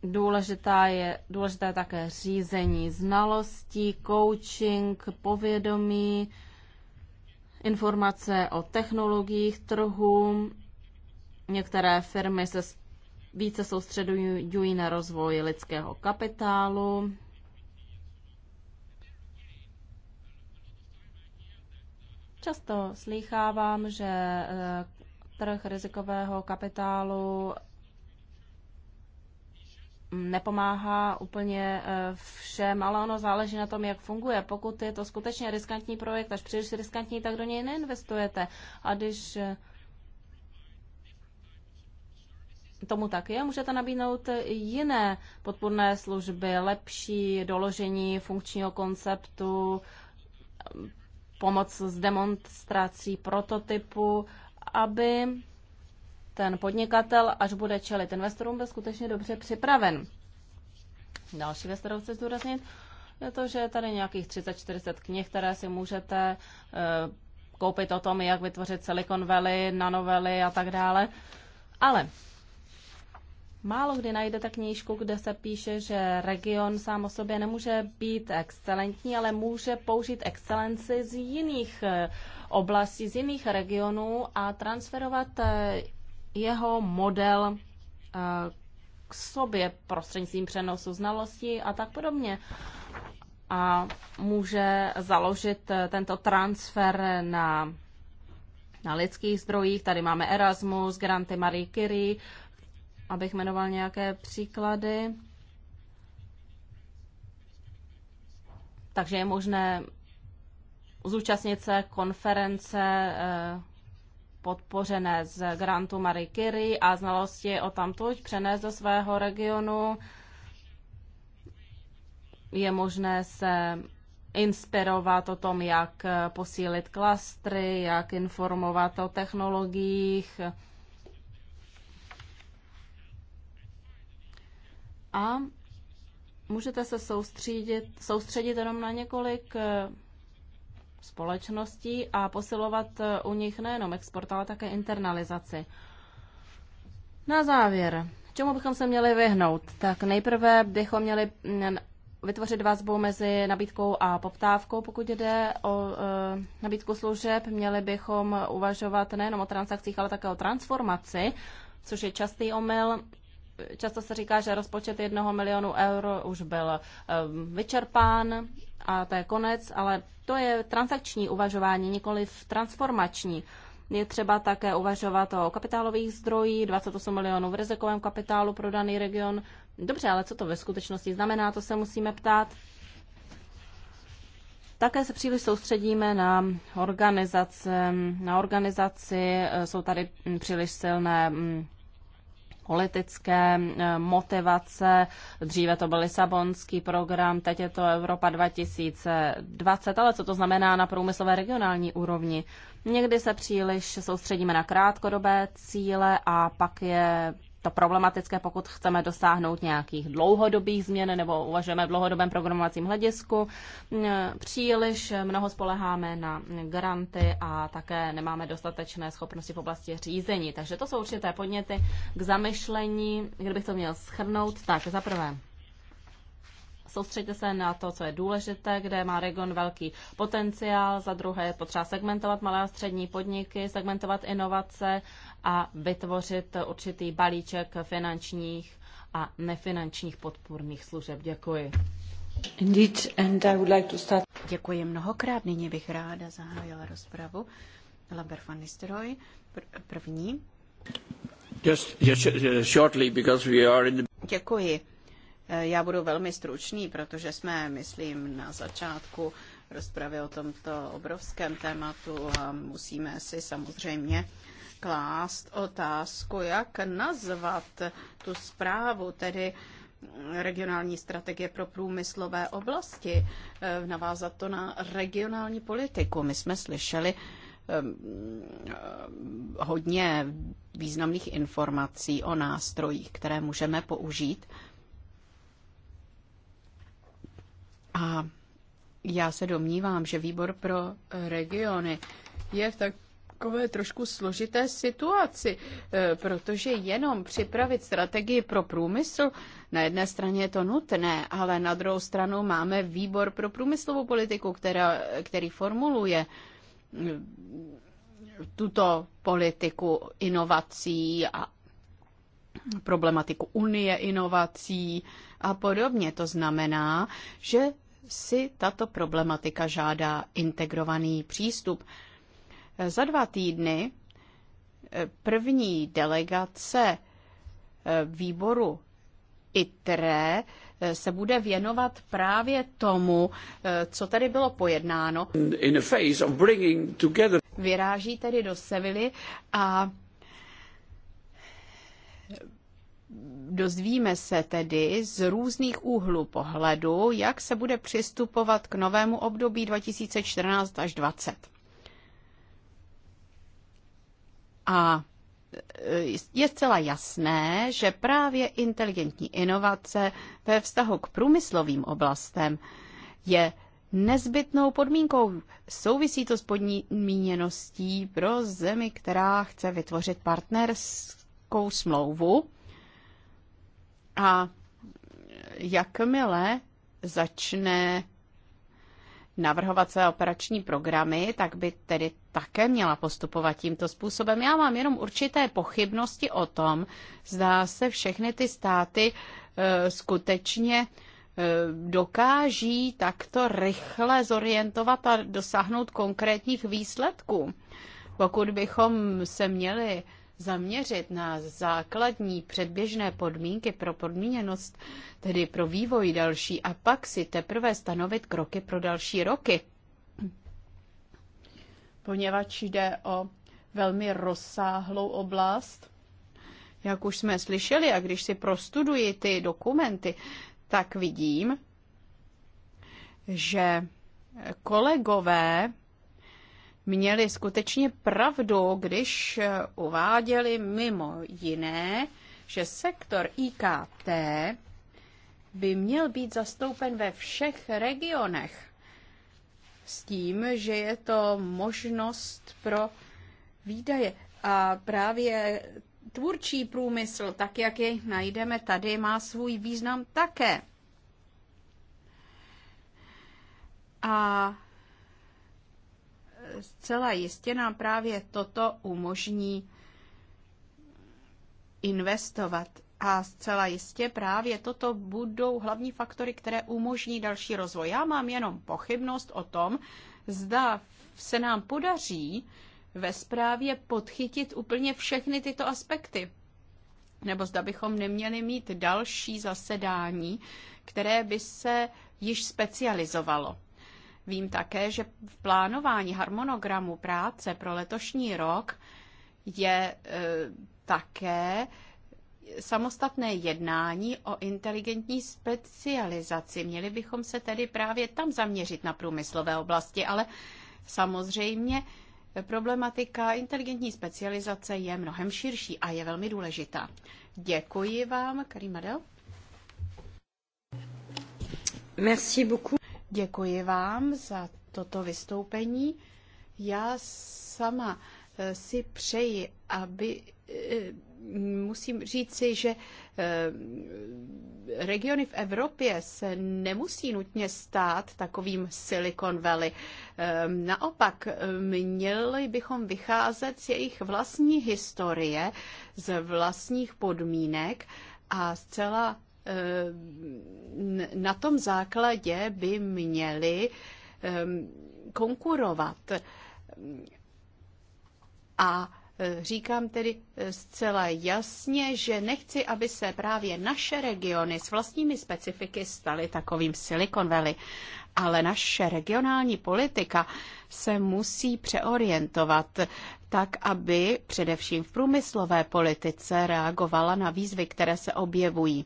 Důležitá je, důležité je také řízení znalostí, coaching, povědomí, informace o technologiích trhu. Některé firmy se více soustředují na rozvoj lidského kapitálu. Často slýchávám, že eh, trh rizikového kapitálu nepomáhá úplně eh, všem, ale ono záleží na tom, jak funguje. Pokud je to skutečně riskantní projekt, až příliš riskantní, tak do něj neinvestujete. A když eh, tomu tak je, můžete nabídnout jiné podpůrné služby, lepší doložení funkčního konceptu, eh, pomoc s demonstrací prototypu, aby ten podnikatel, až bude čelit investorům, byl skutečně dobře připraven. Další věc, kterou chci zdůraznit, je to, že je tady nějakých 30-40 knih, které si můžete eh, koupit o tom, jak vytvořit Silicon Valley, nanovely a tak dále. Ale Málo kdy najdete knížku, kde se píše, že region sám o sobě nemůže být excelentní, ale může použít excelenci z jiných eh, oblastí, z jiných regionů a transferovat eh, jeho model eh, k sobě prostřednictvím přenosu znalostí a tak podobně. A může založit eh, tento transfer na, na lidských zdrojích. Tady máme Erasmus, granty Marie Curie, abych jmenoval nějaké příklady. Takže je možné zúčastnit se konference eh, podpořené z grantu Marie Curie a znalosti o tamtuť přenést do svého regionu. Je možné se inspirovat o tom, jak posílit klastry, jak informovat o technologiích. A můžete se soustředit, soustředit jenom na několik eh, společností a posilovat eh, u nich nejenom export, ale také internalizaci. Na závěr, čemu bychom se měli vyhnout? Tak nejprve bychom měli mm, vytvořit vazbu mezi nabídkou a poptávkou. Pokud jde o e, nabídku služeb, měli bychom uvažovat nejenom o transakcích, ale také o transformaci, což je častý omyl často se říká, že rozpočet jednoho milionu euro už byl eh, vyčerpán a to je konec, ale to je transakční uvažování, nikoli transformační. Je třeba také uvažovat o kapitálových zdrojích, 28 milionů v rizikovém kapitálu pro daný region. Dobře, ale co to ve skutečnosti znamená, to se musíme ptát. Také se příliš soustředíme na organizace. Na organizaci eh, jsou tady hm, příliš silné hm, politické eh, motivace. Dříve to byl Lisabonský program, teď je to Evropa 2020, ale co to znamená na průmyslové regionální úrovni? Někdy se příliš soustředíme na krátkodobé cíle a pak je to problematické, pokud chceme dosáhnout nějakých dlouhodobých změn nebo uvažujeme v dlouhodobém programovacím hledisku. Mm, příliš mnoho spoleháme na granty a také nemáme dostatečné schopnosti v oblasti řízení. Takže to jsou určité podněty k zamyšlení. Kdybych to měl schrnout, tak za prvé Soustředte se na to, co je důležité, kde má region velký potenciál, za druhé potřeba segmentovat malé a střední podniky, segmentovat inovace a vytvořit určitý balíček finančních a nefinančních podpůrných služeb. Děkuji. Indeed, and I would like to start... Děkuji mnohokrát. Nyní bych ráda zahájila rozpravu. Laber van Nistelrooy, pr- první. Just, just uh, shortly, because we are in the... Děkuji. Eh, já budu velmi stručný, protože jsme, myslím, na začátku rozpravy o tomto obrovském tématu a musíme si samozřejmě klást otázku, jak nazvat tu zprávu, tedy regionální strategie pro průmyslové oblasti, eh, navázat to na regionální politiku. My jsme slyšeli ehm, eh, hodně významných informací o nástrojích, které můžeme použít. A já se domnívám, že výbor pro regiony je v tak takové trošku složité situaci, e, protože jenom připravit strategii pro průmysl, na jedné straně je to nutné, ale na druhou stranu máme výbor pro průmyslovou politiku, která, který formuluje e, tuto politiku inovací a problematiku Unie inovací a podobně. To znamená, že si tato problematika žádá integrovaný přístup. Za dva týdny eh, první delegace eh, výboru ITRE eh, se bude věnovat právě tomu, co tady bylo pojednáno. Vyráží tedy do Sevily a dozvíme se tedy z různých úhlů pohledu, jak se bude přistupovat k novému období 2014 až 2020. A e, je zcela jasné, že právě inteligentní inovace ve vztahu k průmyslovým oblastem je nezbytnou podmínkou. Souvisí to s podmíněností pro zemi, která chce vytvořit partnerskou smlouvu. A jakmile začne navrhovat své operační programy, tak by tedy také měla postupovat tímto způsobem. Já mám jenom určité pochybnosti o tom, zdá se všechny ty státy e, skutečně e, dokáží takto rychle zorientovat a dosáhnout konkrétních výsledků. Pokud bychom se měli zaměřit na základní předběžné podmínky pro podmíněnost, tedy pro vývoj další, a pak si teprve stanovit kroky pro další roky. Poněvadž jde o velmi rozsáhlou oblast, jak už jsme slyšeli, a když si prostuduji ty dokumenty, tak vidím, že kolegové měli skutečně pravdu, když eh, uváděli mimo jiné, že sektor IKT by měl být zastoupen ve všech regionech s tím, že je to možnost pro výdaje. A právě tvůrčí průmysl, tak jak jej najdeme tady, má svůj význam také. A zcela jistě nám právě toto umožní investovat. A zcela jistě právě toto budou hlavní faktory, které umožní další rozvoj. Já mám jenom pochybnost o tom, zda se nám podaří ve zprávě podchytit úplně všechny tyto aspekty. Nebo zda bychom neměli mít další zasedání, které by se již specializovalo Vím také, že v plánování harmonogramu práce pro letošní rok je e, také samostatné jednání o inteligentní specializaci. Měli bychom se tedy právě tam zaměřit na průmyslové oblasti, ale samozřejmě problematika inteligentní specializace je mnohem širší a je velmi důležitá. Děkuji vám, Karim Adel. Merci beaucoup. Děkuji vám za toto vystoupení. Já sama eh, si přeji, aby eh, musím říci, že eh, regiony v Evropě se nemusí nutně stát takovým Silicon Valley. Ehm, naopak, měli bychom vycházet z jejich vlastní historie, z vlastních podmínek a zcela Ehm, na tom základě by měli ehm, konkurovat. A e, říkám tedy e, zcela jasně, že nechci, aby se právě naše regiony s vlastními specifiky staly takovým Silicon Valley, ale naše regionální politika se musí přeorientovat tak, aby především v průmyslové politice reagovala na výzvy, které se objevují.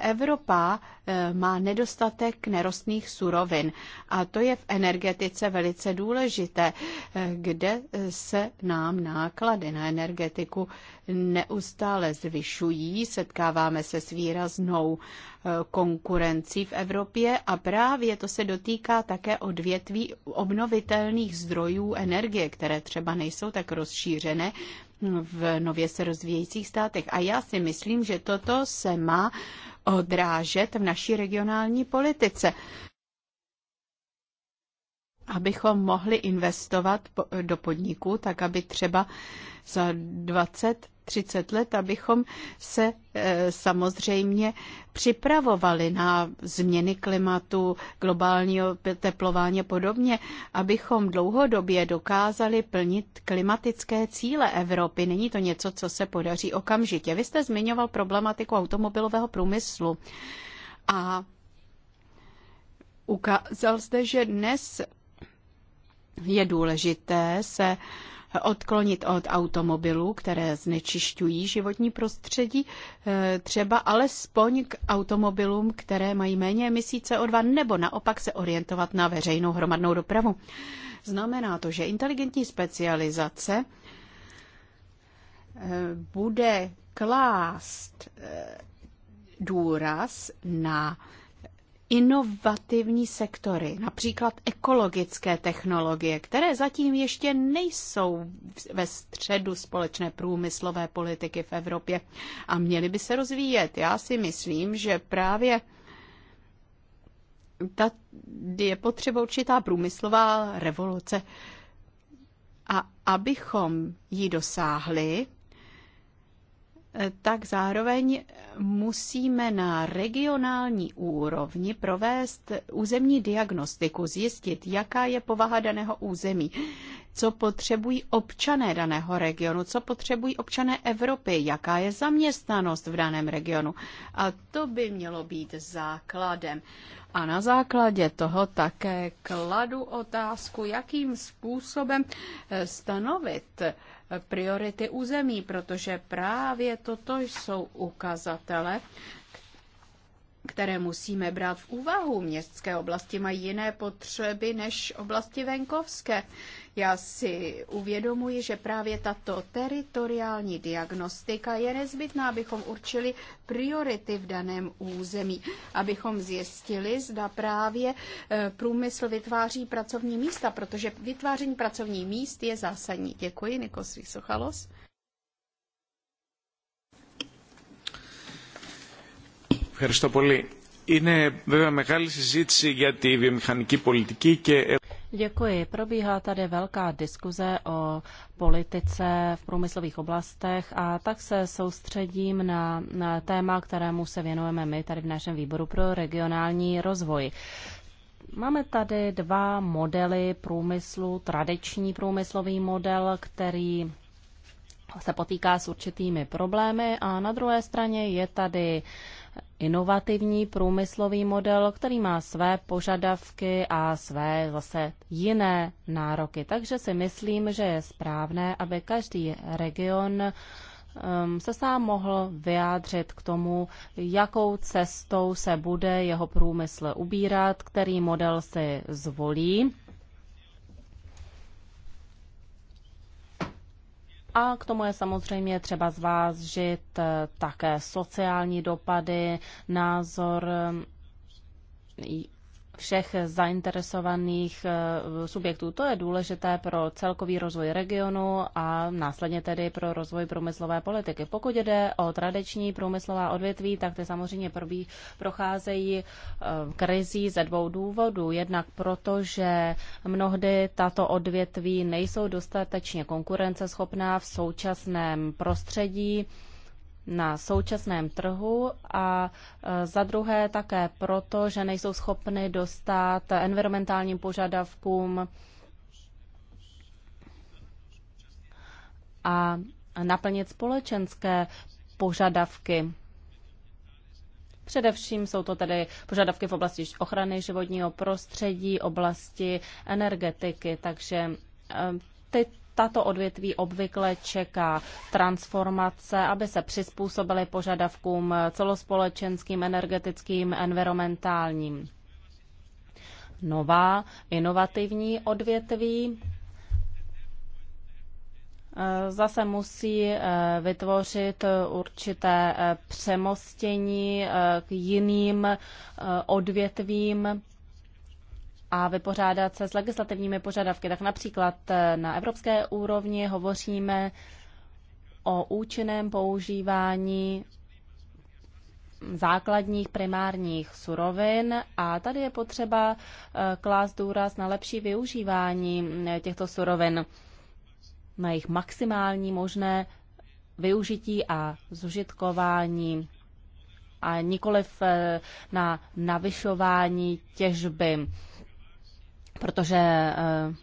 Evropa eh, má nedostatek nerostných surovin a to je v energetice velice důležité, eh, kde se nám náklady na energetiku neustále zvyšují, setkáváme se s výraznou eh, konkurencí v Evropě a právě to se dotýká také odvětví obnovitelných zdrojů energie, které třeba nejsou tak rozšířené, v nově se rozvíjejících státech. A já si myslím, že toto se má odrážet v naší regionální politice abychom mohli investovat do podniků, tak aby třeba za 20 30 let, abychom se eh, samozřejmě připravovali na změny klimatu, globálního teplování a podobně, abychom dlouhodobě dokázali plnit klimatické cíle Evropy. Není to něco, co se podaří okamžitě. Vy jste zmiňoval problematiku automobilového průmyslu a ukázal jste, že dnes je důležité se odklonit od automobilů, které znečišťují životní prostředí, eh, třeba alespoň k automobilům, které mají méně emisí CO2, nebo naopak se orientovat na veřejnou hromadnou dopravu. Znamená to, že inteligentní specializace eh, bude klást eh, důraz na inovativní sektory, například ekologické technologie, které zatím ještě nejsou ve středu společné průmyslové politiky v Evropě a měly by se rozvíjet. Já si myslím, že právě ta, je potřeba určitá průmyslová revoluce. A abychom ji dosáhli, tak zároveň musíme na regionální úrovni provést územní diagnostiku, zjistit, jaká je povaha daného území, co potřebují občané daného regionu, co potřebují občané Evropy, jaká je zaměstnanost v daném regionu. A to by mělo být základem. A na základě toho také kladu otázku, jakým způsobem eh, stanovit priority území, protože právě toto jsou ukazatele, které musíme brát v úvahu. Městské oblasti mají jiné potřeby než oblasti venkovské. Já si uvědomuji, že právě tato teritoriální diagnostika je nezbytná, abychom určili priority v daném území, abychom zjistili, zda právě e, průmysl vytváří pracovní místa, protože vytváření pracovních míst je zásadní. Děkuji, Nikos Vysochalos. Ευχαριστώ πολύ. Είναι βέβαια μεγάλη συζήτηση για τη βιομηχανική πολιτική και... Děkuji. Probíhá tady velká diskuze o politice v průmyslových oblastech a tak se soustředím na, na téma, kterému se věnujeme my tady v našem výboru pro regionální rozvoj. Máme tady dva modely průmyslu. Tradiční průmyslový model, který se potýká s určitými problémy a na druhé straně je tady uh, inovativní průmyslový model, který má své požadavky a své zase jiné nároky. Takže si myslím, že je správné, aby každý region um, se sám mohl vyjádřit k tomu, jakou cestou se bude jeho průmysl ubírat, který model si zvolí A k tomu je samozřejmě třeba zvážit eh, také sociální dopady, názor všech zainteresovaných eh, subjektů. To je důležité pro celkový rozvoj regionu a následně tedy pro rozvoj průmyslové politiky. Pokud jde o tradiční průmyslová odvětví, tak ty samozřejmě probí, procházejí eh, krizí ze dvou důvodů. Jednak proto, že mnohdy tato odvětví nejsou dostatečně konkurenceschopná v současném prostředí, na současném trhu a e, za druhé také proto, že nejsou schopny dostat environmentálním požadavkům a naplnit společenské požadavky. Především jsou to tedy požadavky v oblasti ochrany životního prostředí, oblasti energetiky, takže e, ty tato odvětví obvykle čeká transformace, aby se přizpůsobily požadavkům celospolečenským, energetickým, environmentálním. Nová, inovativní odvětví eh, zase musí eh, vytvořit určité eh, přemostění k jiným odvětvím a vypořádat se s legislativními požadavky. Tak například eh, na evropské úrovni hovoříme o účinném používání základních primárních surovin a tady je potřeba eh, klást důraz na lepší využívání eh, těchto surovin, na jejich maximální možné využití a zužitkování a nikoliv na navyšování těžby protože eh,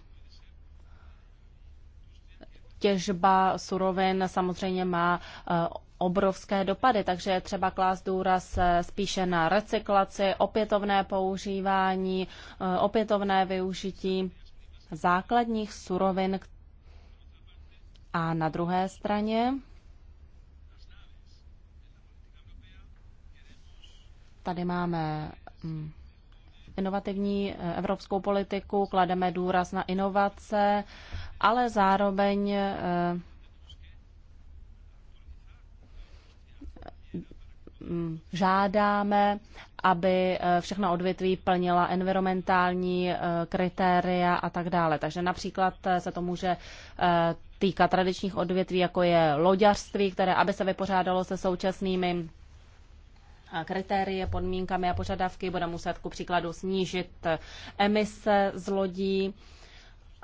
těžba surovin samozřejmě má eh, obrovské dopady, takže je třeba klást důraz eh, spíše na recyklaci, opětovné používání, opětovné využití základních surovin. A na druhé straně tady máme mm, inovativní eh, evropskou politiku, klademe důraz na inovace, ale zároveň eh, žádáme, aby eh, všechna odvětví plnila environmentální kritéria a tak dále. Takže například se to může týkat tradičních odvětví, jako je loďařství, které aby se vypořádalo se současnými kritérie, podmínkami a požadavky, bude muset ku příkladu snížit eh, emise z lodí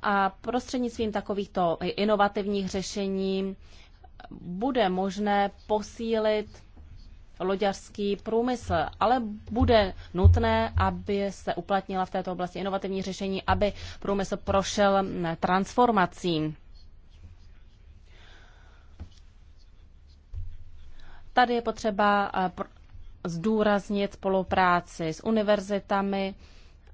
a prostřednictvím takovýchto inovativních řešení eh, bude možné posílit loďařský průmysl, ale bude nutné, aby se uplatnila v této oblasti inovativní řešení, aby průmysl prošel mm, transformací. Tady je potřeba eh, zdůraznit spolupráci s univerzitami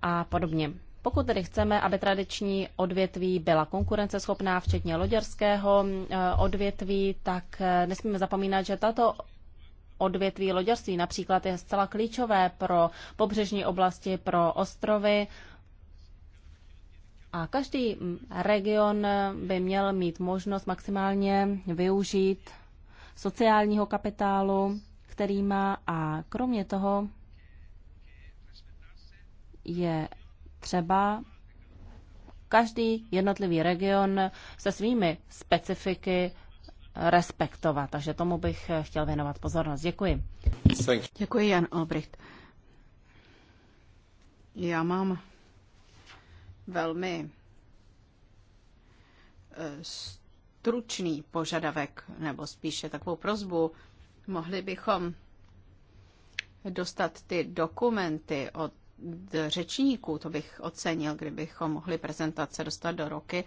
a podobně. Pokud tedy chceme, aby tradiční odvětví byla konkurenceschopná, včetně loďarského eh, odvětví, tak eh, nesmíme zapomínat, že tato odvětví loďarství například je zcela klíčové pro pobřežní oblasti, pro ostrovy. A každý region eh, by měl mít možnost maximálně využít sociálního kapitálu který má a kromě toho je třeba každý jednotlivý region se svými specifiky respektovat. Takže tomu bych chtěl věnovat pozornost. Děkuji. Děkuji, Jan Albrecht. Já mám velmi eh, stručný požadavek, nebo spíše takovou prozbu. Mohli bychom dostat ty dokumenty od řečníků, to bych ocenil, kdybychom mohli prezentace dostat do roky.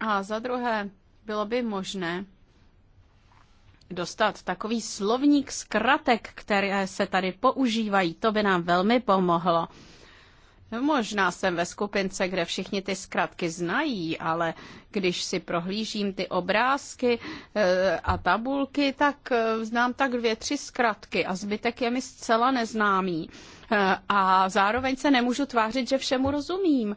A za druhé, bylo by možné dostat takový slovník zkratek, které se tady používají, to by nám velmi pomohlo. Možná jsem ve skupince, kde všichni ty zkratky znají, ale když si prohlížím ty obrázky eh, a tabulky, tak eh, znám tak dvě, tři zkratky a zbytek je mi zcela neznámý. Eh, a zároveň se nemůžu tvářit, že všemu rozumím.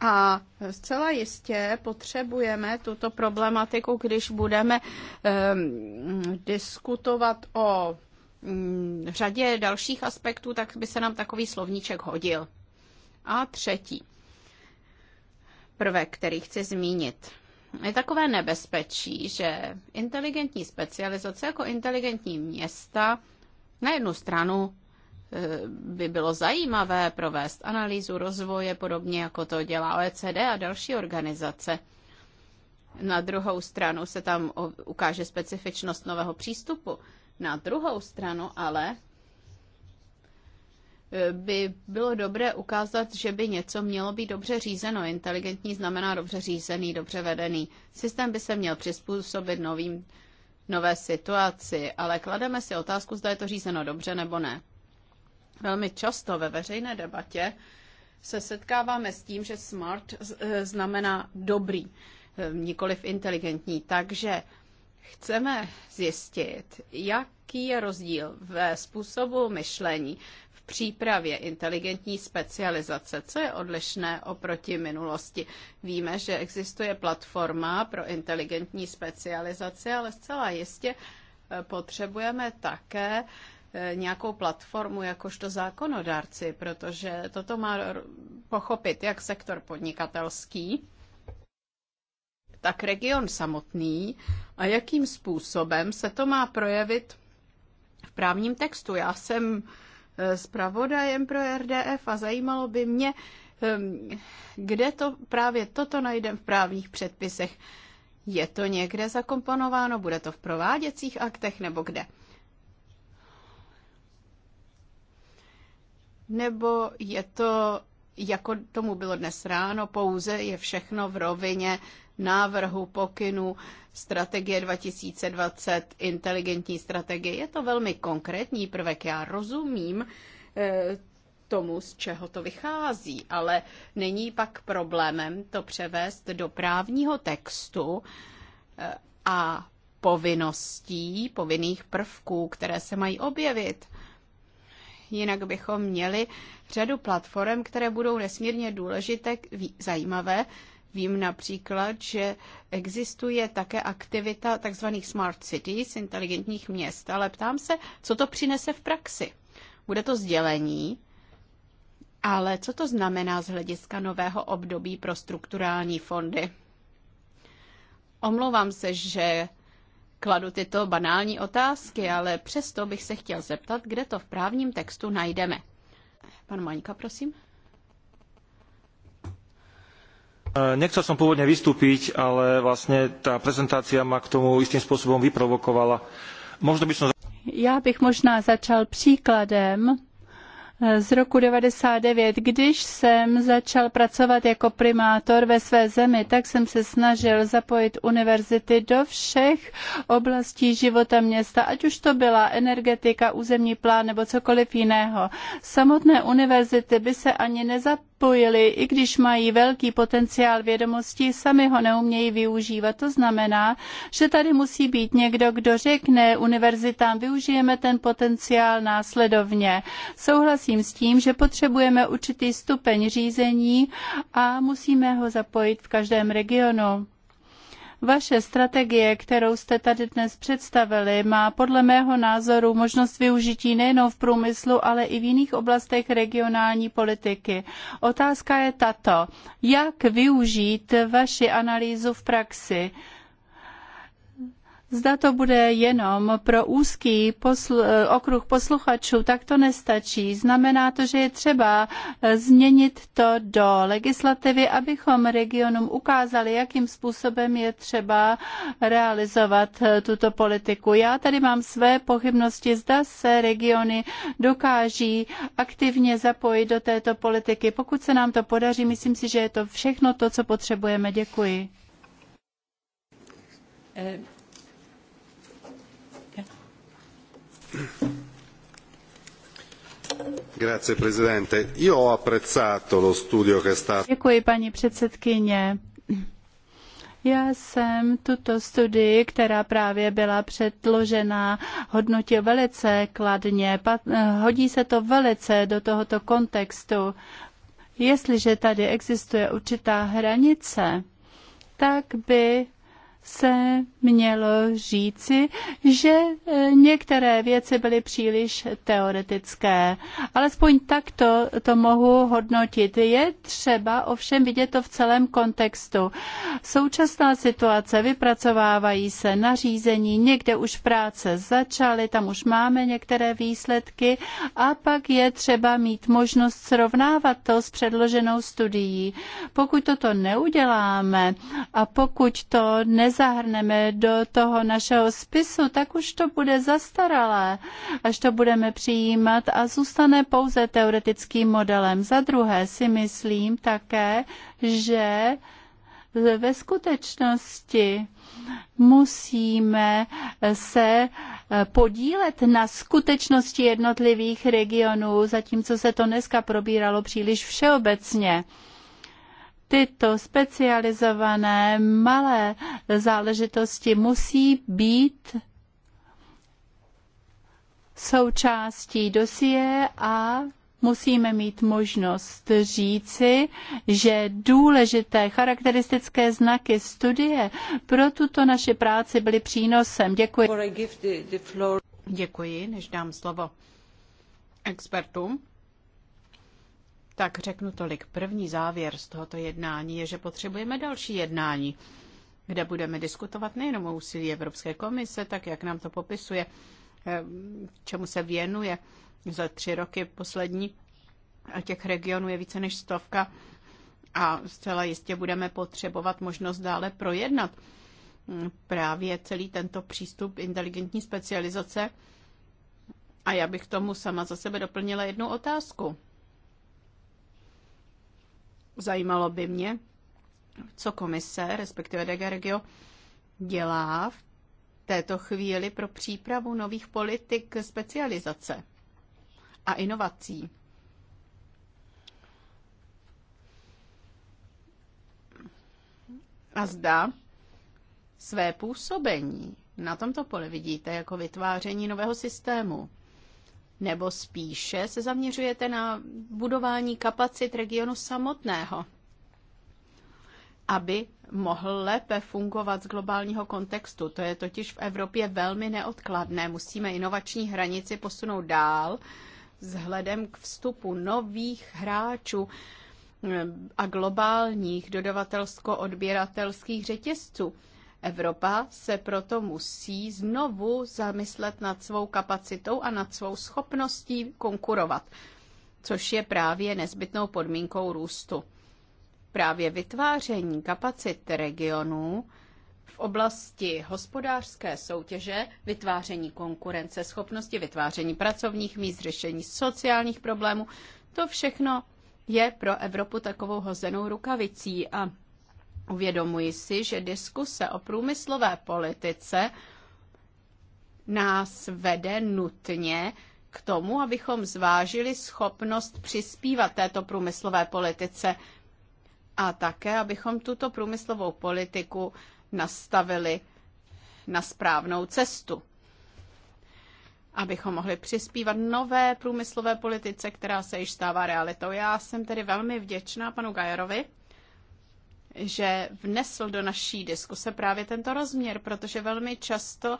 A zcela jistě potřebujeme tuto problematiku, když budeme um, diskutovat o v řadě dalších aspektů, tak by se nám takový slovníček hodil. A třetí prvek, který chci zmínit, je takové nebezpečí, že inteligentní specializace jako inteligentní města na jednu stranu eh, by bylo zajímavé provést analýzu rozvoje, podobně jako to dělá OECD a další organizace. Na druhou stranu se tam ukáže specifičnost nového přístupu na druhou stranu ale e, by bylo dobré ukázat, že by něco mělo být dobře řízeno. Inteligentní znamená dobře řízený, dobře vedený. Systém by se měl přizpůsobit novým, nové situaci, ale klademe si otázku, zda je to řízeno dobře nebo ne. Velmi často ve veřejné debatě se setkáváme s tím, že smart e, znamená dobrý, e, nikoliv inteligentní. Takže Chceme zjistit, jaký je rozdíl ve způsobu myšlení v přípravě inteligentní specializace, co je odlišné oproti minulosti. Víme, že existuje platforma pro inteligentní specializaci, ale zcela jistě eh, potřebujeme také eh, nějakou platformu jakožto zákonodárci, protože toto má pochopit jak sektor podnikatelský, tak region samotný a jakým způsobem se to má projevit v právním textu. Já jsem eh, zpravodajem pro RDF a zajímalo by mě, ehm, kde to právě toto najdeme v právních předpisech. Je to někde zakomponováno? Bude to v prováděcích aktech nebo kde? Nebo je to, jako tomu bylo dnes ráno, pouze je všechno v rovině návrhu pokynu strategie 2020, inteligentní strategie. Je to velmi konkrétní prvek. Já rozumím eh, tomu, z čeho to vychází, ale není pak problémem to převést do právního textu eh, a povinností, povinných prvků, které se mají objevit. Jinak bychom měli řadu platform, které budou nesmírně důležité, zajímavé, Vím například, že existuje také aktivita tzv. smart cities, inteligentních měst, ale ptám se, co to přinese v praxi. Bude to sdělení, ale co to znamená z hlediska nového období pro strukturální fondy? Omlouvám se, že kladu tyto banální otázky, ale přesto bych se chtěl zeptat, kde to v právním textu najdeme. Pan Maňka, prosím. Eh, nechcel som pôvodne vystúpiť, ale vlastne tá prezentácia ma k tomu istým spôsobom vyprovokovala. Možno by som... Já bych možná začal příkladem eh, z roku 99. Když jsem začal pracovat jako primátor ve své zemi, tak jsem se snažil zapojit univerzity do všech oblastí života města, ať už to byla energetika, územní plán nebo cokoliv jiného. Samotné univerzity by se ani nezapojily zapojili, i když mají velký potenciál vědomostí, sami ho neumějí využívat. To znamená, že tady musí být někdo, kdo řekne univerzitám, využijeme ten potenciál následovně. Souhlasím s tím, že potřebujeme určitý stupeň řízení a musíme ho zapojit v každém regionu. Vaše strategie, kterou jste tady dnes představili, má podle mého názoru možnost využití nejenom v průmyslu, ale i v jiných oblastech regionální politiky. Otázka je tato. Jak využít vaši analýzu v praxi? Zda to bude jenom pro úzký posl- eh, okruh posluchačů, tak to nestačí. Znamená to, že je třeba eh, změnit to do legislativy, abychom regionům ukázali, jakým způsobem je třeba realizovat eh, tuto politiku. Já tady mám své pochybnosti, zda se regiony dokáží aktivně zapojit do této politiky. Pokud se nám to podaří, myslím si, že je to všechno to, co potřebujeme. Děkuji. Eh. Děkuji, paní předsedkyně. Já jsem tuto studii, která právě byla předložena, hodnotil velice kladně. Hodí se to velice do tohoto kontextu. Jestliže tady existuje určitá hranice, tak by se mělo říci, že e, některé věci byly příliš teoretické. Alespoň takto to mohu hodnotit. Je třeba ovšem vidět to v celém kontextu. Současná situace, vypracovávají se nařízení, někde už práce začaly, tam už máme některé výsledky a pak je třeba mít možnost srovnávat to s předloženou studií. Pokud toto neuděláme a pokud to nez nezahrneme do toho našeho spisu, tak už to bude zastaralé, až to budeme přijímat a zůstane pouze teoretickým modelem. Za druhé si myslím také, že ve skutečnosti musíme se podílet na skutečnosti jednotlivých regionů, zatímco se to dneska probíralo příliš všeobecně tyto specializované malé záležitosti musí být součástí dosie a musíme mít možnost říci, že důležité charakteristické znaky studie pro tuto naši práci byly přínosem. Děkuji. Děkuji, než dám slovo expertům tak řeknu tolik. První závěr z tohoto jednání je, že potřebujeme další jednání, kde budeme diskutovat nejenom o úsilí Evropské komise, tak jak nám to popisuje, eh, čemu se věnuje za tři roky poslední. A těch regionů je více než stovka a zcela jistě budeme potřebovat možnost dále projednat hm, právě celý tento přístup inteligentní specializace. A já bych tomu sama za sebe doplnila jednu otázku. Zajímalo by mě, co komise, respektive Degergio, Regio, dělá v této chvíli pro přípravu nových politik specializace a inovací. A zda své působení na tomto poli vidíte jako vytváření nového systému, nebo spíše se zaměřujete na budování kapacit regionu samotného, aby mohl lépe fungovat z globálního kontextu. To je totiž v Evropě velmi neodkladné. Musíme inovační hranici posunout dál vzhledem k vstupu nových hráčů eh, a globálních dodavatelsko-odběratelských řetězců. Evropa se proto musí znovu zamyslet nad svou kapacitou a nad svou schopností konkurovat, což je právě nezbytnou podmínkou růstu. Právě vytváření kapacit regionů v oblasti hospodářské soutěže, vytváření konkurenceschopnosti, vytváření pracovních míst, řešení sociálních problémů, to všechno je pro Evropu takovou hozenou rukavicí a Uvědomuji si, že diskuse o průmyslové politice nás vede nutně k tomu, abychom zvážili schopnost přispívat této průmyslové politice a také, abychom tuto průmyslovou politiku nastavili na správnou cestu. Abychom mohli přispívat nové průmyslové politice, která se již stává realitou. Já jsem tedy velmi vděčná panu Gajerovi že vnesl do naší diskuse právě tento rozměr, protože velmi často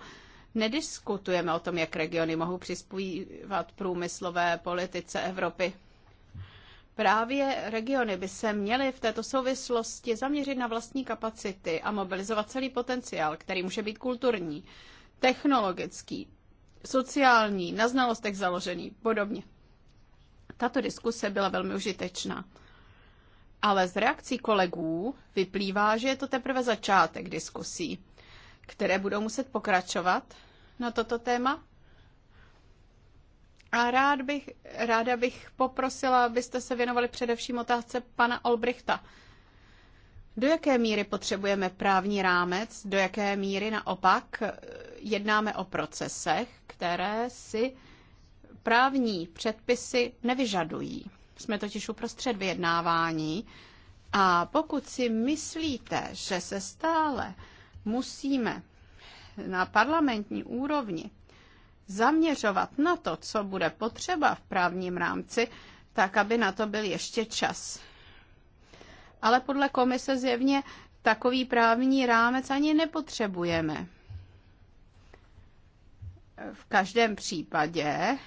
nediskutujeme o tom, jak regiony mohou přispívat průmyslové politice Evropy. Právě regiony by se měly v této souvislosti zaměřit na vlastní kapacity a mobilizovat celý potenciál, který může být kulturní, technologický, sociální, na znalostech založený, podobně. Tato diskuse byla velmi užitečná. Ale z reakcí kolegů vyplývá, že je to teprve začátek diskusí, které budou muset pokračovat na toto téma. A rád bych, ráda bych poprosila, abyste se věnovali především otázce pana Olbrichta. Do jaké míry potřebujeme právní rámec, do jaké míry naopak jednáme o procesech, které si právní předpisy nevyžadují. Jsme totiž uprostřed vyjednávání a pokud si myslíte, že se stále musíme na parlamentní úrovni zaměřovat na to, co bude potřeba v právním rámci, tak aby na to byl ještě čas. Ale podle komise zjevně takový právní rámec ani nepotřebujeme. V každém případě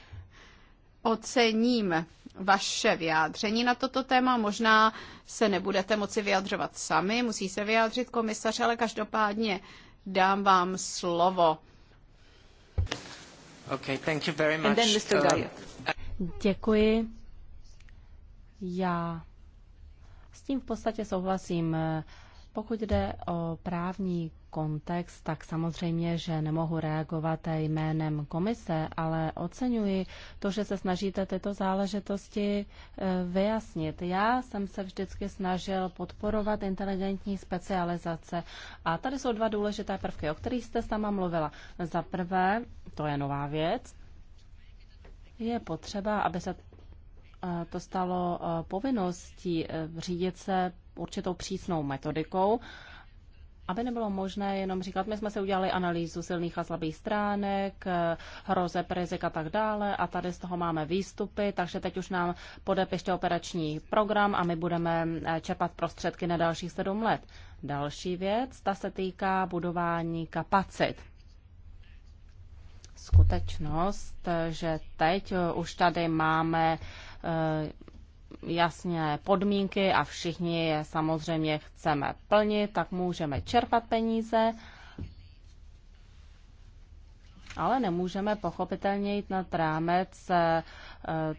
ocením vaše vyjádření na toto téma. Možná se nebudete moci vyjadřovat sami, musí se vyjádřit komisař, ale každopádně dám vám slovo. Okay, thank you very much. And then Mr. Uh, um, Děkuji. Já s tím v podstatě souhlasím. Pokud jde o právní kontext, tak samozřejmě, že nemohu reagovat jménem komise, ale oceňuji to, že se snažíte tyto záležitosti e, vyjasnit. Já jsem se vždycky snažil podporovat inteligentní specializace a tady jsou dva důležité prvky, o kterých jste sama mluvila. Za prvé, to je nová věc, je potřeba, aby se e, to stalo e, povinností řídit se určitou přísnou metodikou aby nebylo možné jenom říkat, my jsme se udělali analýzu silných a slabých stránek, hroze, rizik a tak dále a tady z toho máme výstupy, takže teď už nám podepište operační program a my budeme eh, čerpat prostředky na dalších sedm let. Další věc, ta se týká budování kapacit skutečnost, že teď už tady máme eh, jasně podmínky a všichni je samozřejmě chceme plnit, tak můžeme čerpat peníze, ale nemůžeme pochopitelně jít nad rámec eh,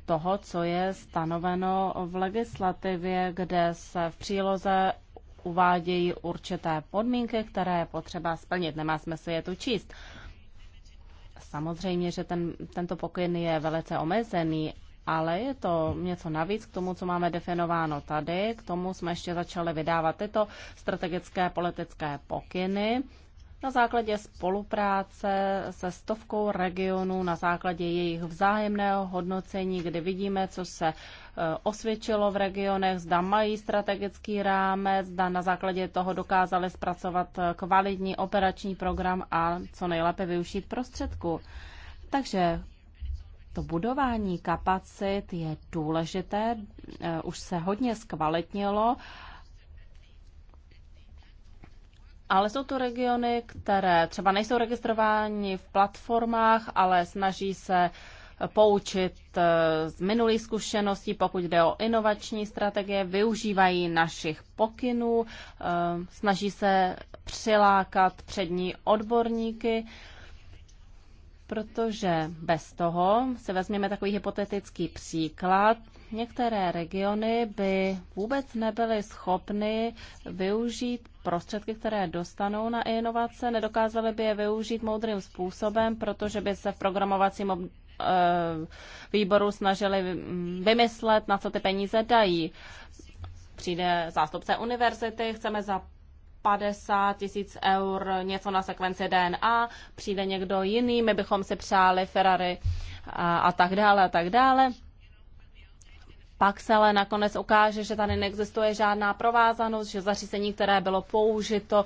toho, co je stanoveno v legislativě, kde se v příloze uvádějí určité podmínky, které je potřeba splnit. Nemá smysl je tu číst. Samozřejmě, že ten, tento pokyn je velice omezený ale je to něco navíc k tomu, co máme definováno tady. K tomu jsme ještě začali vydávat tyto strategické politické pokyny na základě spolupráce se stovkou regionů, na základě jejich vzájemného hodnocení, kdy vidíme, co se e, osvědčilo v regionech, zda mají strategický rámec, zda na základě toho dokázali zpracovat e, kvalitní operační program a co nejlépe využít prostředku. Takže to budování kapacit je důležité, eh, už se hodně zkvalitnilo, ale jsou to regiony, které třeba nejsou registrovány v platformách, ale snaží se poučit eh, z minulých zkušeností, pokud jde o inovační strategie, využívají našich pokynů, eh, snaží se přilákat přední odborníky protože bez toho se vezměme takový hypotetický příklad. Některé regiony by vůbec nebyly schopny využít prostředky, které dostanou na inovace, nedokázaly by je využít moudrým způsobem, protože by se v programovacím ob- eh, výboru snažili vymyslet, na co ty peníze dají. Přijde zástupce univerzity, chceme za 50 tisíc eur něco na sekvenci DNA, přijde někdo jiný, my bychom si přáli Ferrari a, a tak dále a tak dále. Pak se ale nakonec ukáže, že tady neexistuje žádná provázanost, že zařízení, které bylo použito,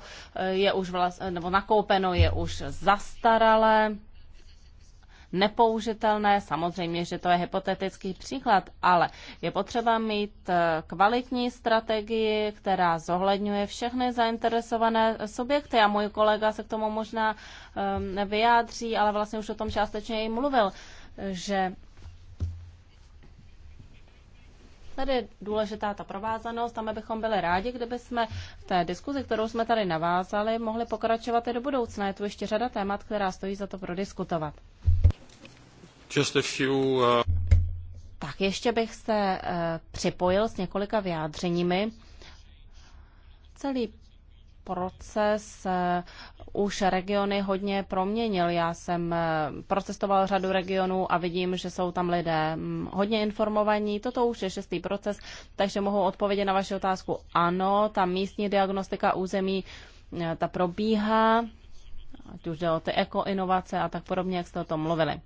je už vlast, nebo nakoupeno, je už zastaralé nepoužitelné. Samozřejmě, že to je hypotetický příklad, ale je potřeba mít eh, kvalitní strategii, která zohledňuje všechny zainteresované subjekty. A můj kolega se k tomu možná ehm, vyjádří, ale vlastně už o tom částečně i mluvil, že tady je důležitá ta provázanost a my bychom byli rádi, kdyby jsme v té diskuzi, kterou jsme tady navázali, mohli pokračovat i do budoucna. Je tu ještě řada témat, která stojí za to prodiskutovat. Uh, tak ještě bych se uh, připojil s několika vyjádřeními. Celý proces uh, už regiony hodně proměnil. Já jsem uh, procestoval řadu regionů a vidím, že jsou tam lidé mm, hodně informovaní. Toto už je šestý proces, takže mohu odpovědět na vaši otázku. Ano, ta místní diagnostika území ta probíhá, ať už jde o ty ekoinovace a tak podobně, jak jste o tom mluvili.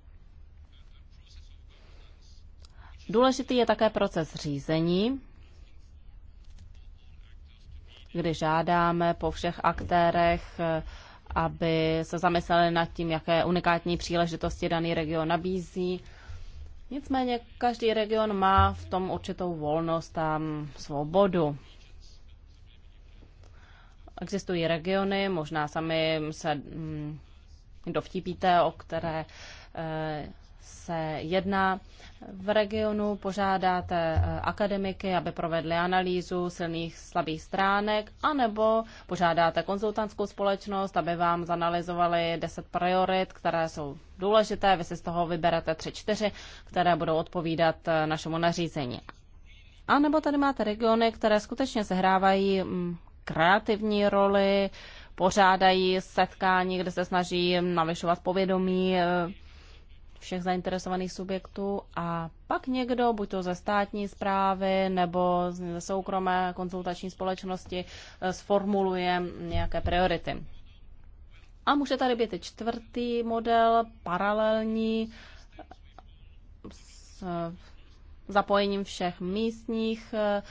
Důležitý je také proces řízení, kdy žádáme po všech aktérech, aby se zamysleli nad tím, jaké unikátní příležitosti daný region nabízí. Nicméně každý region má v tom určitou volnost a svobodu. Existují regiony, možná sami se mm, dovtípíte, o které eh, se jedná v regionu, požádáte eh, akademiky, aby provedli analýzu silných slabých stránek, anebo požádáte konzultantskou společnost, aby vám zanalizovali 10 priorit, které jsou důležité, vy si z toho vyberete 3-4, které budou odpovídat eh, našemu nařízení. A nebo tady máte regiony, které skutečně sehrávají mm, kreativní roli, pořádají setkání, kde se snaží navyšovat povědomí eh, všech zainteresovaných subjektů a pak někdo, buď to ze státní zprávy nebo ze soukromé konzultační společnosti, eh, sformuluje nějaké priority. A může tady být i čtvrtý model, paralelní s eh, zapojením všech místních eh,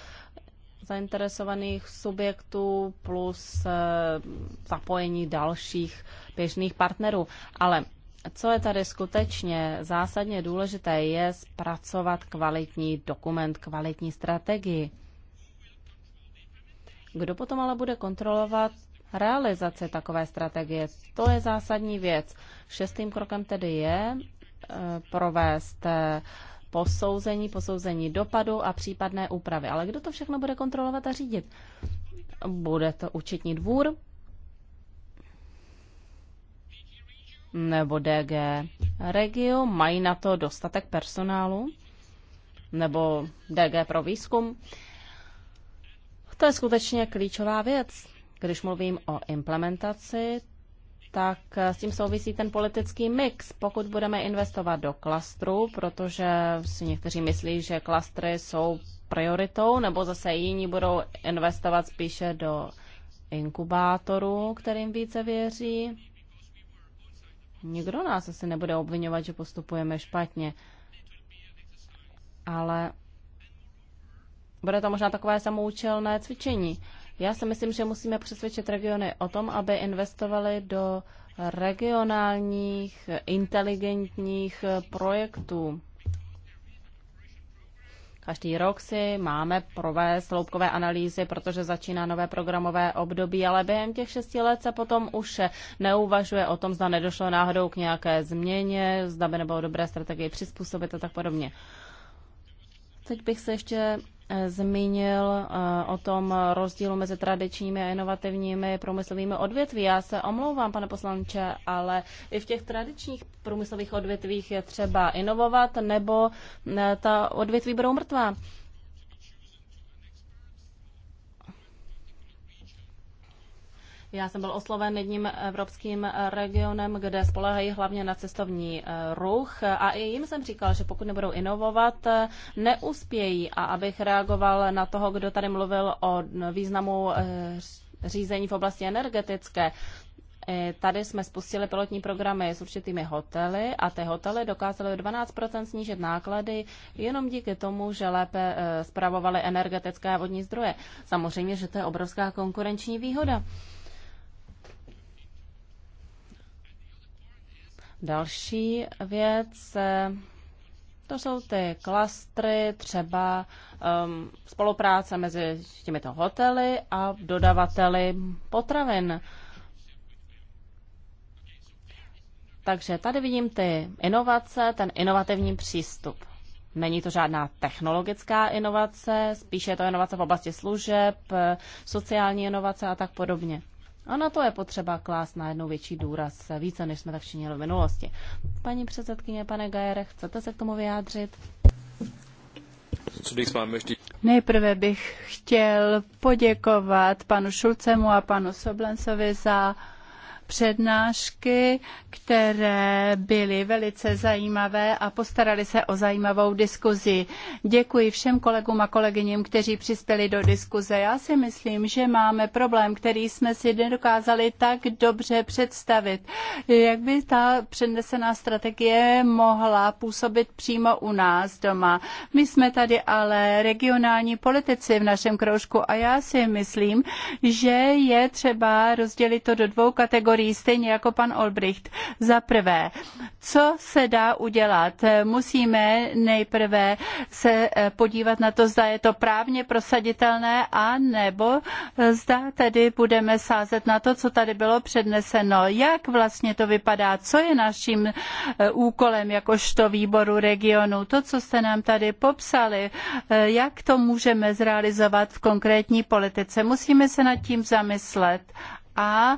zainteresovaných subjektů plus zapojení dalších běžných partnerů. Ale co je tady skutečně zásadně důležité, je zpracovat kvalitní dokument, kvalitní strategii. Kdo potom ale bude kontrolovat realizaci takové strategie? To je zásadní věc. Šestým krokem tedy je eh, provést eh, posouzení, posouzení dopadu a případné úpravy. Ale kdo to všechno bude kontrolovat a řídit? Bude to účetní dvůr, nebo DG Regio mají na to dostatek personálu nebo DG pro výzkum. To je skutečně klíčová věc. Když mluvím o implementaci, tak s tím souvisí ten politický mix. Pokud budeme investovat do klastru, protože si někteří myslí, že klastry jsou prioritou, nebo zase jiní budou investovat spíše do inkubátorů, kterým více věří, Nikdo nás asi nebude obvinovat, že postupujeme špatně. Ale bude to možná takové samoučelné cvičení. Já si myslím, že musíme přesvědčit regiony o tom, aby investovali do regionálních inteligentních projektů. Každý rok si máme provést sloupkové analýzy, protože začíná nové programové období, ale během těch šesti let se potom už neuvažuje o tom, zda nedošlo náhodou k nějaké změně, zda by nebylo dobré strategii přizpůsobit a tak podobně. Teď bych se ještě zmínil eh, o tom rozdílu mezi tradičními a inovativními průmyslovými odvětví. Já se omlouvám, pane poslanče, ale i v těch tradičních průmyslových odvětvích je třeba inovovat, nebo eh, ta odvětví budou mrtvá. Já jsem byl osloven jedním evropským regionem, kde spolehají hlavně na cestovní eh, ruch a i jim jsem říkal, že pokud nebudou inovovat, eh, neuspějí. A abych reagoval na toho, kdo tady mluvil o významu eh, řízení v oblasti energetické, Tady jsme spustili pilotní programy s určitými hotely a ty hotely dokázaly o 12 snížit náklady jenom díky tomu, že lépe zpravovaly energetické a vodní zdroje. Samozřejmě, že to je obrovská konkurenční výhoda. Další věc, eh, to jsou ty klastry, třeba um, spolupráce mezi těmito hotely a dodavateli potravin. Takže tady vidím ty inovace, ten inovativní přístup. Není to žádná technologická inovace, spíše je to inovace v oblasti služeb, eh, sociální inovace a tak podobně. A na to je potřeba klást jednou větší důraz, více než jsme tak činili v minulosti. Paní předsedkyně, pane Gajere, chcete se k tomu vyjádřit? Nejprve bych chtěl poděkovat panu Šulcemu a panu Soblensovi za přednášky, které byly velice zajímavé a postarali se o zajímavou diskuzi. Děkuji všem kolegům a kolegyním, kteří přispěli do diskuze. Já si myslím, že máme problém, který jsme si nedokázali tak dobře představit. Jak by ta přednesená strategie mohla působit přímo u nás doma? My jsme tady ale regionální politici v našem kroužku a já si myslím, že je třeba rozdělit to do dvou kategorií kategorií, stejně jako pan Olbricht. Za prvé, co se dá udělat? Musíme nejprve se eh, podívat na to, zda je to právně prosaditelné a nebo eh, zda tedy budeme sázet na to, co tady bylo předneseno. Jak vlastně to vypadá? Co je naším eh, úkolem jakožto výboru regionu? To, co jste nám tady popsali, jak to můžeme zrealizovat v konkrétní politice? Musíme se nad tím zamyslet a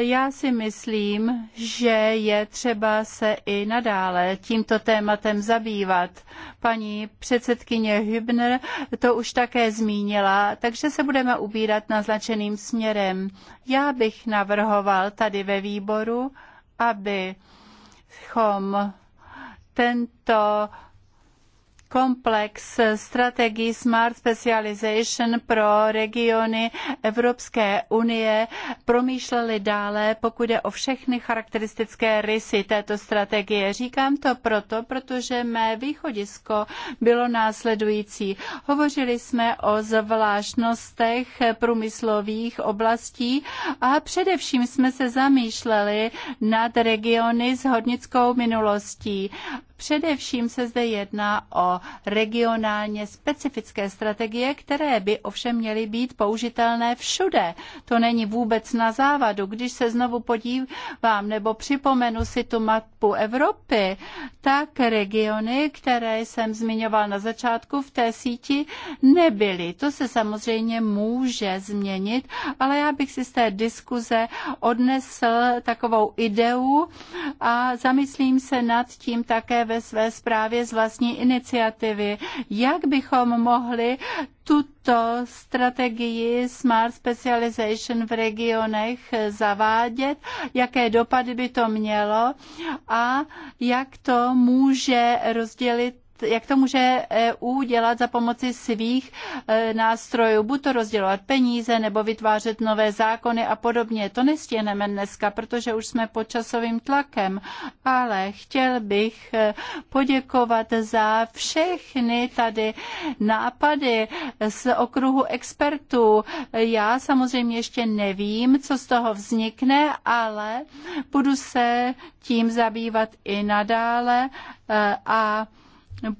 já si myslím, že je třeba se i nadále tímto tématem zabývat. Paní předsedkyně Hübner to už také zmínila, takže se budeme ubírat naznačeným směrem. Já bych navrhoval tady ve výboru, abychom tento komplex strategií Smart Specialization pro regiony Evropské unie promýšleli dále, pokud je o všechny charakteristické rysy této strategie. Říkám to proto, protože mé východisko bylo následující. Hovořili jsme o zvláštnostech průmyslových oblastí a především jsme se zamýšleli nad regiony s hornickou minulostí Především se zde jedná o regionálně specifické strategie, které by ovšem měly být použitelné všude. To není vůbec na závadu. Když se znovu podívám nebo připomenu si tu mapu Evropy, tak regiony, které jsem zmiňoval na začátku v té síti, nebyly. To se samozřejmě může změnit, ale já bych si z té diskuze odnesl takovou ideu a zamyslím se nad tím také ve své zprávě z vlastní iniciativy. Jak bychom mohli tuto strategii Smart Specialization v regionech zavádět, jaké dopady by to mělo a jak to může rozdělit jak to může EU dělat za pomoci svých e, nástrojů, buď to rozdělovat peníze nebo vytvářet nové zákony a podobně. To nestihneme dneska, protože už jsme pod časovým tlakem, ale chtěl bych e, poděkovat za všechny tady nápady z okruhu expertů. Já samozřejmě ještě nevím, co z toho vznikne, ale budu se tím zabývat i nadále e, a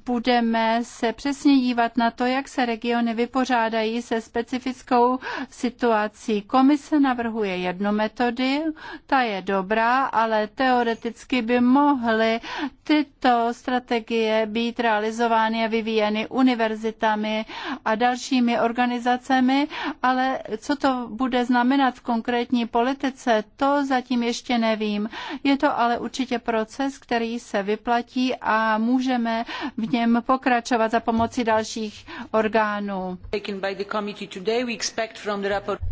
budeme se přesně dívat na to, jak se regiony vypořádají se specifickou situací. Komise navrhuje jednu metody, ta je dobrá, ale teoreticky by mohly tyto strategie být realizovány a vyvíjeny univerzitami a dalšími organizacemi, ale co to bude znamenat v konkrétní politice, to zatím ještě nevím. Je to ale určitě proces, který se vyplatí a můžeme v něm pokračovat za pomoci dalších orgánů.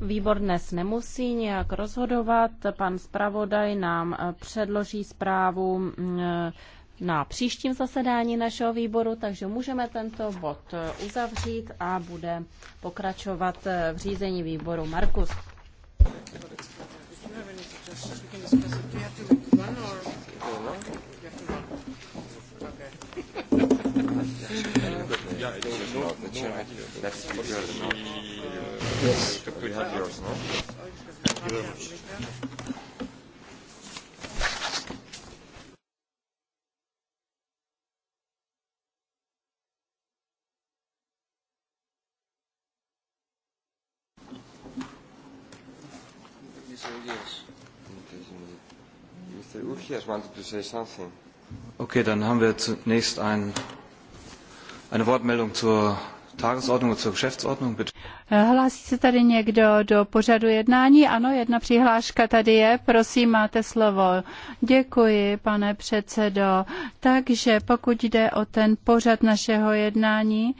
Výbor dnes nemusí nějak rozhodovat. Pan zpravodaj nám eh, předloží zprávu mm, na příštím zasedání našeho výboru, takže můžeme tento bod eh, uzavřít a bude pokračovat eh, v řízení výboru Markus. Yes. Okay, dann haben wir zunächst ein, eine Wortmeldung zur Tagesordnung und zur Geschäftsordnung. Bitte. Eh, hlásí se tady někdo do pořadu jednání? Ano, jedna přihláška tady je. Prosím, máte slovo. Děkuji, pane předsedo. Takže pokud jde o ten pořad našeho jednání,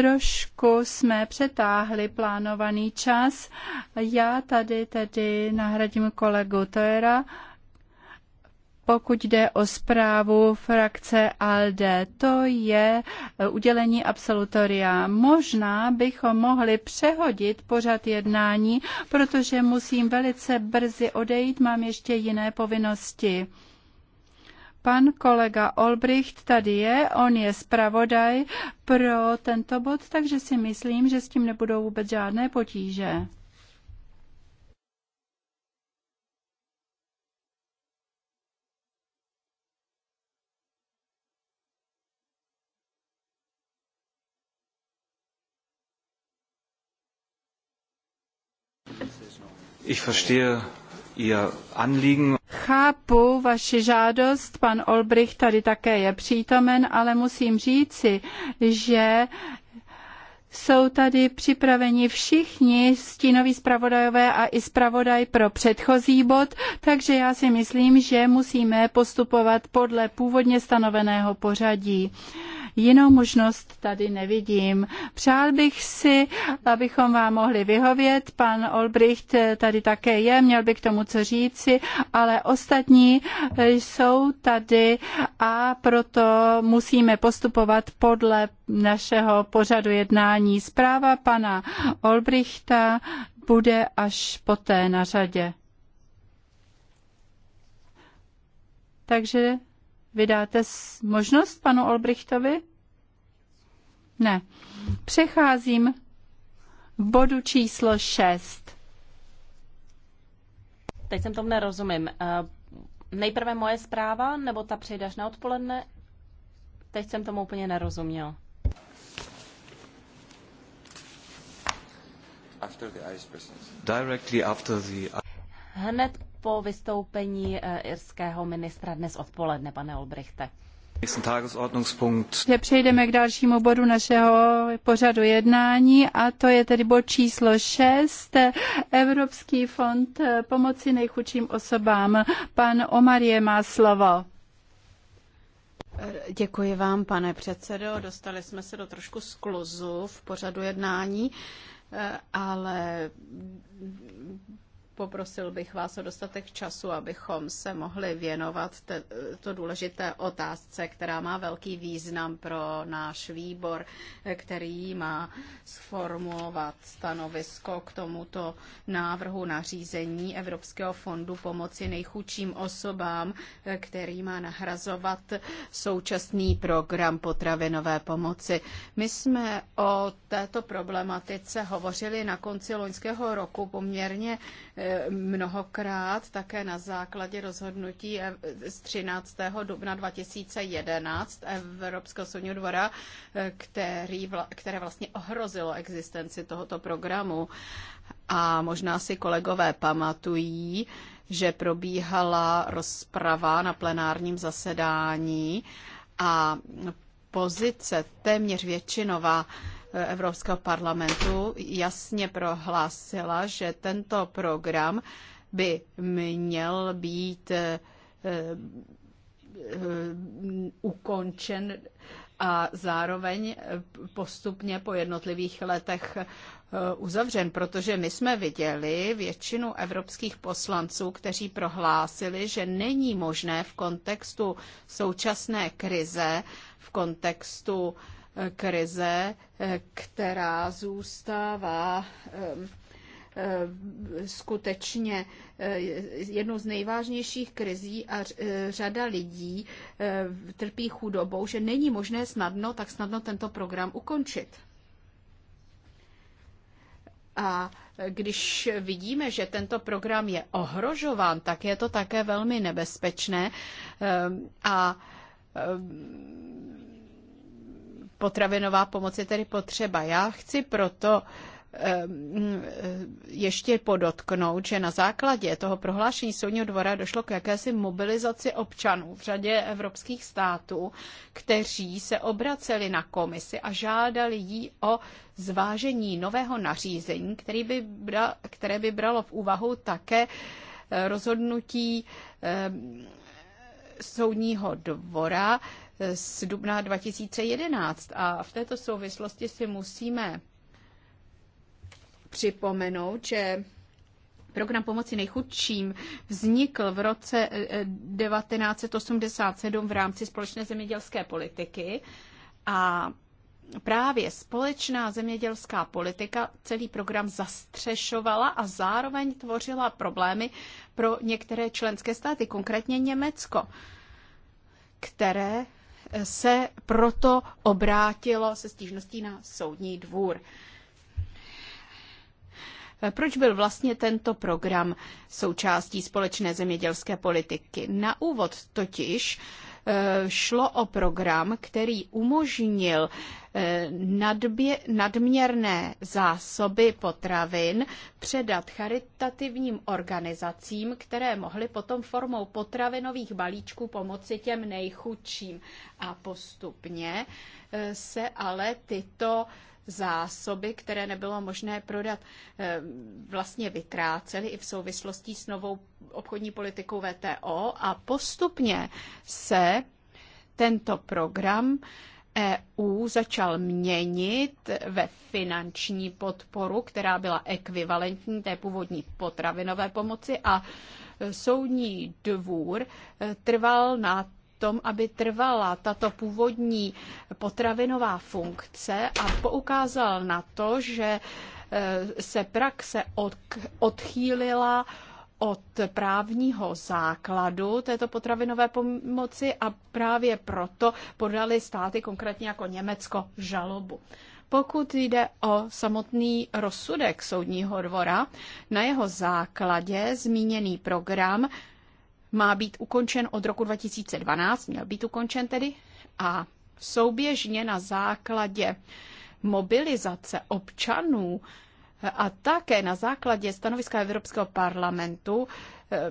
Trošku jsme přetáhli plánovaný čas. Já tady tedy nahradím kolegu Toera. Pokud jde o zprávu frakce ALDE, to je udělení absolutoria. Možná bychom mohli přehodit pořad jednání, protože musím velice brzy odejít, mám ještě jiné povinnosti. Pan kolega Olbricht tady je, on je zpravodaj pro tento bod, takže si myslím, že s tím nebudou vůbec žádné potíže. Ich verstehe Ihr Anliegen. Chápu vaši žádost, pan Olbrich tady také je přítomen, ale musím říci, že jsou tady připraveni všichni stínoví zpravodajové a i zpravodaj pro předchozí bod, takže já si myslím, že musíme postupovat podle původně stanoveného pořadí. Uh, Jinou možnost tady nevidím. Přál bych si, abychom vám mohli vyhovět. Pan Olbricht tady také je, měl by k tomu co říci, ale ostatní jsou tady a proto musíme postupovat podle našeho pořadu jednání. Zpráva pana Olbrichta bude až poté na řadě. Takže Vydáte možnost panu Olbrichtovi? Ne. Přecházím k bodu číslo 6. Teď jsem tomu nerozumím. Eh, nejprve moje zpráva, nebo ta přejdeš až na odpoledne? Teď jsem tomu úplně nerozuměl. After the ice Directly after the... Hned po vystoupení eh, irského ministra dnes odpoledne, pane Olbrichte. Přejdeme k dalšímu bodu našeho pořadu jednání a to je tedy bod číslo 6, Evropský fond eh, pomoci nejchudším osobám. Pan Omarie má slovo. Eh, děkuji vám, pane předsedo. Dostali jsme se do trošku skluzu v pořadu jednání ale Poprosil bych vás o dostatek času, abychom se mohli věnovat to důležité otázce, která má velký význam pro náš výbor, který má sformulovat stanovisko k tomuto návrhu nařízení Evropského fondu pomoci nejchudším osobám, který má nahrazovat současný program potravinové pomoci. My jsme o této problematice hovořili na konci loňského roku poměrně Eh, mnohokrát také na základě rozhodnutí eh, z 13. dubna 2011 Evropského soudního dvora, eh, který, které vlastně ohrozilo existenci tohoto programu. A možná si kolegové pamatují, že probíhala rozprava na plenárním zasedání a pozice téměř většinová Evropského parlamentu jasně prohlásila, že tento program by měl být eh, eh, ukončen a zároveň postupně po jednotlivých letech eh, uzavřen, protože my jsme viděli většinu evropských poslanců, kteří prohlásili, že není možné v kontextu současné krize, v kontextu krize, která zůstává skutečně eh, jednou z nejvážnějších krizí a eh, řada lidí eh, trpí chudobou, že není možné snadno, tak snadno tento program ukončit. A když vidíme, že tento program je ohrožován, tak je to také velmi nebezpečné. A potravinová pomoc je tedy potřeba. Já chci proto ehm, ještě podotknout, že na základě toho prohlášení Soudního dvora došlo k jakési mobilizaci občanů v řadě evropských států, kteří se obraceli na komisi a žádali jí o zvážení nového nařízení, který by bra, které by bralo v úvahu také eh, rozhodnutí ehm, soudního dvora eh, z dubna 2011. A v této souvislosti si musíme připomenout, že Program pomoci nejchudším vznikl v roce 1987 eh, eh, v rámci společné zemědělské politiky a právě společná zemědělská politika celý program zastřešovala a zároveň tvořila problémy pro některé členské státy, konkrétně Německo, které se proto obrátilo se stížností na soudní dvůr. Proč byl vlastně tento program součástí společné zemědělské politiky? Na úvod totiž Eh, šlo o program, který umožnil eh, nadbě, nadměrné zásoby potravin předat charitativním organizacím, které mohly potom formou potravinových balíčků pomoci těm nejchudším. A postupně eh, se ale tyto zásoby, které nebylo možné prodat, eh, vlastně vytráceli i v souvislosti s novou obchodní politikou VTO a postupně se tento program EU začal měnit ve finanční podporu, která byla ekvivalentní té původní potravinové pomoci a soudní dvůr eh, trval na tom, aby trvala tato původní potravinová funkce a poukázal na to, že e, se praxe odchýlila od právního základu této potravinové pomoci a právě proto podali státy, konkrétně jako Německo, žalobu. Pokud jde o samotný rozsudek soudního dvora, na jeho základě zmíněný program má být ukončen od roku 2012, měl být ukončen tedy, a souběžně na základě mobilizace občanů eh, a také na základě stanoviska Evropského parlamentu eh,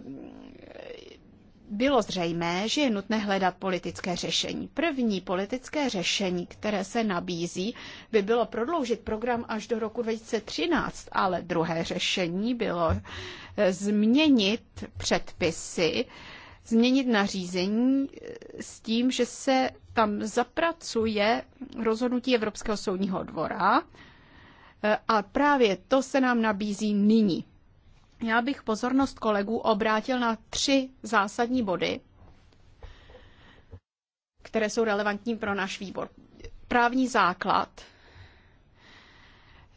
bylo zřejmé, že je nutné hledat politické řešení. První politické řešení, které se nabízí, by bylo prodloužit program až do roku 2013, ale druhé řešení bylo eh, změnit předpisy, změnit nařízení eh, s tím, že se tam zapracuje rozhodnutí Evropského soudního dvora eh, a právě to se nám nabízí nyní. Já bych pozornost kolegů obrátil na tři zásadní body, které jsou relevantní pro náš výbor. Právní základ,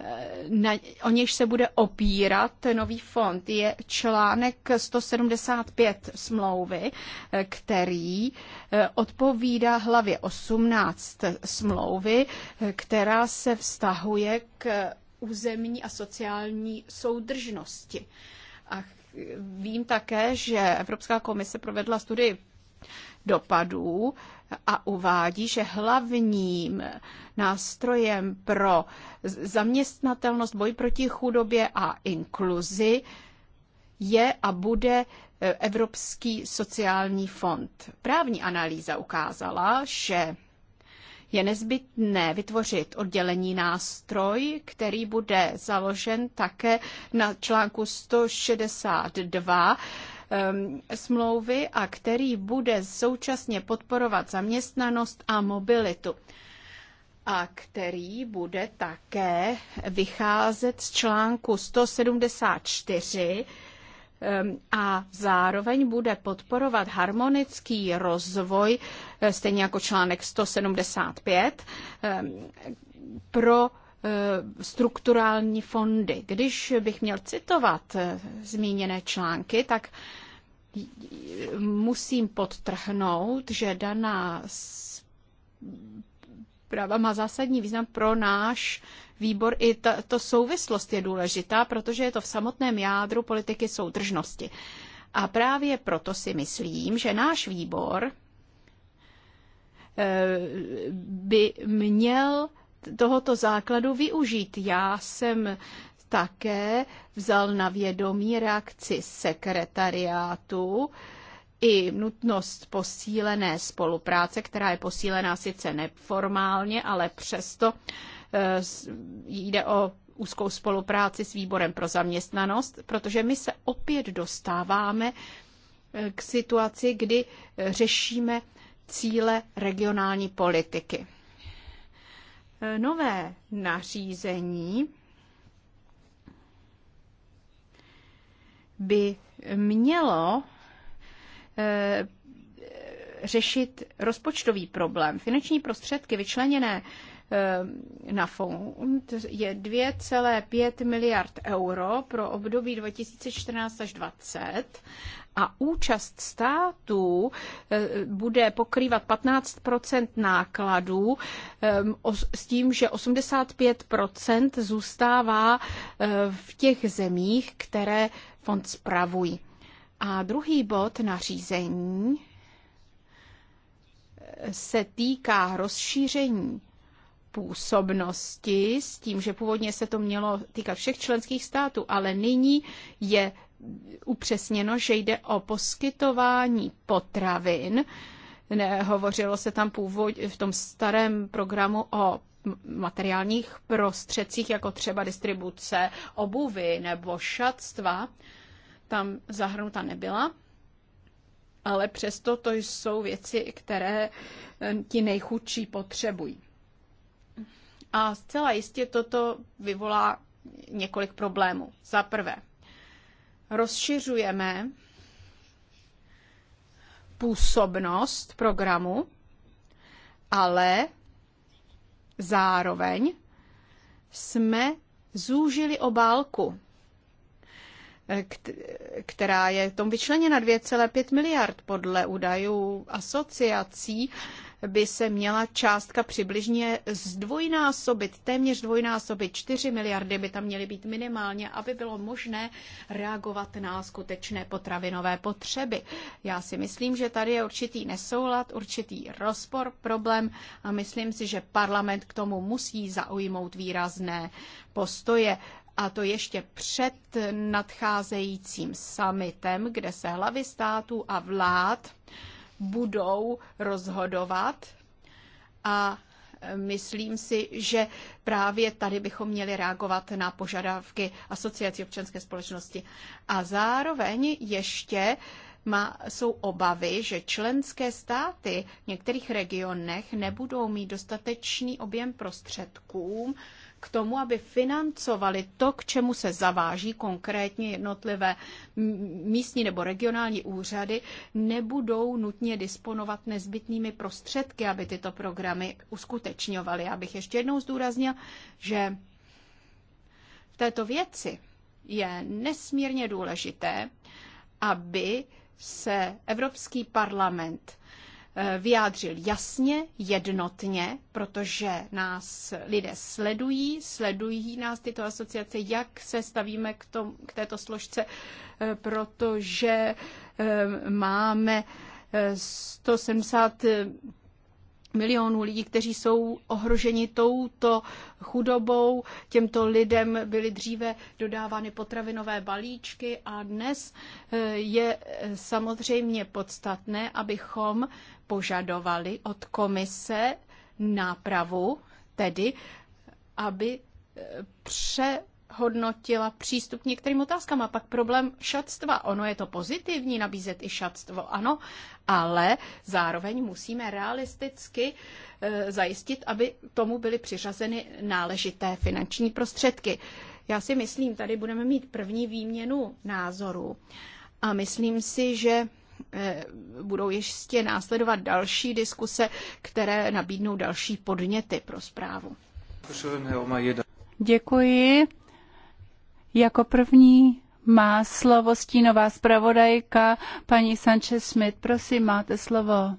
eh, na, o něž se bude opírat nový fond, je článek 175 smlouvy, eh, který eh, odpovídá hlavě 18 smlouvy, která se vztahuje k územní a sociální soudržnosti. A vím také, že Evropská komise provedla studii dopadů a uvádí, že hlavním nástrojem pro zaměstnatelnost, boj proti chudobě a inkluzi je a bude e, Evropský sociální fond. Právní analýza ukázala, že je nezbytné vytvořit oddělení nástroj, který bude založen také na článku 162 ehm, smlouvy a který bude současně podporovat zaměstnanost a mobilitu a který bude také vycházet z článku 174 Ehm, a zároveň bude podporovat harmonický rozvoj, eh, stejně jako článek 175, ehm, pro eh, strukturální fondy. Když bych měl citovat eh, zmíněné články, tak musím podtrhnout, že daná práva má zásadní význam pro náš výbor. I to souvislost je důležitá, protože je to v samotném jádru politiky soudržnosti. A právě proto si myslím, že náš výbor eh, by měl tohoto základu využít. Já jsem také vzal na vědomí reakci sekretariátu i nutnost posílené spolupráce, která je posílená sice neformálně, ale přesto uh, Eh, jde o úzkou spolupráci s výborem pro zaměstnanost, protože my se opět dostáváme eh, k situaci, kdy eh, řešíme cíle regionální politiky. Nové nařízení by mělo řešit rozpočtový problém. Finanční prostředky vyčleněné Eh, na fond je 2,5 miliard euro pro období 2014 až 2020 a účast států eh, bude pokrývat 15 nákladů eh, s tím, že 85 zůstává v těch zemích, které fond spravují. A druhý bod nařízení se týká rozšíření působnosti s tím, že původně se to mělo týkat všech členských států, ale nyní je upřesněno, že jde o poskytování potravin. Hovořilo se tam původ, v tom starém programu o materiálních prostředcích, jako třeba distribuce obuvy nebo šatstva, tam zahrnuta nebyla. Ale přesto to jsou věci, které ti nejchudší potřebují. A zcela jistě toto vyvolá několik problémů. Za prvé, rozšiřujeme působnost programu, ale zároveň jsme zúžili obálku, která je tom vyčleněna 2,5 miliard podle údajů asociací by se měla částka přibližně zdvojnásobit, téměř dvojnásobit, 4 miliardy by tam měly být minimálně, aby bylo možné reagovat na skutečné potravinové potřeby. Já si myslím, že tady je určitý nesoulad, určitý rozpor, problém a myslím si, že parlament k tomu musí zaujmout výrazné postoje a to ještě před nadcházejícím summitem, kde se hlavy států a vlád budou rozhodovat a e, myslím si, že právě tady bychom měli reagovat na požadavky asociací občanské společnosti. A zároveň ještě má, jsou obavy, že členské státy v některých regionech nebudou mít dostatečný objem prostředků k tomu, aby financovali to, k čemu se zaváží konkrétně jednotlivé místní nebo regionální úřady, nebudou nutně disponovat nezbytnými prostředky, aby tyto programy uskutečňovaly. Já bych ještě jednou zdůraznil, že v této věci je nesmírně důležité, aby se Evropský parlament Eh, vyjádřil jasně, jednotně, protože nás lidé sledují, sledují nás tyto asociace, jak se stavíme k, tom, k této složce, eh, protože eh, máme 170 milionů lidí, kteří jsou ohroženi touto chudobou. Těmto lidem byly dříve dodávány potravinové balíčky a dnes je samozřejmě podstatné, abychom požadovali od komise nápravu, tedy aby eh, přehodnotila přístup k některým otázkám. A pak problém šatstva. Ono je to pozitivní nabízet i šatstvo, ano, ale zároveň musíme realisticky eh, zajistit, aby tomu byly přiřazeny náležité finanční prostředky. Já si myslím, tady budeme mít první výměnu názorů. A myslím si, že E, budou ještě následovat další diskuse, které nabídnou další podněty pro zprávu. Děkuji. Jako první má slovo stínová zpravodajka paní Sanchez Smith. Prosím, máte slovo.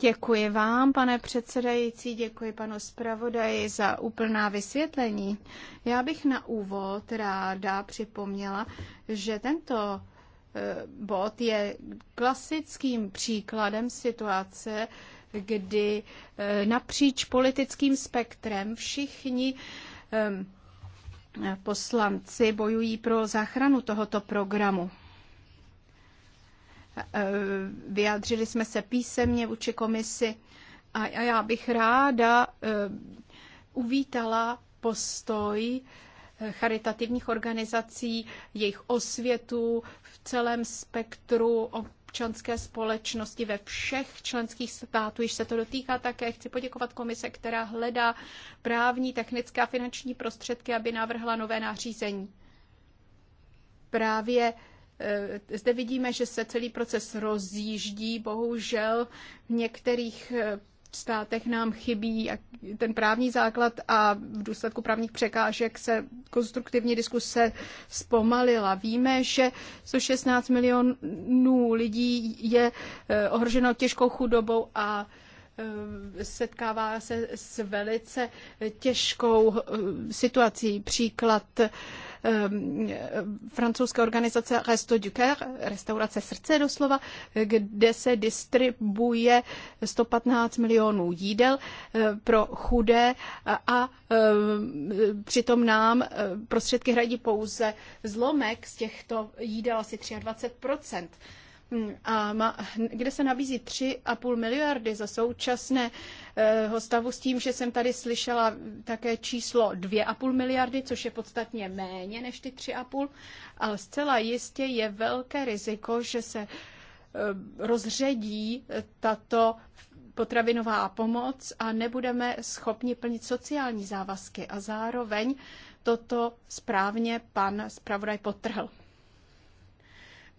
Děkuji vám, pane předsedající, děkuji panu zpravodaji za úplná vysvětlení. Já bych na úvod ráda připomněla, že tento eh, bod je klasickým příkladem situace, kdy eh, napříč politickým spektrem všichni eh, poslanci bojují pro záchranu tohoto programu. Eh, vyjádřili jsme se písemně vůči komisi a já bych ráda eh, uvítala postoj eh, charitativních organizací, jejich osvětu v celém spektru občanské společnosti ve všech členských států, již se to dotýká také. Chci poděkovat komise, která hledá právní, technické a finanční prostředky, aby navrhla nové nařízení. Právě Eh, zde vidíme, že se celý proces rozjíždí. Bohužel v některých eh, státech nám chybí ten právní základ a v důsledku právních překážek se konstruktivní diskuse zpomalila. Víme, že 16 milionů lidí je eh, ohroženo těžkou chudobou a setkává se s velice těžkou situací. Příklad Eh, francouzské organizace Resto du Coeur, restaurace srdce doslova, kde se distribuje 115 milionů jídel eh, pro chudé a eh, přitom nám prostředky hradí pouze zlomek z těchto jídel asi 23 Hmm, a má, kde se nabízí 3,5 miliardy za současného eh, stavu s tím, že jsem tady slyšela také číslo 2,5 miliardy, což je podstatně méně než ty 3,5, ale zcela jistě je velké riziko, že se eh, rozředí eh, tato potravinová pomoc a nebudeme schopni plnit sociální závazky. A zároveň toto správně pan zpravodaj potrhl.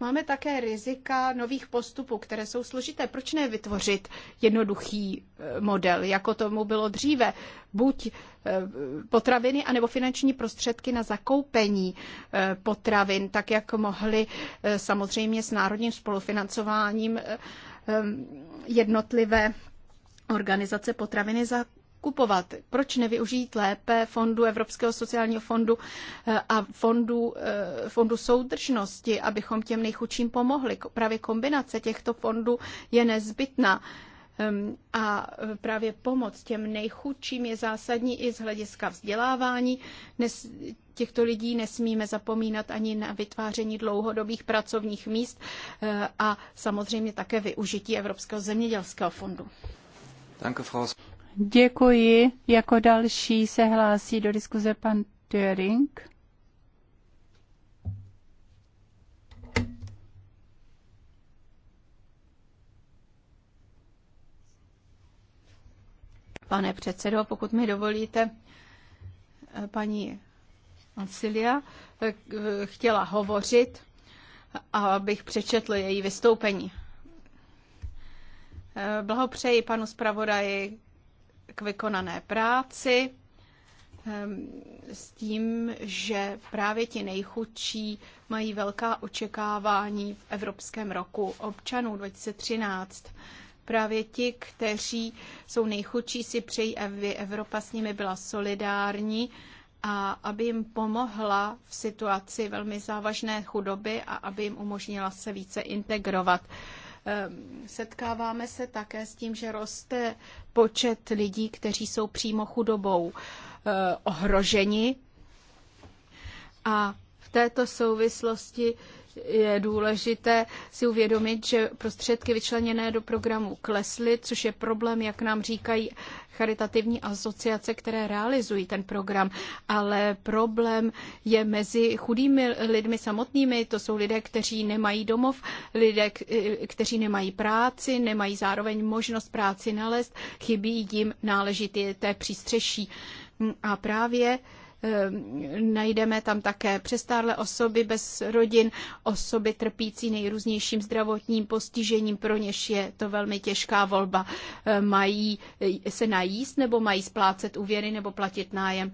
Máme také rizika nových postupů, které jsou složité. Proč ne vytvořit jednoduchý eh, model, jako tomu bylo dříve? Buď eh, potraviny anebo finanční prostředky na zakoupení eh, potravin, tak jak mohly samozřejmě s národním spolufinancováním jednotlivé organizace potraviny za kupovat. Proč nevyužít lépe fondu Evropského sociálního fondu eh, a fondu, eh, fondu soudržnosti, abychom těm nejchudším pomohli? Právě kombinace těchto fondů je nezbytná. Ehm, a eh, právě pomoc těm nejchudším je zásadní i z hlediska vzdělávání. Nes, těchto lidí nesmíme zapomínat ani na vytváření dlouhodobých pracovních míst a samozřejmě také využití Evropského zemědělského fondu. Danke, Frau. Děkuji. Jako další se hlásí do diskuze pan Turing. Pane předsedo, pokud mi dovolíte, paní Ancilia chtěla hovořit, abych přečetl její vystoupení. Blahopřeji panu zpravodaji k vykonané práci ehm, s tím, že právě ti nejchudší mají velká očekávání v Evropském roku občanů 2013. Právě ti, kteří jsou nejchudší, si přejí, aby Evropa s nimi byla solidární a aby jim pomohla v situaci velmi závažné chudoby a aby jim umožnila se více integrovat. Ehm, setkáváme se také s tím, že roste počet lidí, kteří jsou přímo chudobou eh, ohroženi. A v této souvislosti je důležité si uvědomit, že prostředky vyčleněné do programu klesly, což je problém, jak nám říkají charitativní asociace, které realizují ten program. Ale problém je mezi chudými lidmi samotnými. To jsou lidé, kteří nemají domov, lidé, kteří nemají práci, nemají zároveň možnost práci nalézt, chybí jim náležité přístřeší. A právě Ehm, najdeme tam také přestárlé osoby bez rodin, osoby trpící nejrůznějším zdravotním postižením, pro něž je to velmi těžká volba. Ehm, mají e, se najíst nebo mají splácet úvěry nebo platit nájem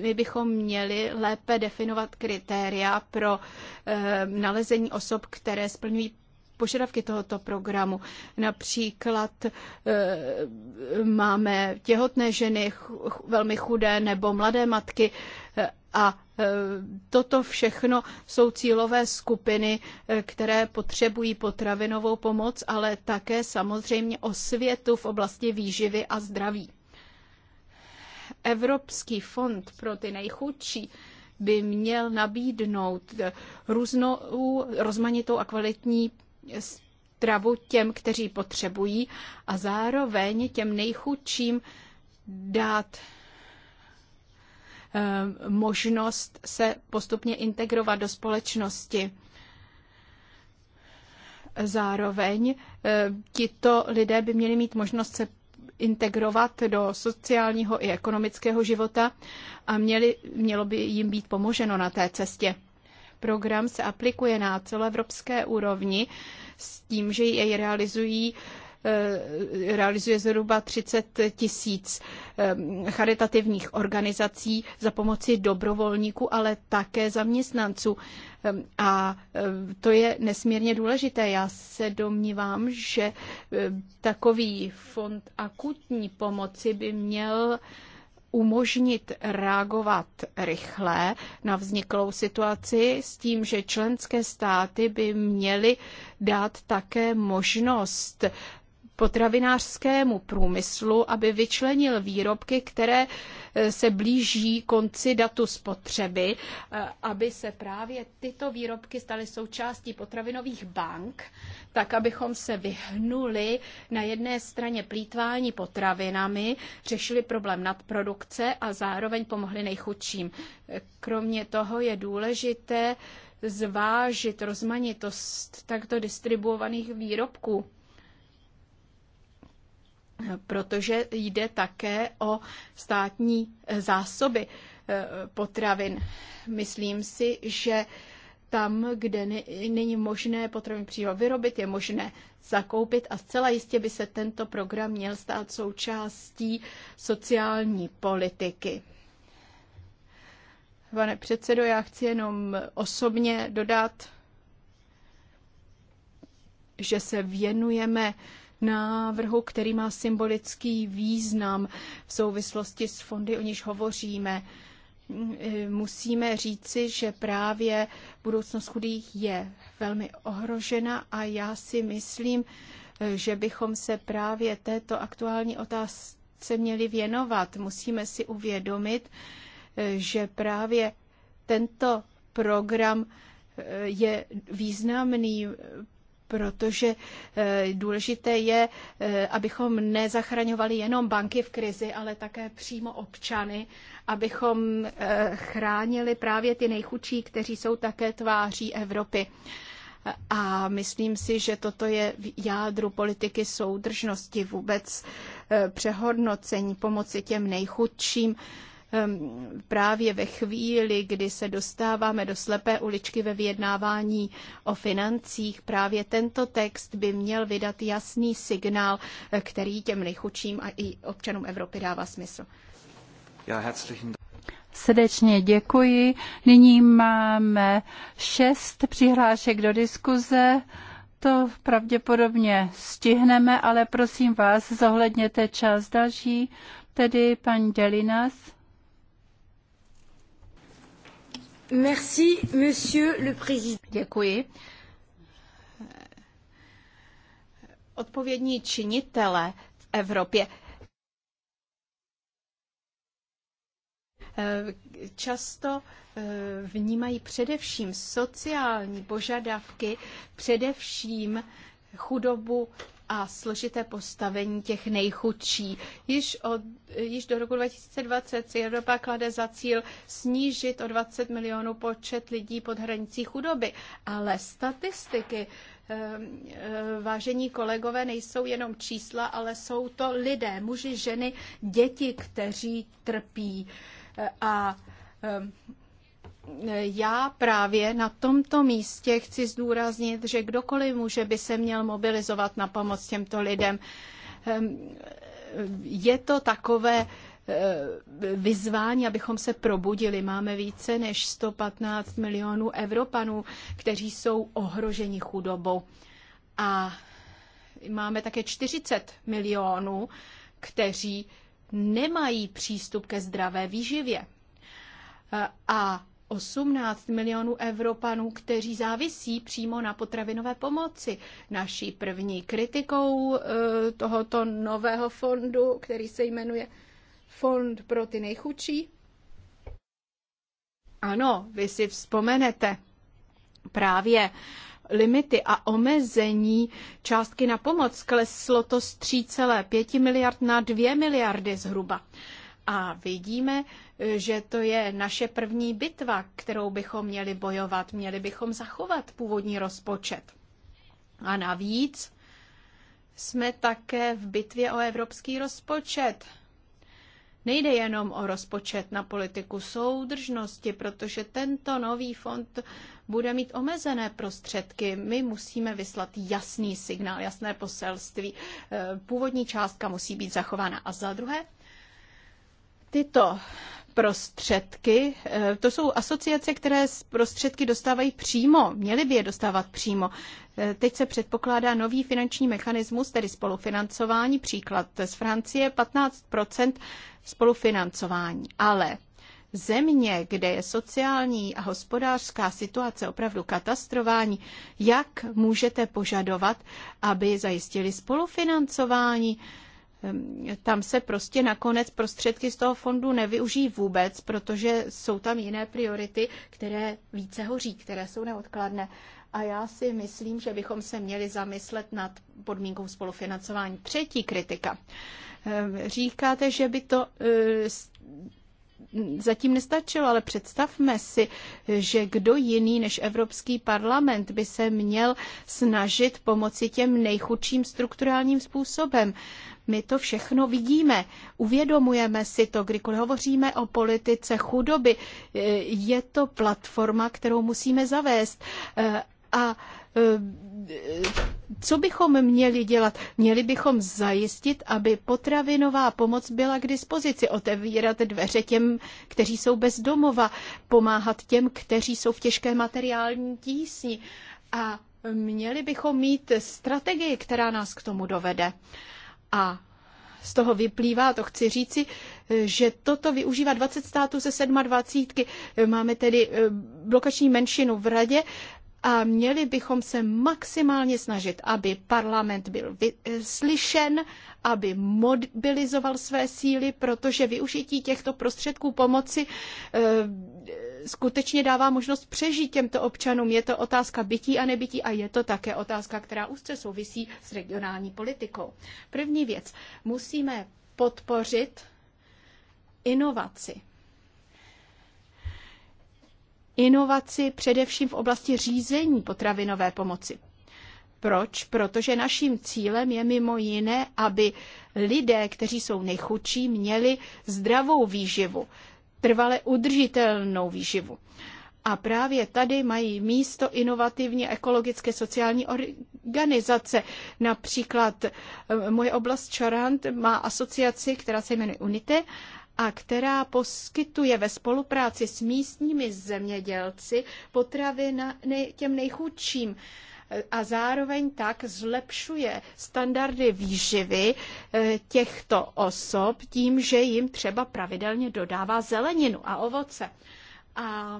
my bychom měli lépe definovat kritéria pro ehm, nalezení osob, které splňují požadavky tohoto programu. Například eh, máme těhotné ženy, velmi chudé nebo mladé matky eh, a eh, toto všechno jsou cílové skupiny, které potřebují potravinovou pomoc, ale také samozřejmě osvětu v oblasti výživy a zdraví. Evropský fond pro ty nejchudší by měl nabídnout různou, rozmanitou a kvalitní stravu těm, kteří potřebují a zároveň těm nejchudším dát eh, možnost se postupně integrovat do společnosti. Zároveň eh, tito lidé by měli mít možnost se integrovat do sociálního i ekonomického života a měli, mělo by jim být pomoženo na té cestě program se aplikuje na celoevropské úrovni s tím, že jej realizují eh, realizuje zhruba 30 tisíc eh, charitativních organizací za pomoci dobrovolníků, ale také zaměstnanců. Eh, a to je nesmírně důležité. Já se domnívám, že takový fond akutní pomoci by měl umožnit reagovat rychle na vzniklou situaci s tím, že členské státy by měly dát také možnost potravinářskému průmyslu, aby vyčlenil výrobky, které eh, se blíží konci datu spotřeby, eh, aby se právě tyto výrobky staly součástí potravinových bank, tak abychom se vyhnuli na jedné straně plítvání potravinami, řešili problém nadprodukce a zároveň pomohli nejchudším. Kromě toho je důležité zvážit rozmanitost takto distribuovaných výrobků protože jde také o státní eh, zásoby eh, potravin. Myslím si, že tam, kde není možné potraviny přímo vyrobit, je možné zakoupit a zcela jistě by se tento program měl stát součástí sociální politiky. Pane předsedo, já chci jenom osobně dodat, že se věnujeme návrhu, který má symbolický význam v souvislosti s fondy, o níž hovoříme. Mm, e, musíme říci, že právě budoucnost chudých je velmi ohrožena a já si myslím, e, že bychom se právě této aktuální otázce měli věnovat. Musíme si uvědomit, e, že právě tento program je významný protože eh, důležité je, eh, abychom nezachraňovali jenom banky v krizi, ale také přímo občany, abychom eh, chránili právě ty nejchudší, kteří jsou také tváří Evropy. A myslím si, že toto je v jádru politiky soudržnosti vůbec přehodnocení pomoci těm nejchudším Ehm, právě ve chvíli, kdy se dostáváme do slepé uličky ve vyjednávání o financích, právě tento text by měl vydat jasný signál, eh, který těm nejchučím a i občanům Evropy dává smysl. Já herzlichen Srdečně děkuji. Nyní máme šest přihlášek do diskuze. To pravděpodobně stihneme, ale prosím vás, zohledněte čas další, tedy paní Delinas. Merci, monsieur le président. Děkuji. Odpovědní činitele v Evropě často eh, vnímají především sociální požadavky, především chudobu a složité postavení těch nejchudší. Již, od, již do roku 2020 si Evropa klade za cíl snížit o 20 milionů počet lidí pod hranicí chudoby, ale statistiky eh, eh, vážení kolegové, nejsou jenom čísla, ale jsou to lidé, muži, ženy, děti, kteří trpí. Eh, a já právě na tomto místě chci zdůraznit, že kdokoliv může by se měl mobilizovat na pomoc těmto lidem. Ehm, je to takové eh, vyzvání, abychom se probudili. Máme více než 115 milionů Evropanů, kteří jsou ohroženi chudobou. A máme také 40 milionů, kteří nemají přístup ke zdravé výživě. Eh, a 18 milionů Evropanů, kteří závisí přímo na potravinové pomoci. Naší první kritikou eh, tohoto nového fondu, který se jmenuje Fond pro ty nejchudší. Ano, vy si vzpomenete právě limity a omezení částky na pomoc kleslo to z 3,5 miliard na 2 miliardy zhruba. A vidíme, že to je naše první bitva, kterou bychom měli bojovat. Měli bychom zachovat původní rozpočet. A navíc jsme také v bitvě o evropský rozpočet. Nejde jenom o rozpočet na politiku soudržnosti, protože tento nový fond bude mít omezené prostředky. My musíme vyslat jasný signál, jasné poselství. Eh, původní částka musí být zachována. A za druhé, Tyto prostředky, eh, to jsou asociace, které prostředky dostávají přímo, měly by je dostávat přímo. Eh, teď se předpokládá nový finanční mechanismus, tedy spolufinancování, příklad z Francie, 15 spolufinancování. Ale země, kde je sociální a hospodářská situace opravdu katastrofální, jak můžete požadovat, aby zajistili spolufinancování? tam se prostě nakonec prostředky z toho fondu nevyužijí vůbec, protože jsou tam jiné priority, které více hoří, které jsou neodkladné. A já si myslím, že bychom se měli zamyslet nad podmínkou spolufinancování. Třetí kritika. Říkáte, že by to e, zatím nestačilo, ale představme si, že kdo jiný než Evropský parlament by se měl snažit pomoci těm nejchudším strukturálním způsobem. My to všechno vidíme, uvědomujeme si to, kdykoliv hovoříme o politice chudoby. Eh, je to platforma, kterou musíme zavést. Eh, a eh, co bychom měli dělat? Měli bychom zajistit, aby potravinová pomoc byla k dispozici, otevírat dveře těm, kteří jsou bez domova, pomáhat těm, kteří jsou v těžké materiální tísni. A měli bychom mít strategii, která nás k tomu dovede. A z toho vyplývá, to chci říci, eh, že toto využívá 20 států ze 27. Eh, máme tedy eh, blokační menšinu v radě a měli bychom se maximálně snažit, aby parlament byl slyšen, aby mobilizoval své síly, protože využití těchto prostředků pomoci skutečně dává možnost přežít těmto občanům. Je to otázka bytí a nebytí a je to také otázka, která úzce souvisí s regionální politikou. První věc. Musíme podpořit inovaci. Inovaci především v oblasti řízení potravinové pomoci. Proč? Protože naším cílem je mimo jiné, aby lidé, kteří jsou nejchudší, měli zdravou výživu trvale udržitelnou výživu. A právě tady mají místo inovativní ekologické sociální organizace. Například eh, moje oblast Čorant má asociaci, která se jmenuje UNITE a která poskytuje ve spolupráci s místními zemědělci potraviny těm nejchudším a zároveň tak zlepšuje standardy výživy eh, těchto osob tím, že jim třeba pravidelně dodává zeleninu a ovoce. A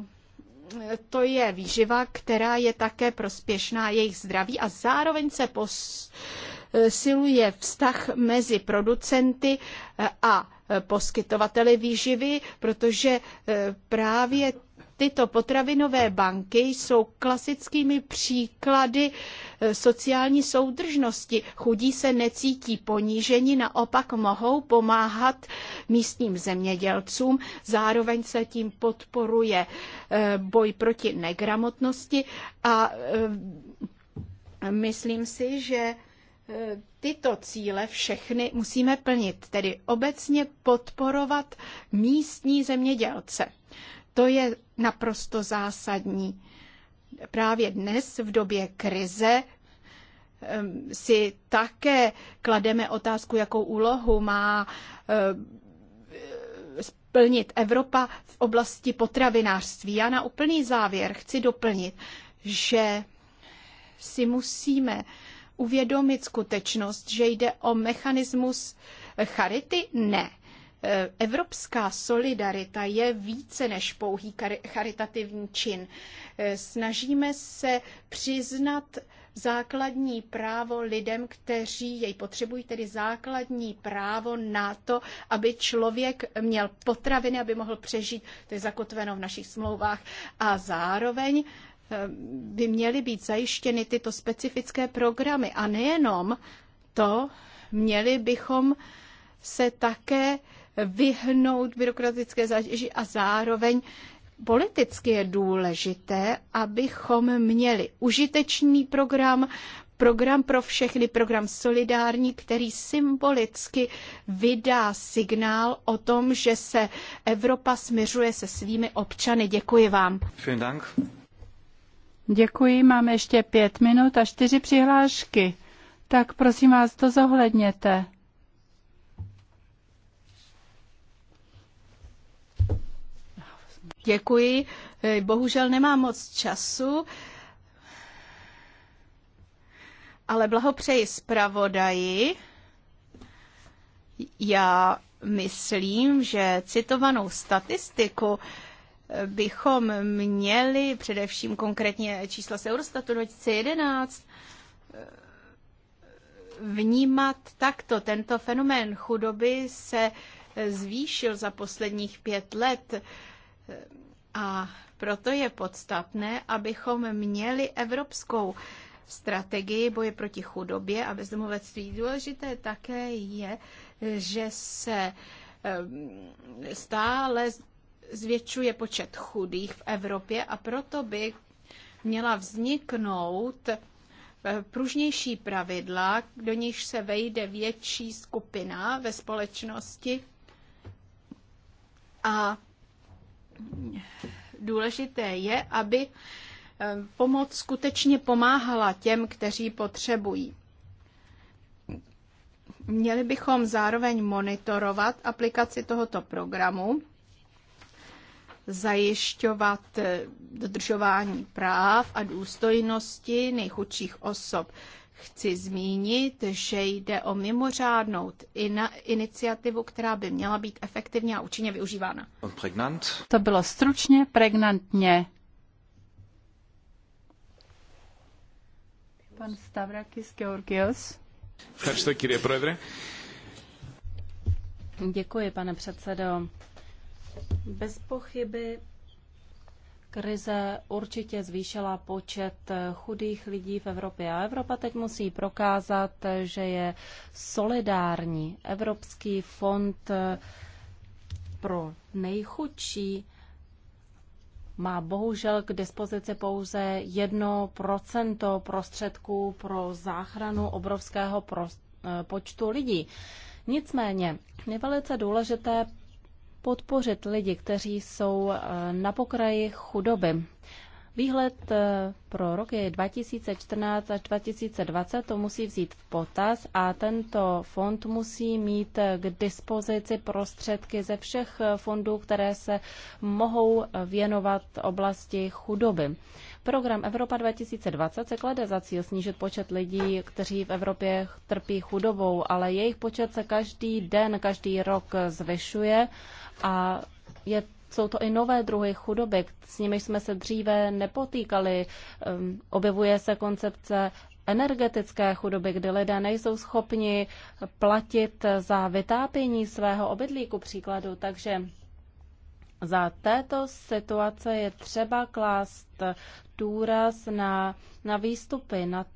eh, to je výživa, která je také prospěšná jejich zdraví a zároveň se posiluje eh, vztah mezi producenty a poskytovateli výživy, protože právě tyto potravinové banky jsou klasickými příklady eh, sociální soudržnosti. Chudí se necítí poníženi, naopak mohou pomáhat místním zemědělcům. Zároveň se tím podporuje eh, boj proti negramotnosti a eh, myslím si, že tyto cíle všechny musíme plnit, tedy obecně podporovat místní zemědělce. To je naprosto zásadní. Právě dnes v době krize si také klademe otázku, jakou úlohu má eh, splnit Evropa v oblasti potravinářství. Já na úplný závěr chci doplnit, že si musíme uvědomit skutečnost, že jde o mechanismus charity? Ne. Eh, evropská solidarita je více než pouhý charitativní čin. Eh, snažíme se přiznat základní právo lidem, kteří jej potřebují, tedy základní právo na to, aby člověk měl potraviny, aby mohl přežít, to je zakotveno v našich smlouvách, a zároveň eh, by měly být zajištěny tyto specifické programy. A nejenom to, měli bychom se také vyhnout byrokratické zátěži a zároveň politicky je důležité, abychom měli užitečný program, program pro všechny, program solidární, který symbolicky vydá signál o tom, že se Evropa směřuje se svými občany. Děkuji vám. Děkuji, máme ještě pět minut a čtyři přihlášky. Tak prosím vás, to zohledněte. Děkuji. E, bohužel nemám moc času, ale blahopřeji zpravodaji. Já myslím, že citovanou statistiku e, bychom měli, především konkrétně čísla z Eurostatu 2011, e, vnímat takto. Tento fenomén chudoby se zvýšil za posledních pět let a proto je podstatné, abychom měli evropskou strategii boje proti chudobě a bezdomovectví. Důležité také je, že se eh, stále zvětšuje počet chudých v Evropě a proto by měla vzniknout eh, pružnější pravidla, do nichž se vejde větší skupina ve společnosti a důležité je, aby eh, pomoc skutečně pomáhala těm, kteří potřebují. Měli bychom zároveň monitorovat aplikaci tohoto programu, zajišťovat eh, dodržování práv a důstojnosti nejchudších osob. Chci zmínit, že jde o mimořádnou iniciativu, která by měla být efektivně a účinně využívána. To bylo stručně, pregnantně. Pan Stavrakis Georgios. Děkuji, pane předsedo. Bez pochyby Krize určitě zvýšila počet chudých lidí v Evropě a Evropa teď musí prokázat, že je solidární. Evropský fond eh, pro nejchudší má bohužel k dispozici pouze 1% prostředků pro záchranu obrovského eh, počtu lidí. Nicméně je velice důležité podpořit lidi, kteří jsou eh, na pokraji chudoby. Výhled eh, pro roky 2014 až 2020 to musí vzít v potaz a tento fond musí mít eh, k dispozici prostředky ze všech fondů, které se mohou věnovat oblasti chudoby. Program Evropa 2020 se klade za cíl snížit počet lidí, kteří v Evropě trpí chudobou, ale jejich počet se každý den, každý rok zvyšuje a je jsou to i nové druhy chudoby, s nimi jsme se dříve nepotýkali. Ehm, objevuje se koncepce energetické chudoby, kdy lidé nejsou schopni platit za vytápění svého obydlí, ku příkladu. Takže za této situace je třeba klást důraz na, na výstupy, na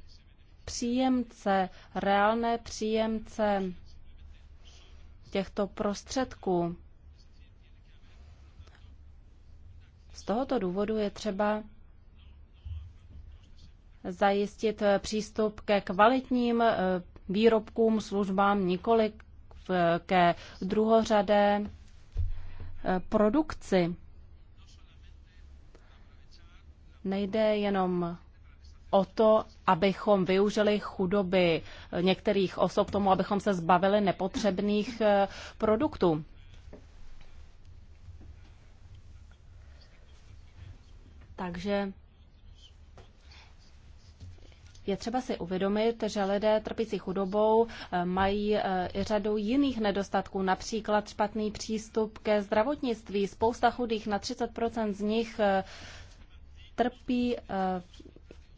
příjemce, reálné příjemce těchto prostředků. Z tohoto důvodu je třeba zajistit přístup ke kvalitním eh, výrobkům, službám, nikoli ke druhořadé eh, produkci. Nejde jenom o to, abychom využili chudoby eh, některých osob tomu, abychom se zbavili nepotřebných produktů. Takže je třeba si uvědomit, že lidé trpící chudobou eh, mají eh, i řadu jiných nedostatků, například špatný přístup ke zdravotnictví. Spousta chudých, na 30 z nich eh, trpí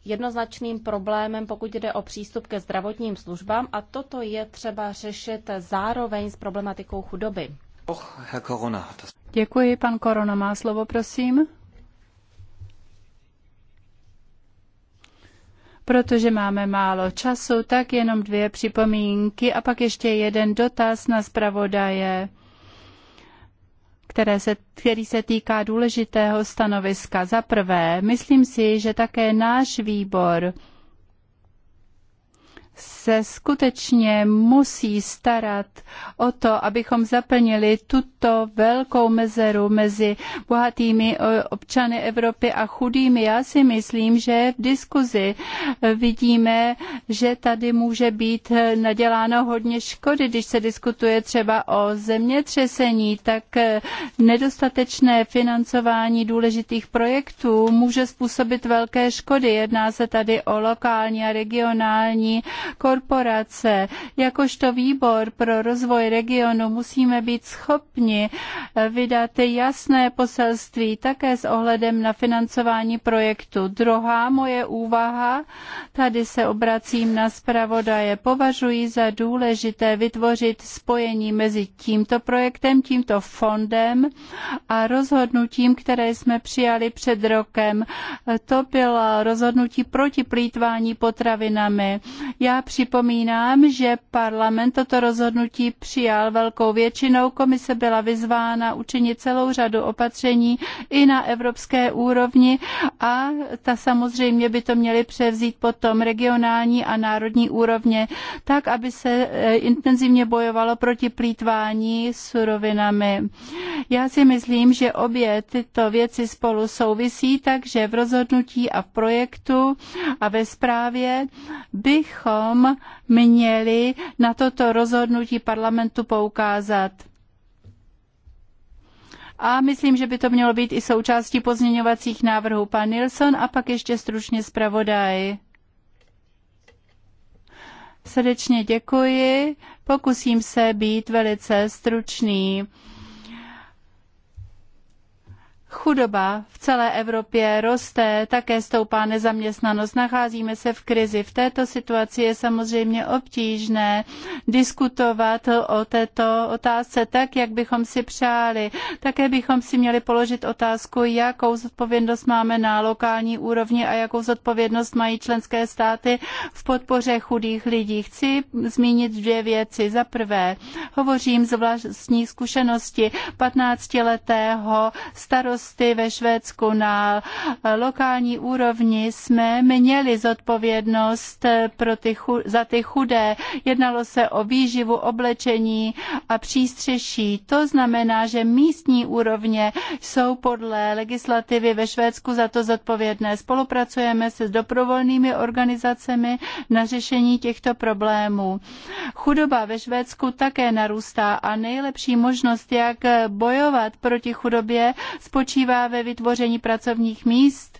jednoznačným problémem, pokud jde o přístup ke zdravotním službám a toto je třeba řešit zároveň s problematikou chudoby. Děkuji, pan Korona má slovo, prosím. Protože máme málo času, tak jenom dvě připomínky a pak ještě jeden dotaz na zpravodaje, které se, který se týká důležitého stanoviska. Za prvé, myslím si, že také náš výbor se skutečně musí starat o to, abychom zaplnili tuto velkou mezeru mezi bohatými eh, občany Evropy a chudými. Já si myslím, že v diskuzi eh, vidíme, že tady může být eh, naděláno hodně škody, když se diskutuje třeba o zemětřesení, tak nedostatečné financování důležitých projektů může způsobit velké škody. Jedná se tady o lokální a regionální korporace. Jakožto výbor pro rozvoj regionu musíme být schopni vydat jasné poselství také s ohledem na financování projektu. Druhá moje úvaha, tady se obracím na zpravodaje, považuji za důležité vytvořit spojení mezi tímto projektem, tímto fondem a rozhodnutím, které jsme přijali před rokem. To bylo rozhodnutí proti plítvání potravinami. Já připomínám, že parlament toto rozhodnutí přijal velkou většinou. Komise byla vyzvána učinit celou řadu opatření i na evropské úrovni a ta samozřejmě by to měly převzít potom regionální a národní úrovně, tak, aby se eh, intenzivně bojovalo proti plítvání surovinami. Já si myslím, že obě tyto věci spolu souvisí, takže v rozhodnutí a v projektu a ve zprávě bychom bychom měli na toto rozhodnutí parlamentu poukázat. A myslím, že by to mělo být i součástí pozměňovacích návrhů. Pan Nilsson a pak ještě stručně zpravodaj. Srdečně děkuji. Pokusím se být velice stručný. Chudoba v celé Evropě roste, také stoupá nezaměstnanost, nacházíme se v krizi. V této situaci je samozřejmě obtížné diskutovat o této otázce tak, jak bychom si přáli. Také bychom si měli položit otázku, jakou zodpovědnost máme na lokální úrovni a jakou zodpovědnost mají členské státy v podpoře chudých lidí. Chci zmínit dvě věci. Za prvé, hovořím z vlastní zkušenosti 15-letého starostu starosty ve Švédsku na lokální úrovni jsme měli zodpovědnost pro ty, za ty chudé. Jednalo se o výživu, oblečení a přístřeší. To znamená, že místní úrovně jsou podle legislativy ve Švédsku za to zodpovědné. Spolupracujeme se s doprovolnými organizacemi na řešení těchto problémů. Chudoba ve Švédsku také narůstá a nejlepší možnost, jak bojovat proti chudobě, spočívá spočívá ve vytvoření pracovních míst,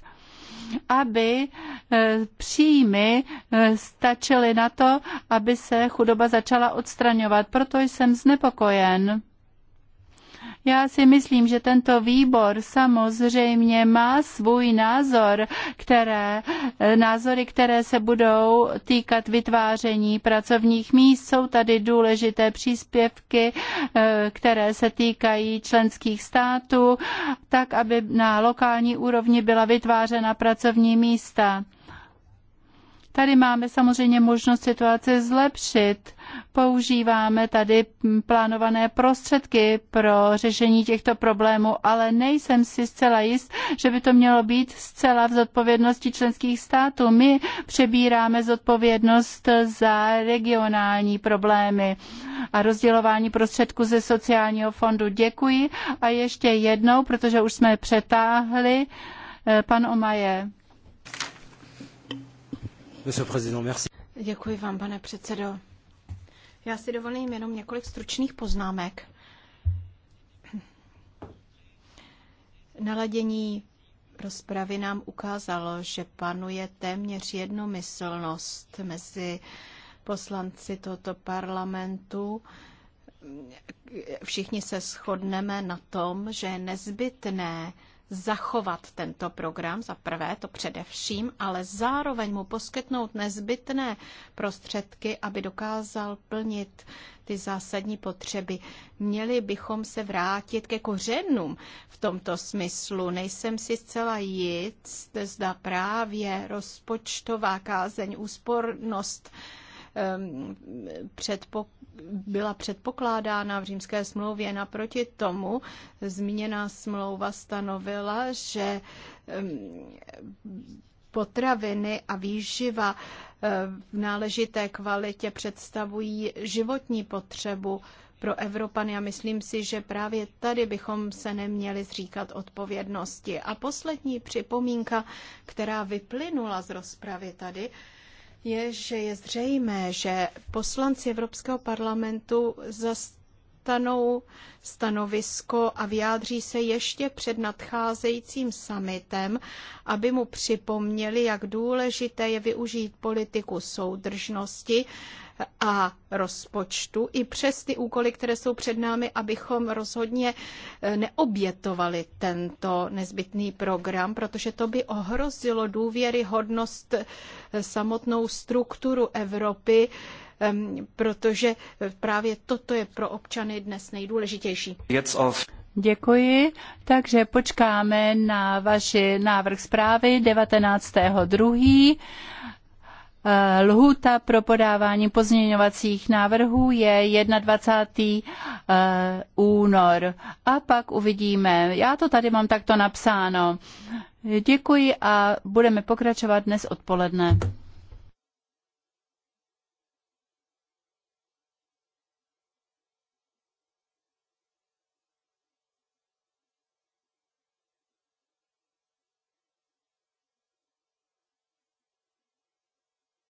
aby e, příjmy e, stačily na to, aby se chudoba začala odstraňovat. Proto jsem znepokojen já si myslím, že tento výbor samozřejmě má svůj názor, které, názory, které se budou týkat vytváření pracovních míst. Jsou tady důležité příspěvky, eh, které se týkají členských států, tak aby na lokální úrovni byla vytvářena pracovní místa. Tady máme samozřejmě možnost situace zlepšit. Používáme tady plánované prostředky pro řešení těchto problémů, ale nejsem si zcela jist, že by to mělo být zcela v zodpovědnosti členských států. My přebíráme zodpovědnost za regionální problémy a rozdělování prostředků ze sociálního fondu. Děkuji a ještě jednou, protože už jsme přetáhli, eh, pan Omaje. Děkuji vám, pane předsedo. Já si dovolím jenom několik stručných poznámek. Naladění rozpravy nám ukázalo, že panuje téměř jednomyslnost mezi poslanci tohoto parlamentu. Všichni se shodneme na tom, že je nezbytné zachovat tento program, za prvé to především, ale zároveň mu poskytnout nezbytné prostředky, aby dokázal plnit ty zásadní potřeby. Měli bychom se vrátit ke kořenům v tomto smyslu. Nejsem si zcela jist, zda právě rozpočtová kázeň, úspornost, Ehm, předpo, byla předpokládána v římské smlouvě. Naproti tomu zmíněná smlouva stanovila, že ehm, potraviny a výživa ehm, v náležité kvalitě představují životní potřebu pro Evropany a myslím si, že právě tady bychom se neměli zříkat odpovědnosti. A poslední připomínka, která vyplynula z rozpravy tady, je, že je zřejmé, že poslanci Evropského parlamentu zastanou stanovisko a vyjádří se ještě před nadcházejícím summitem, aby mu připomněli, jak důležité je využít politiku soudržnosti a rozpočtu, i přes ty úkoly, které jsou před námi, abychom rozhodně e, neobětovali tento nezbytný program, protože to by ohrozilo důvěryhodnost e, samotnou strukturu Evropy, e, protože právě toto je pro občany dnes nejdůležitější. Děkuji. Takže počkáme na vaši návrh zprávy 19.2. Eh, lhůta pro podávání pozměňovacích návrhů je 21. Eh, únor. A pak uvidíme. Já to tady mám takto napsáno. Děkuji a budeme pokračovat dnes odpoledne.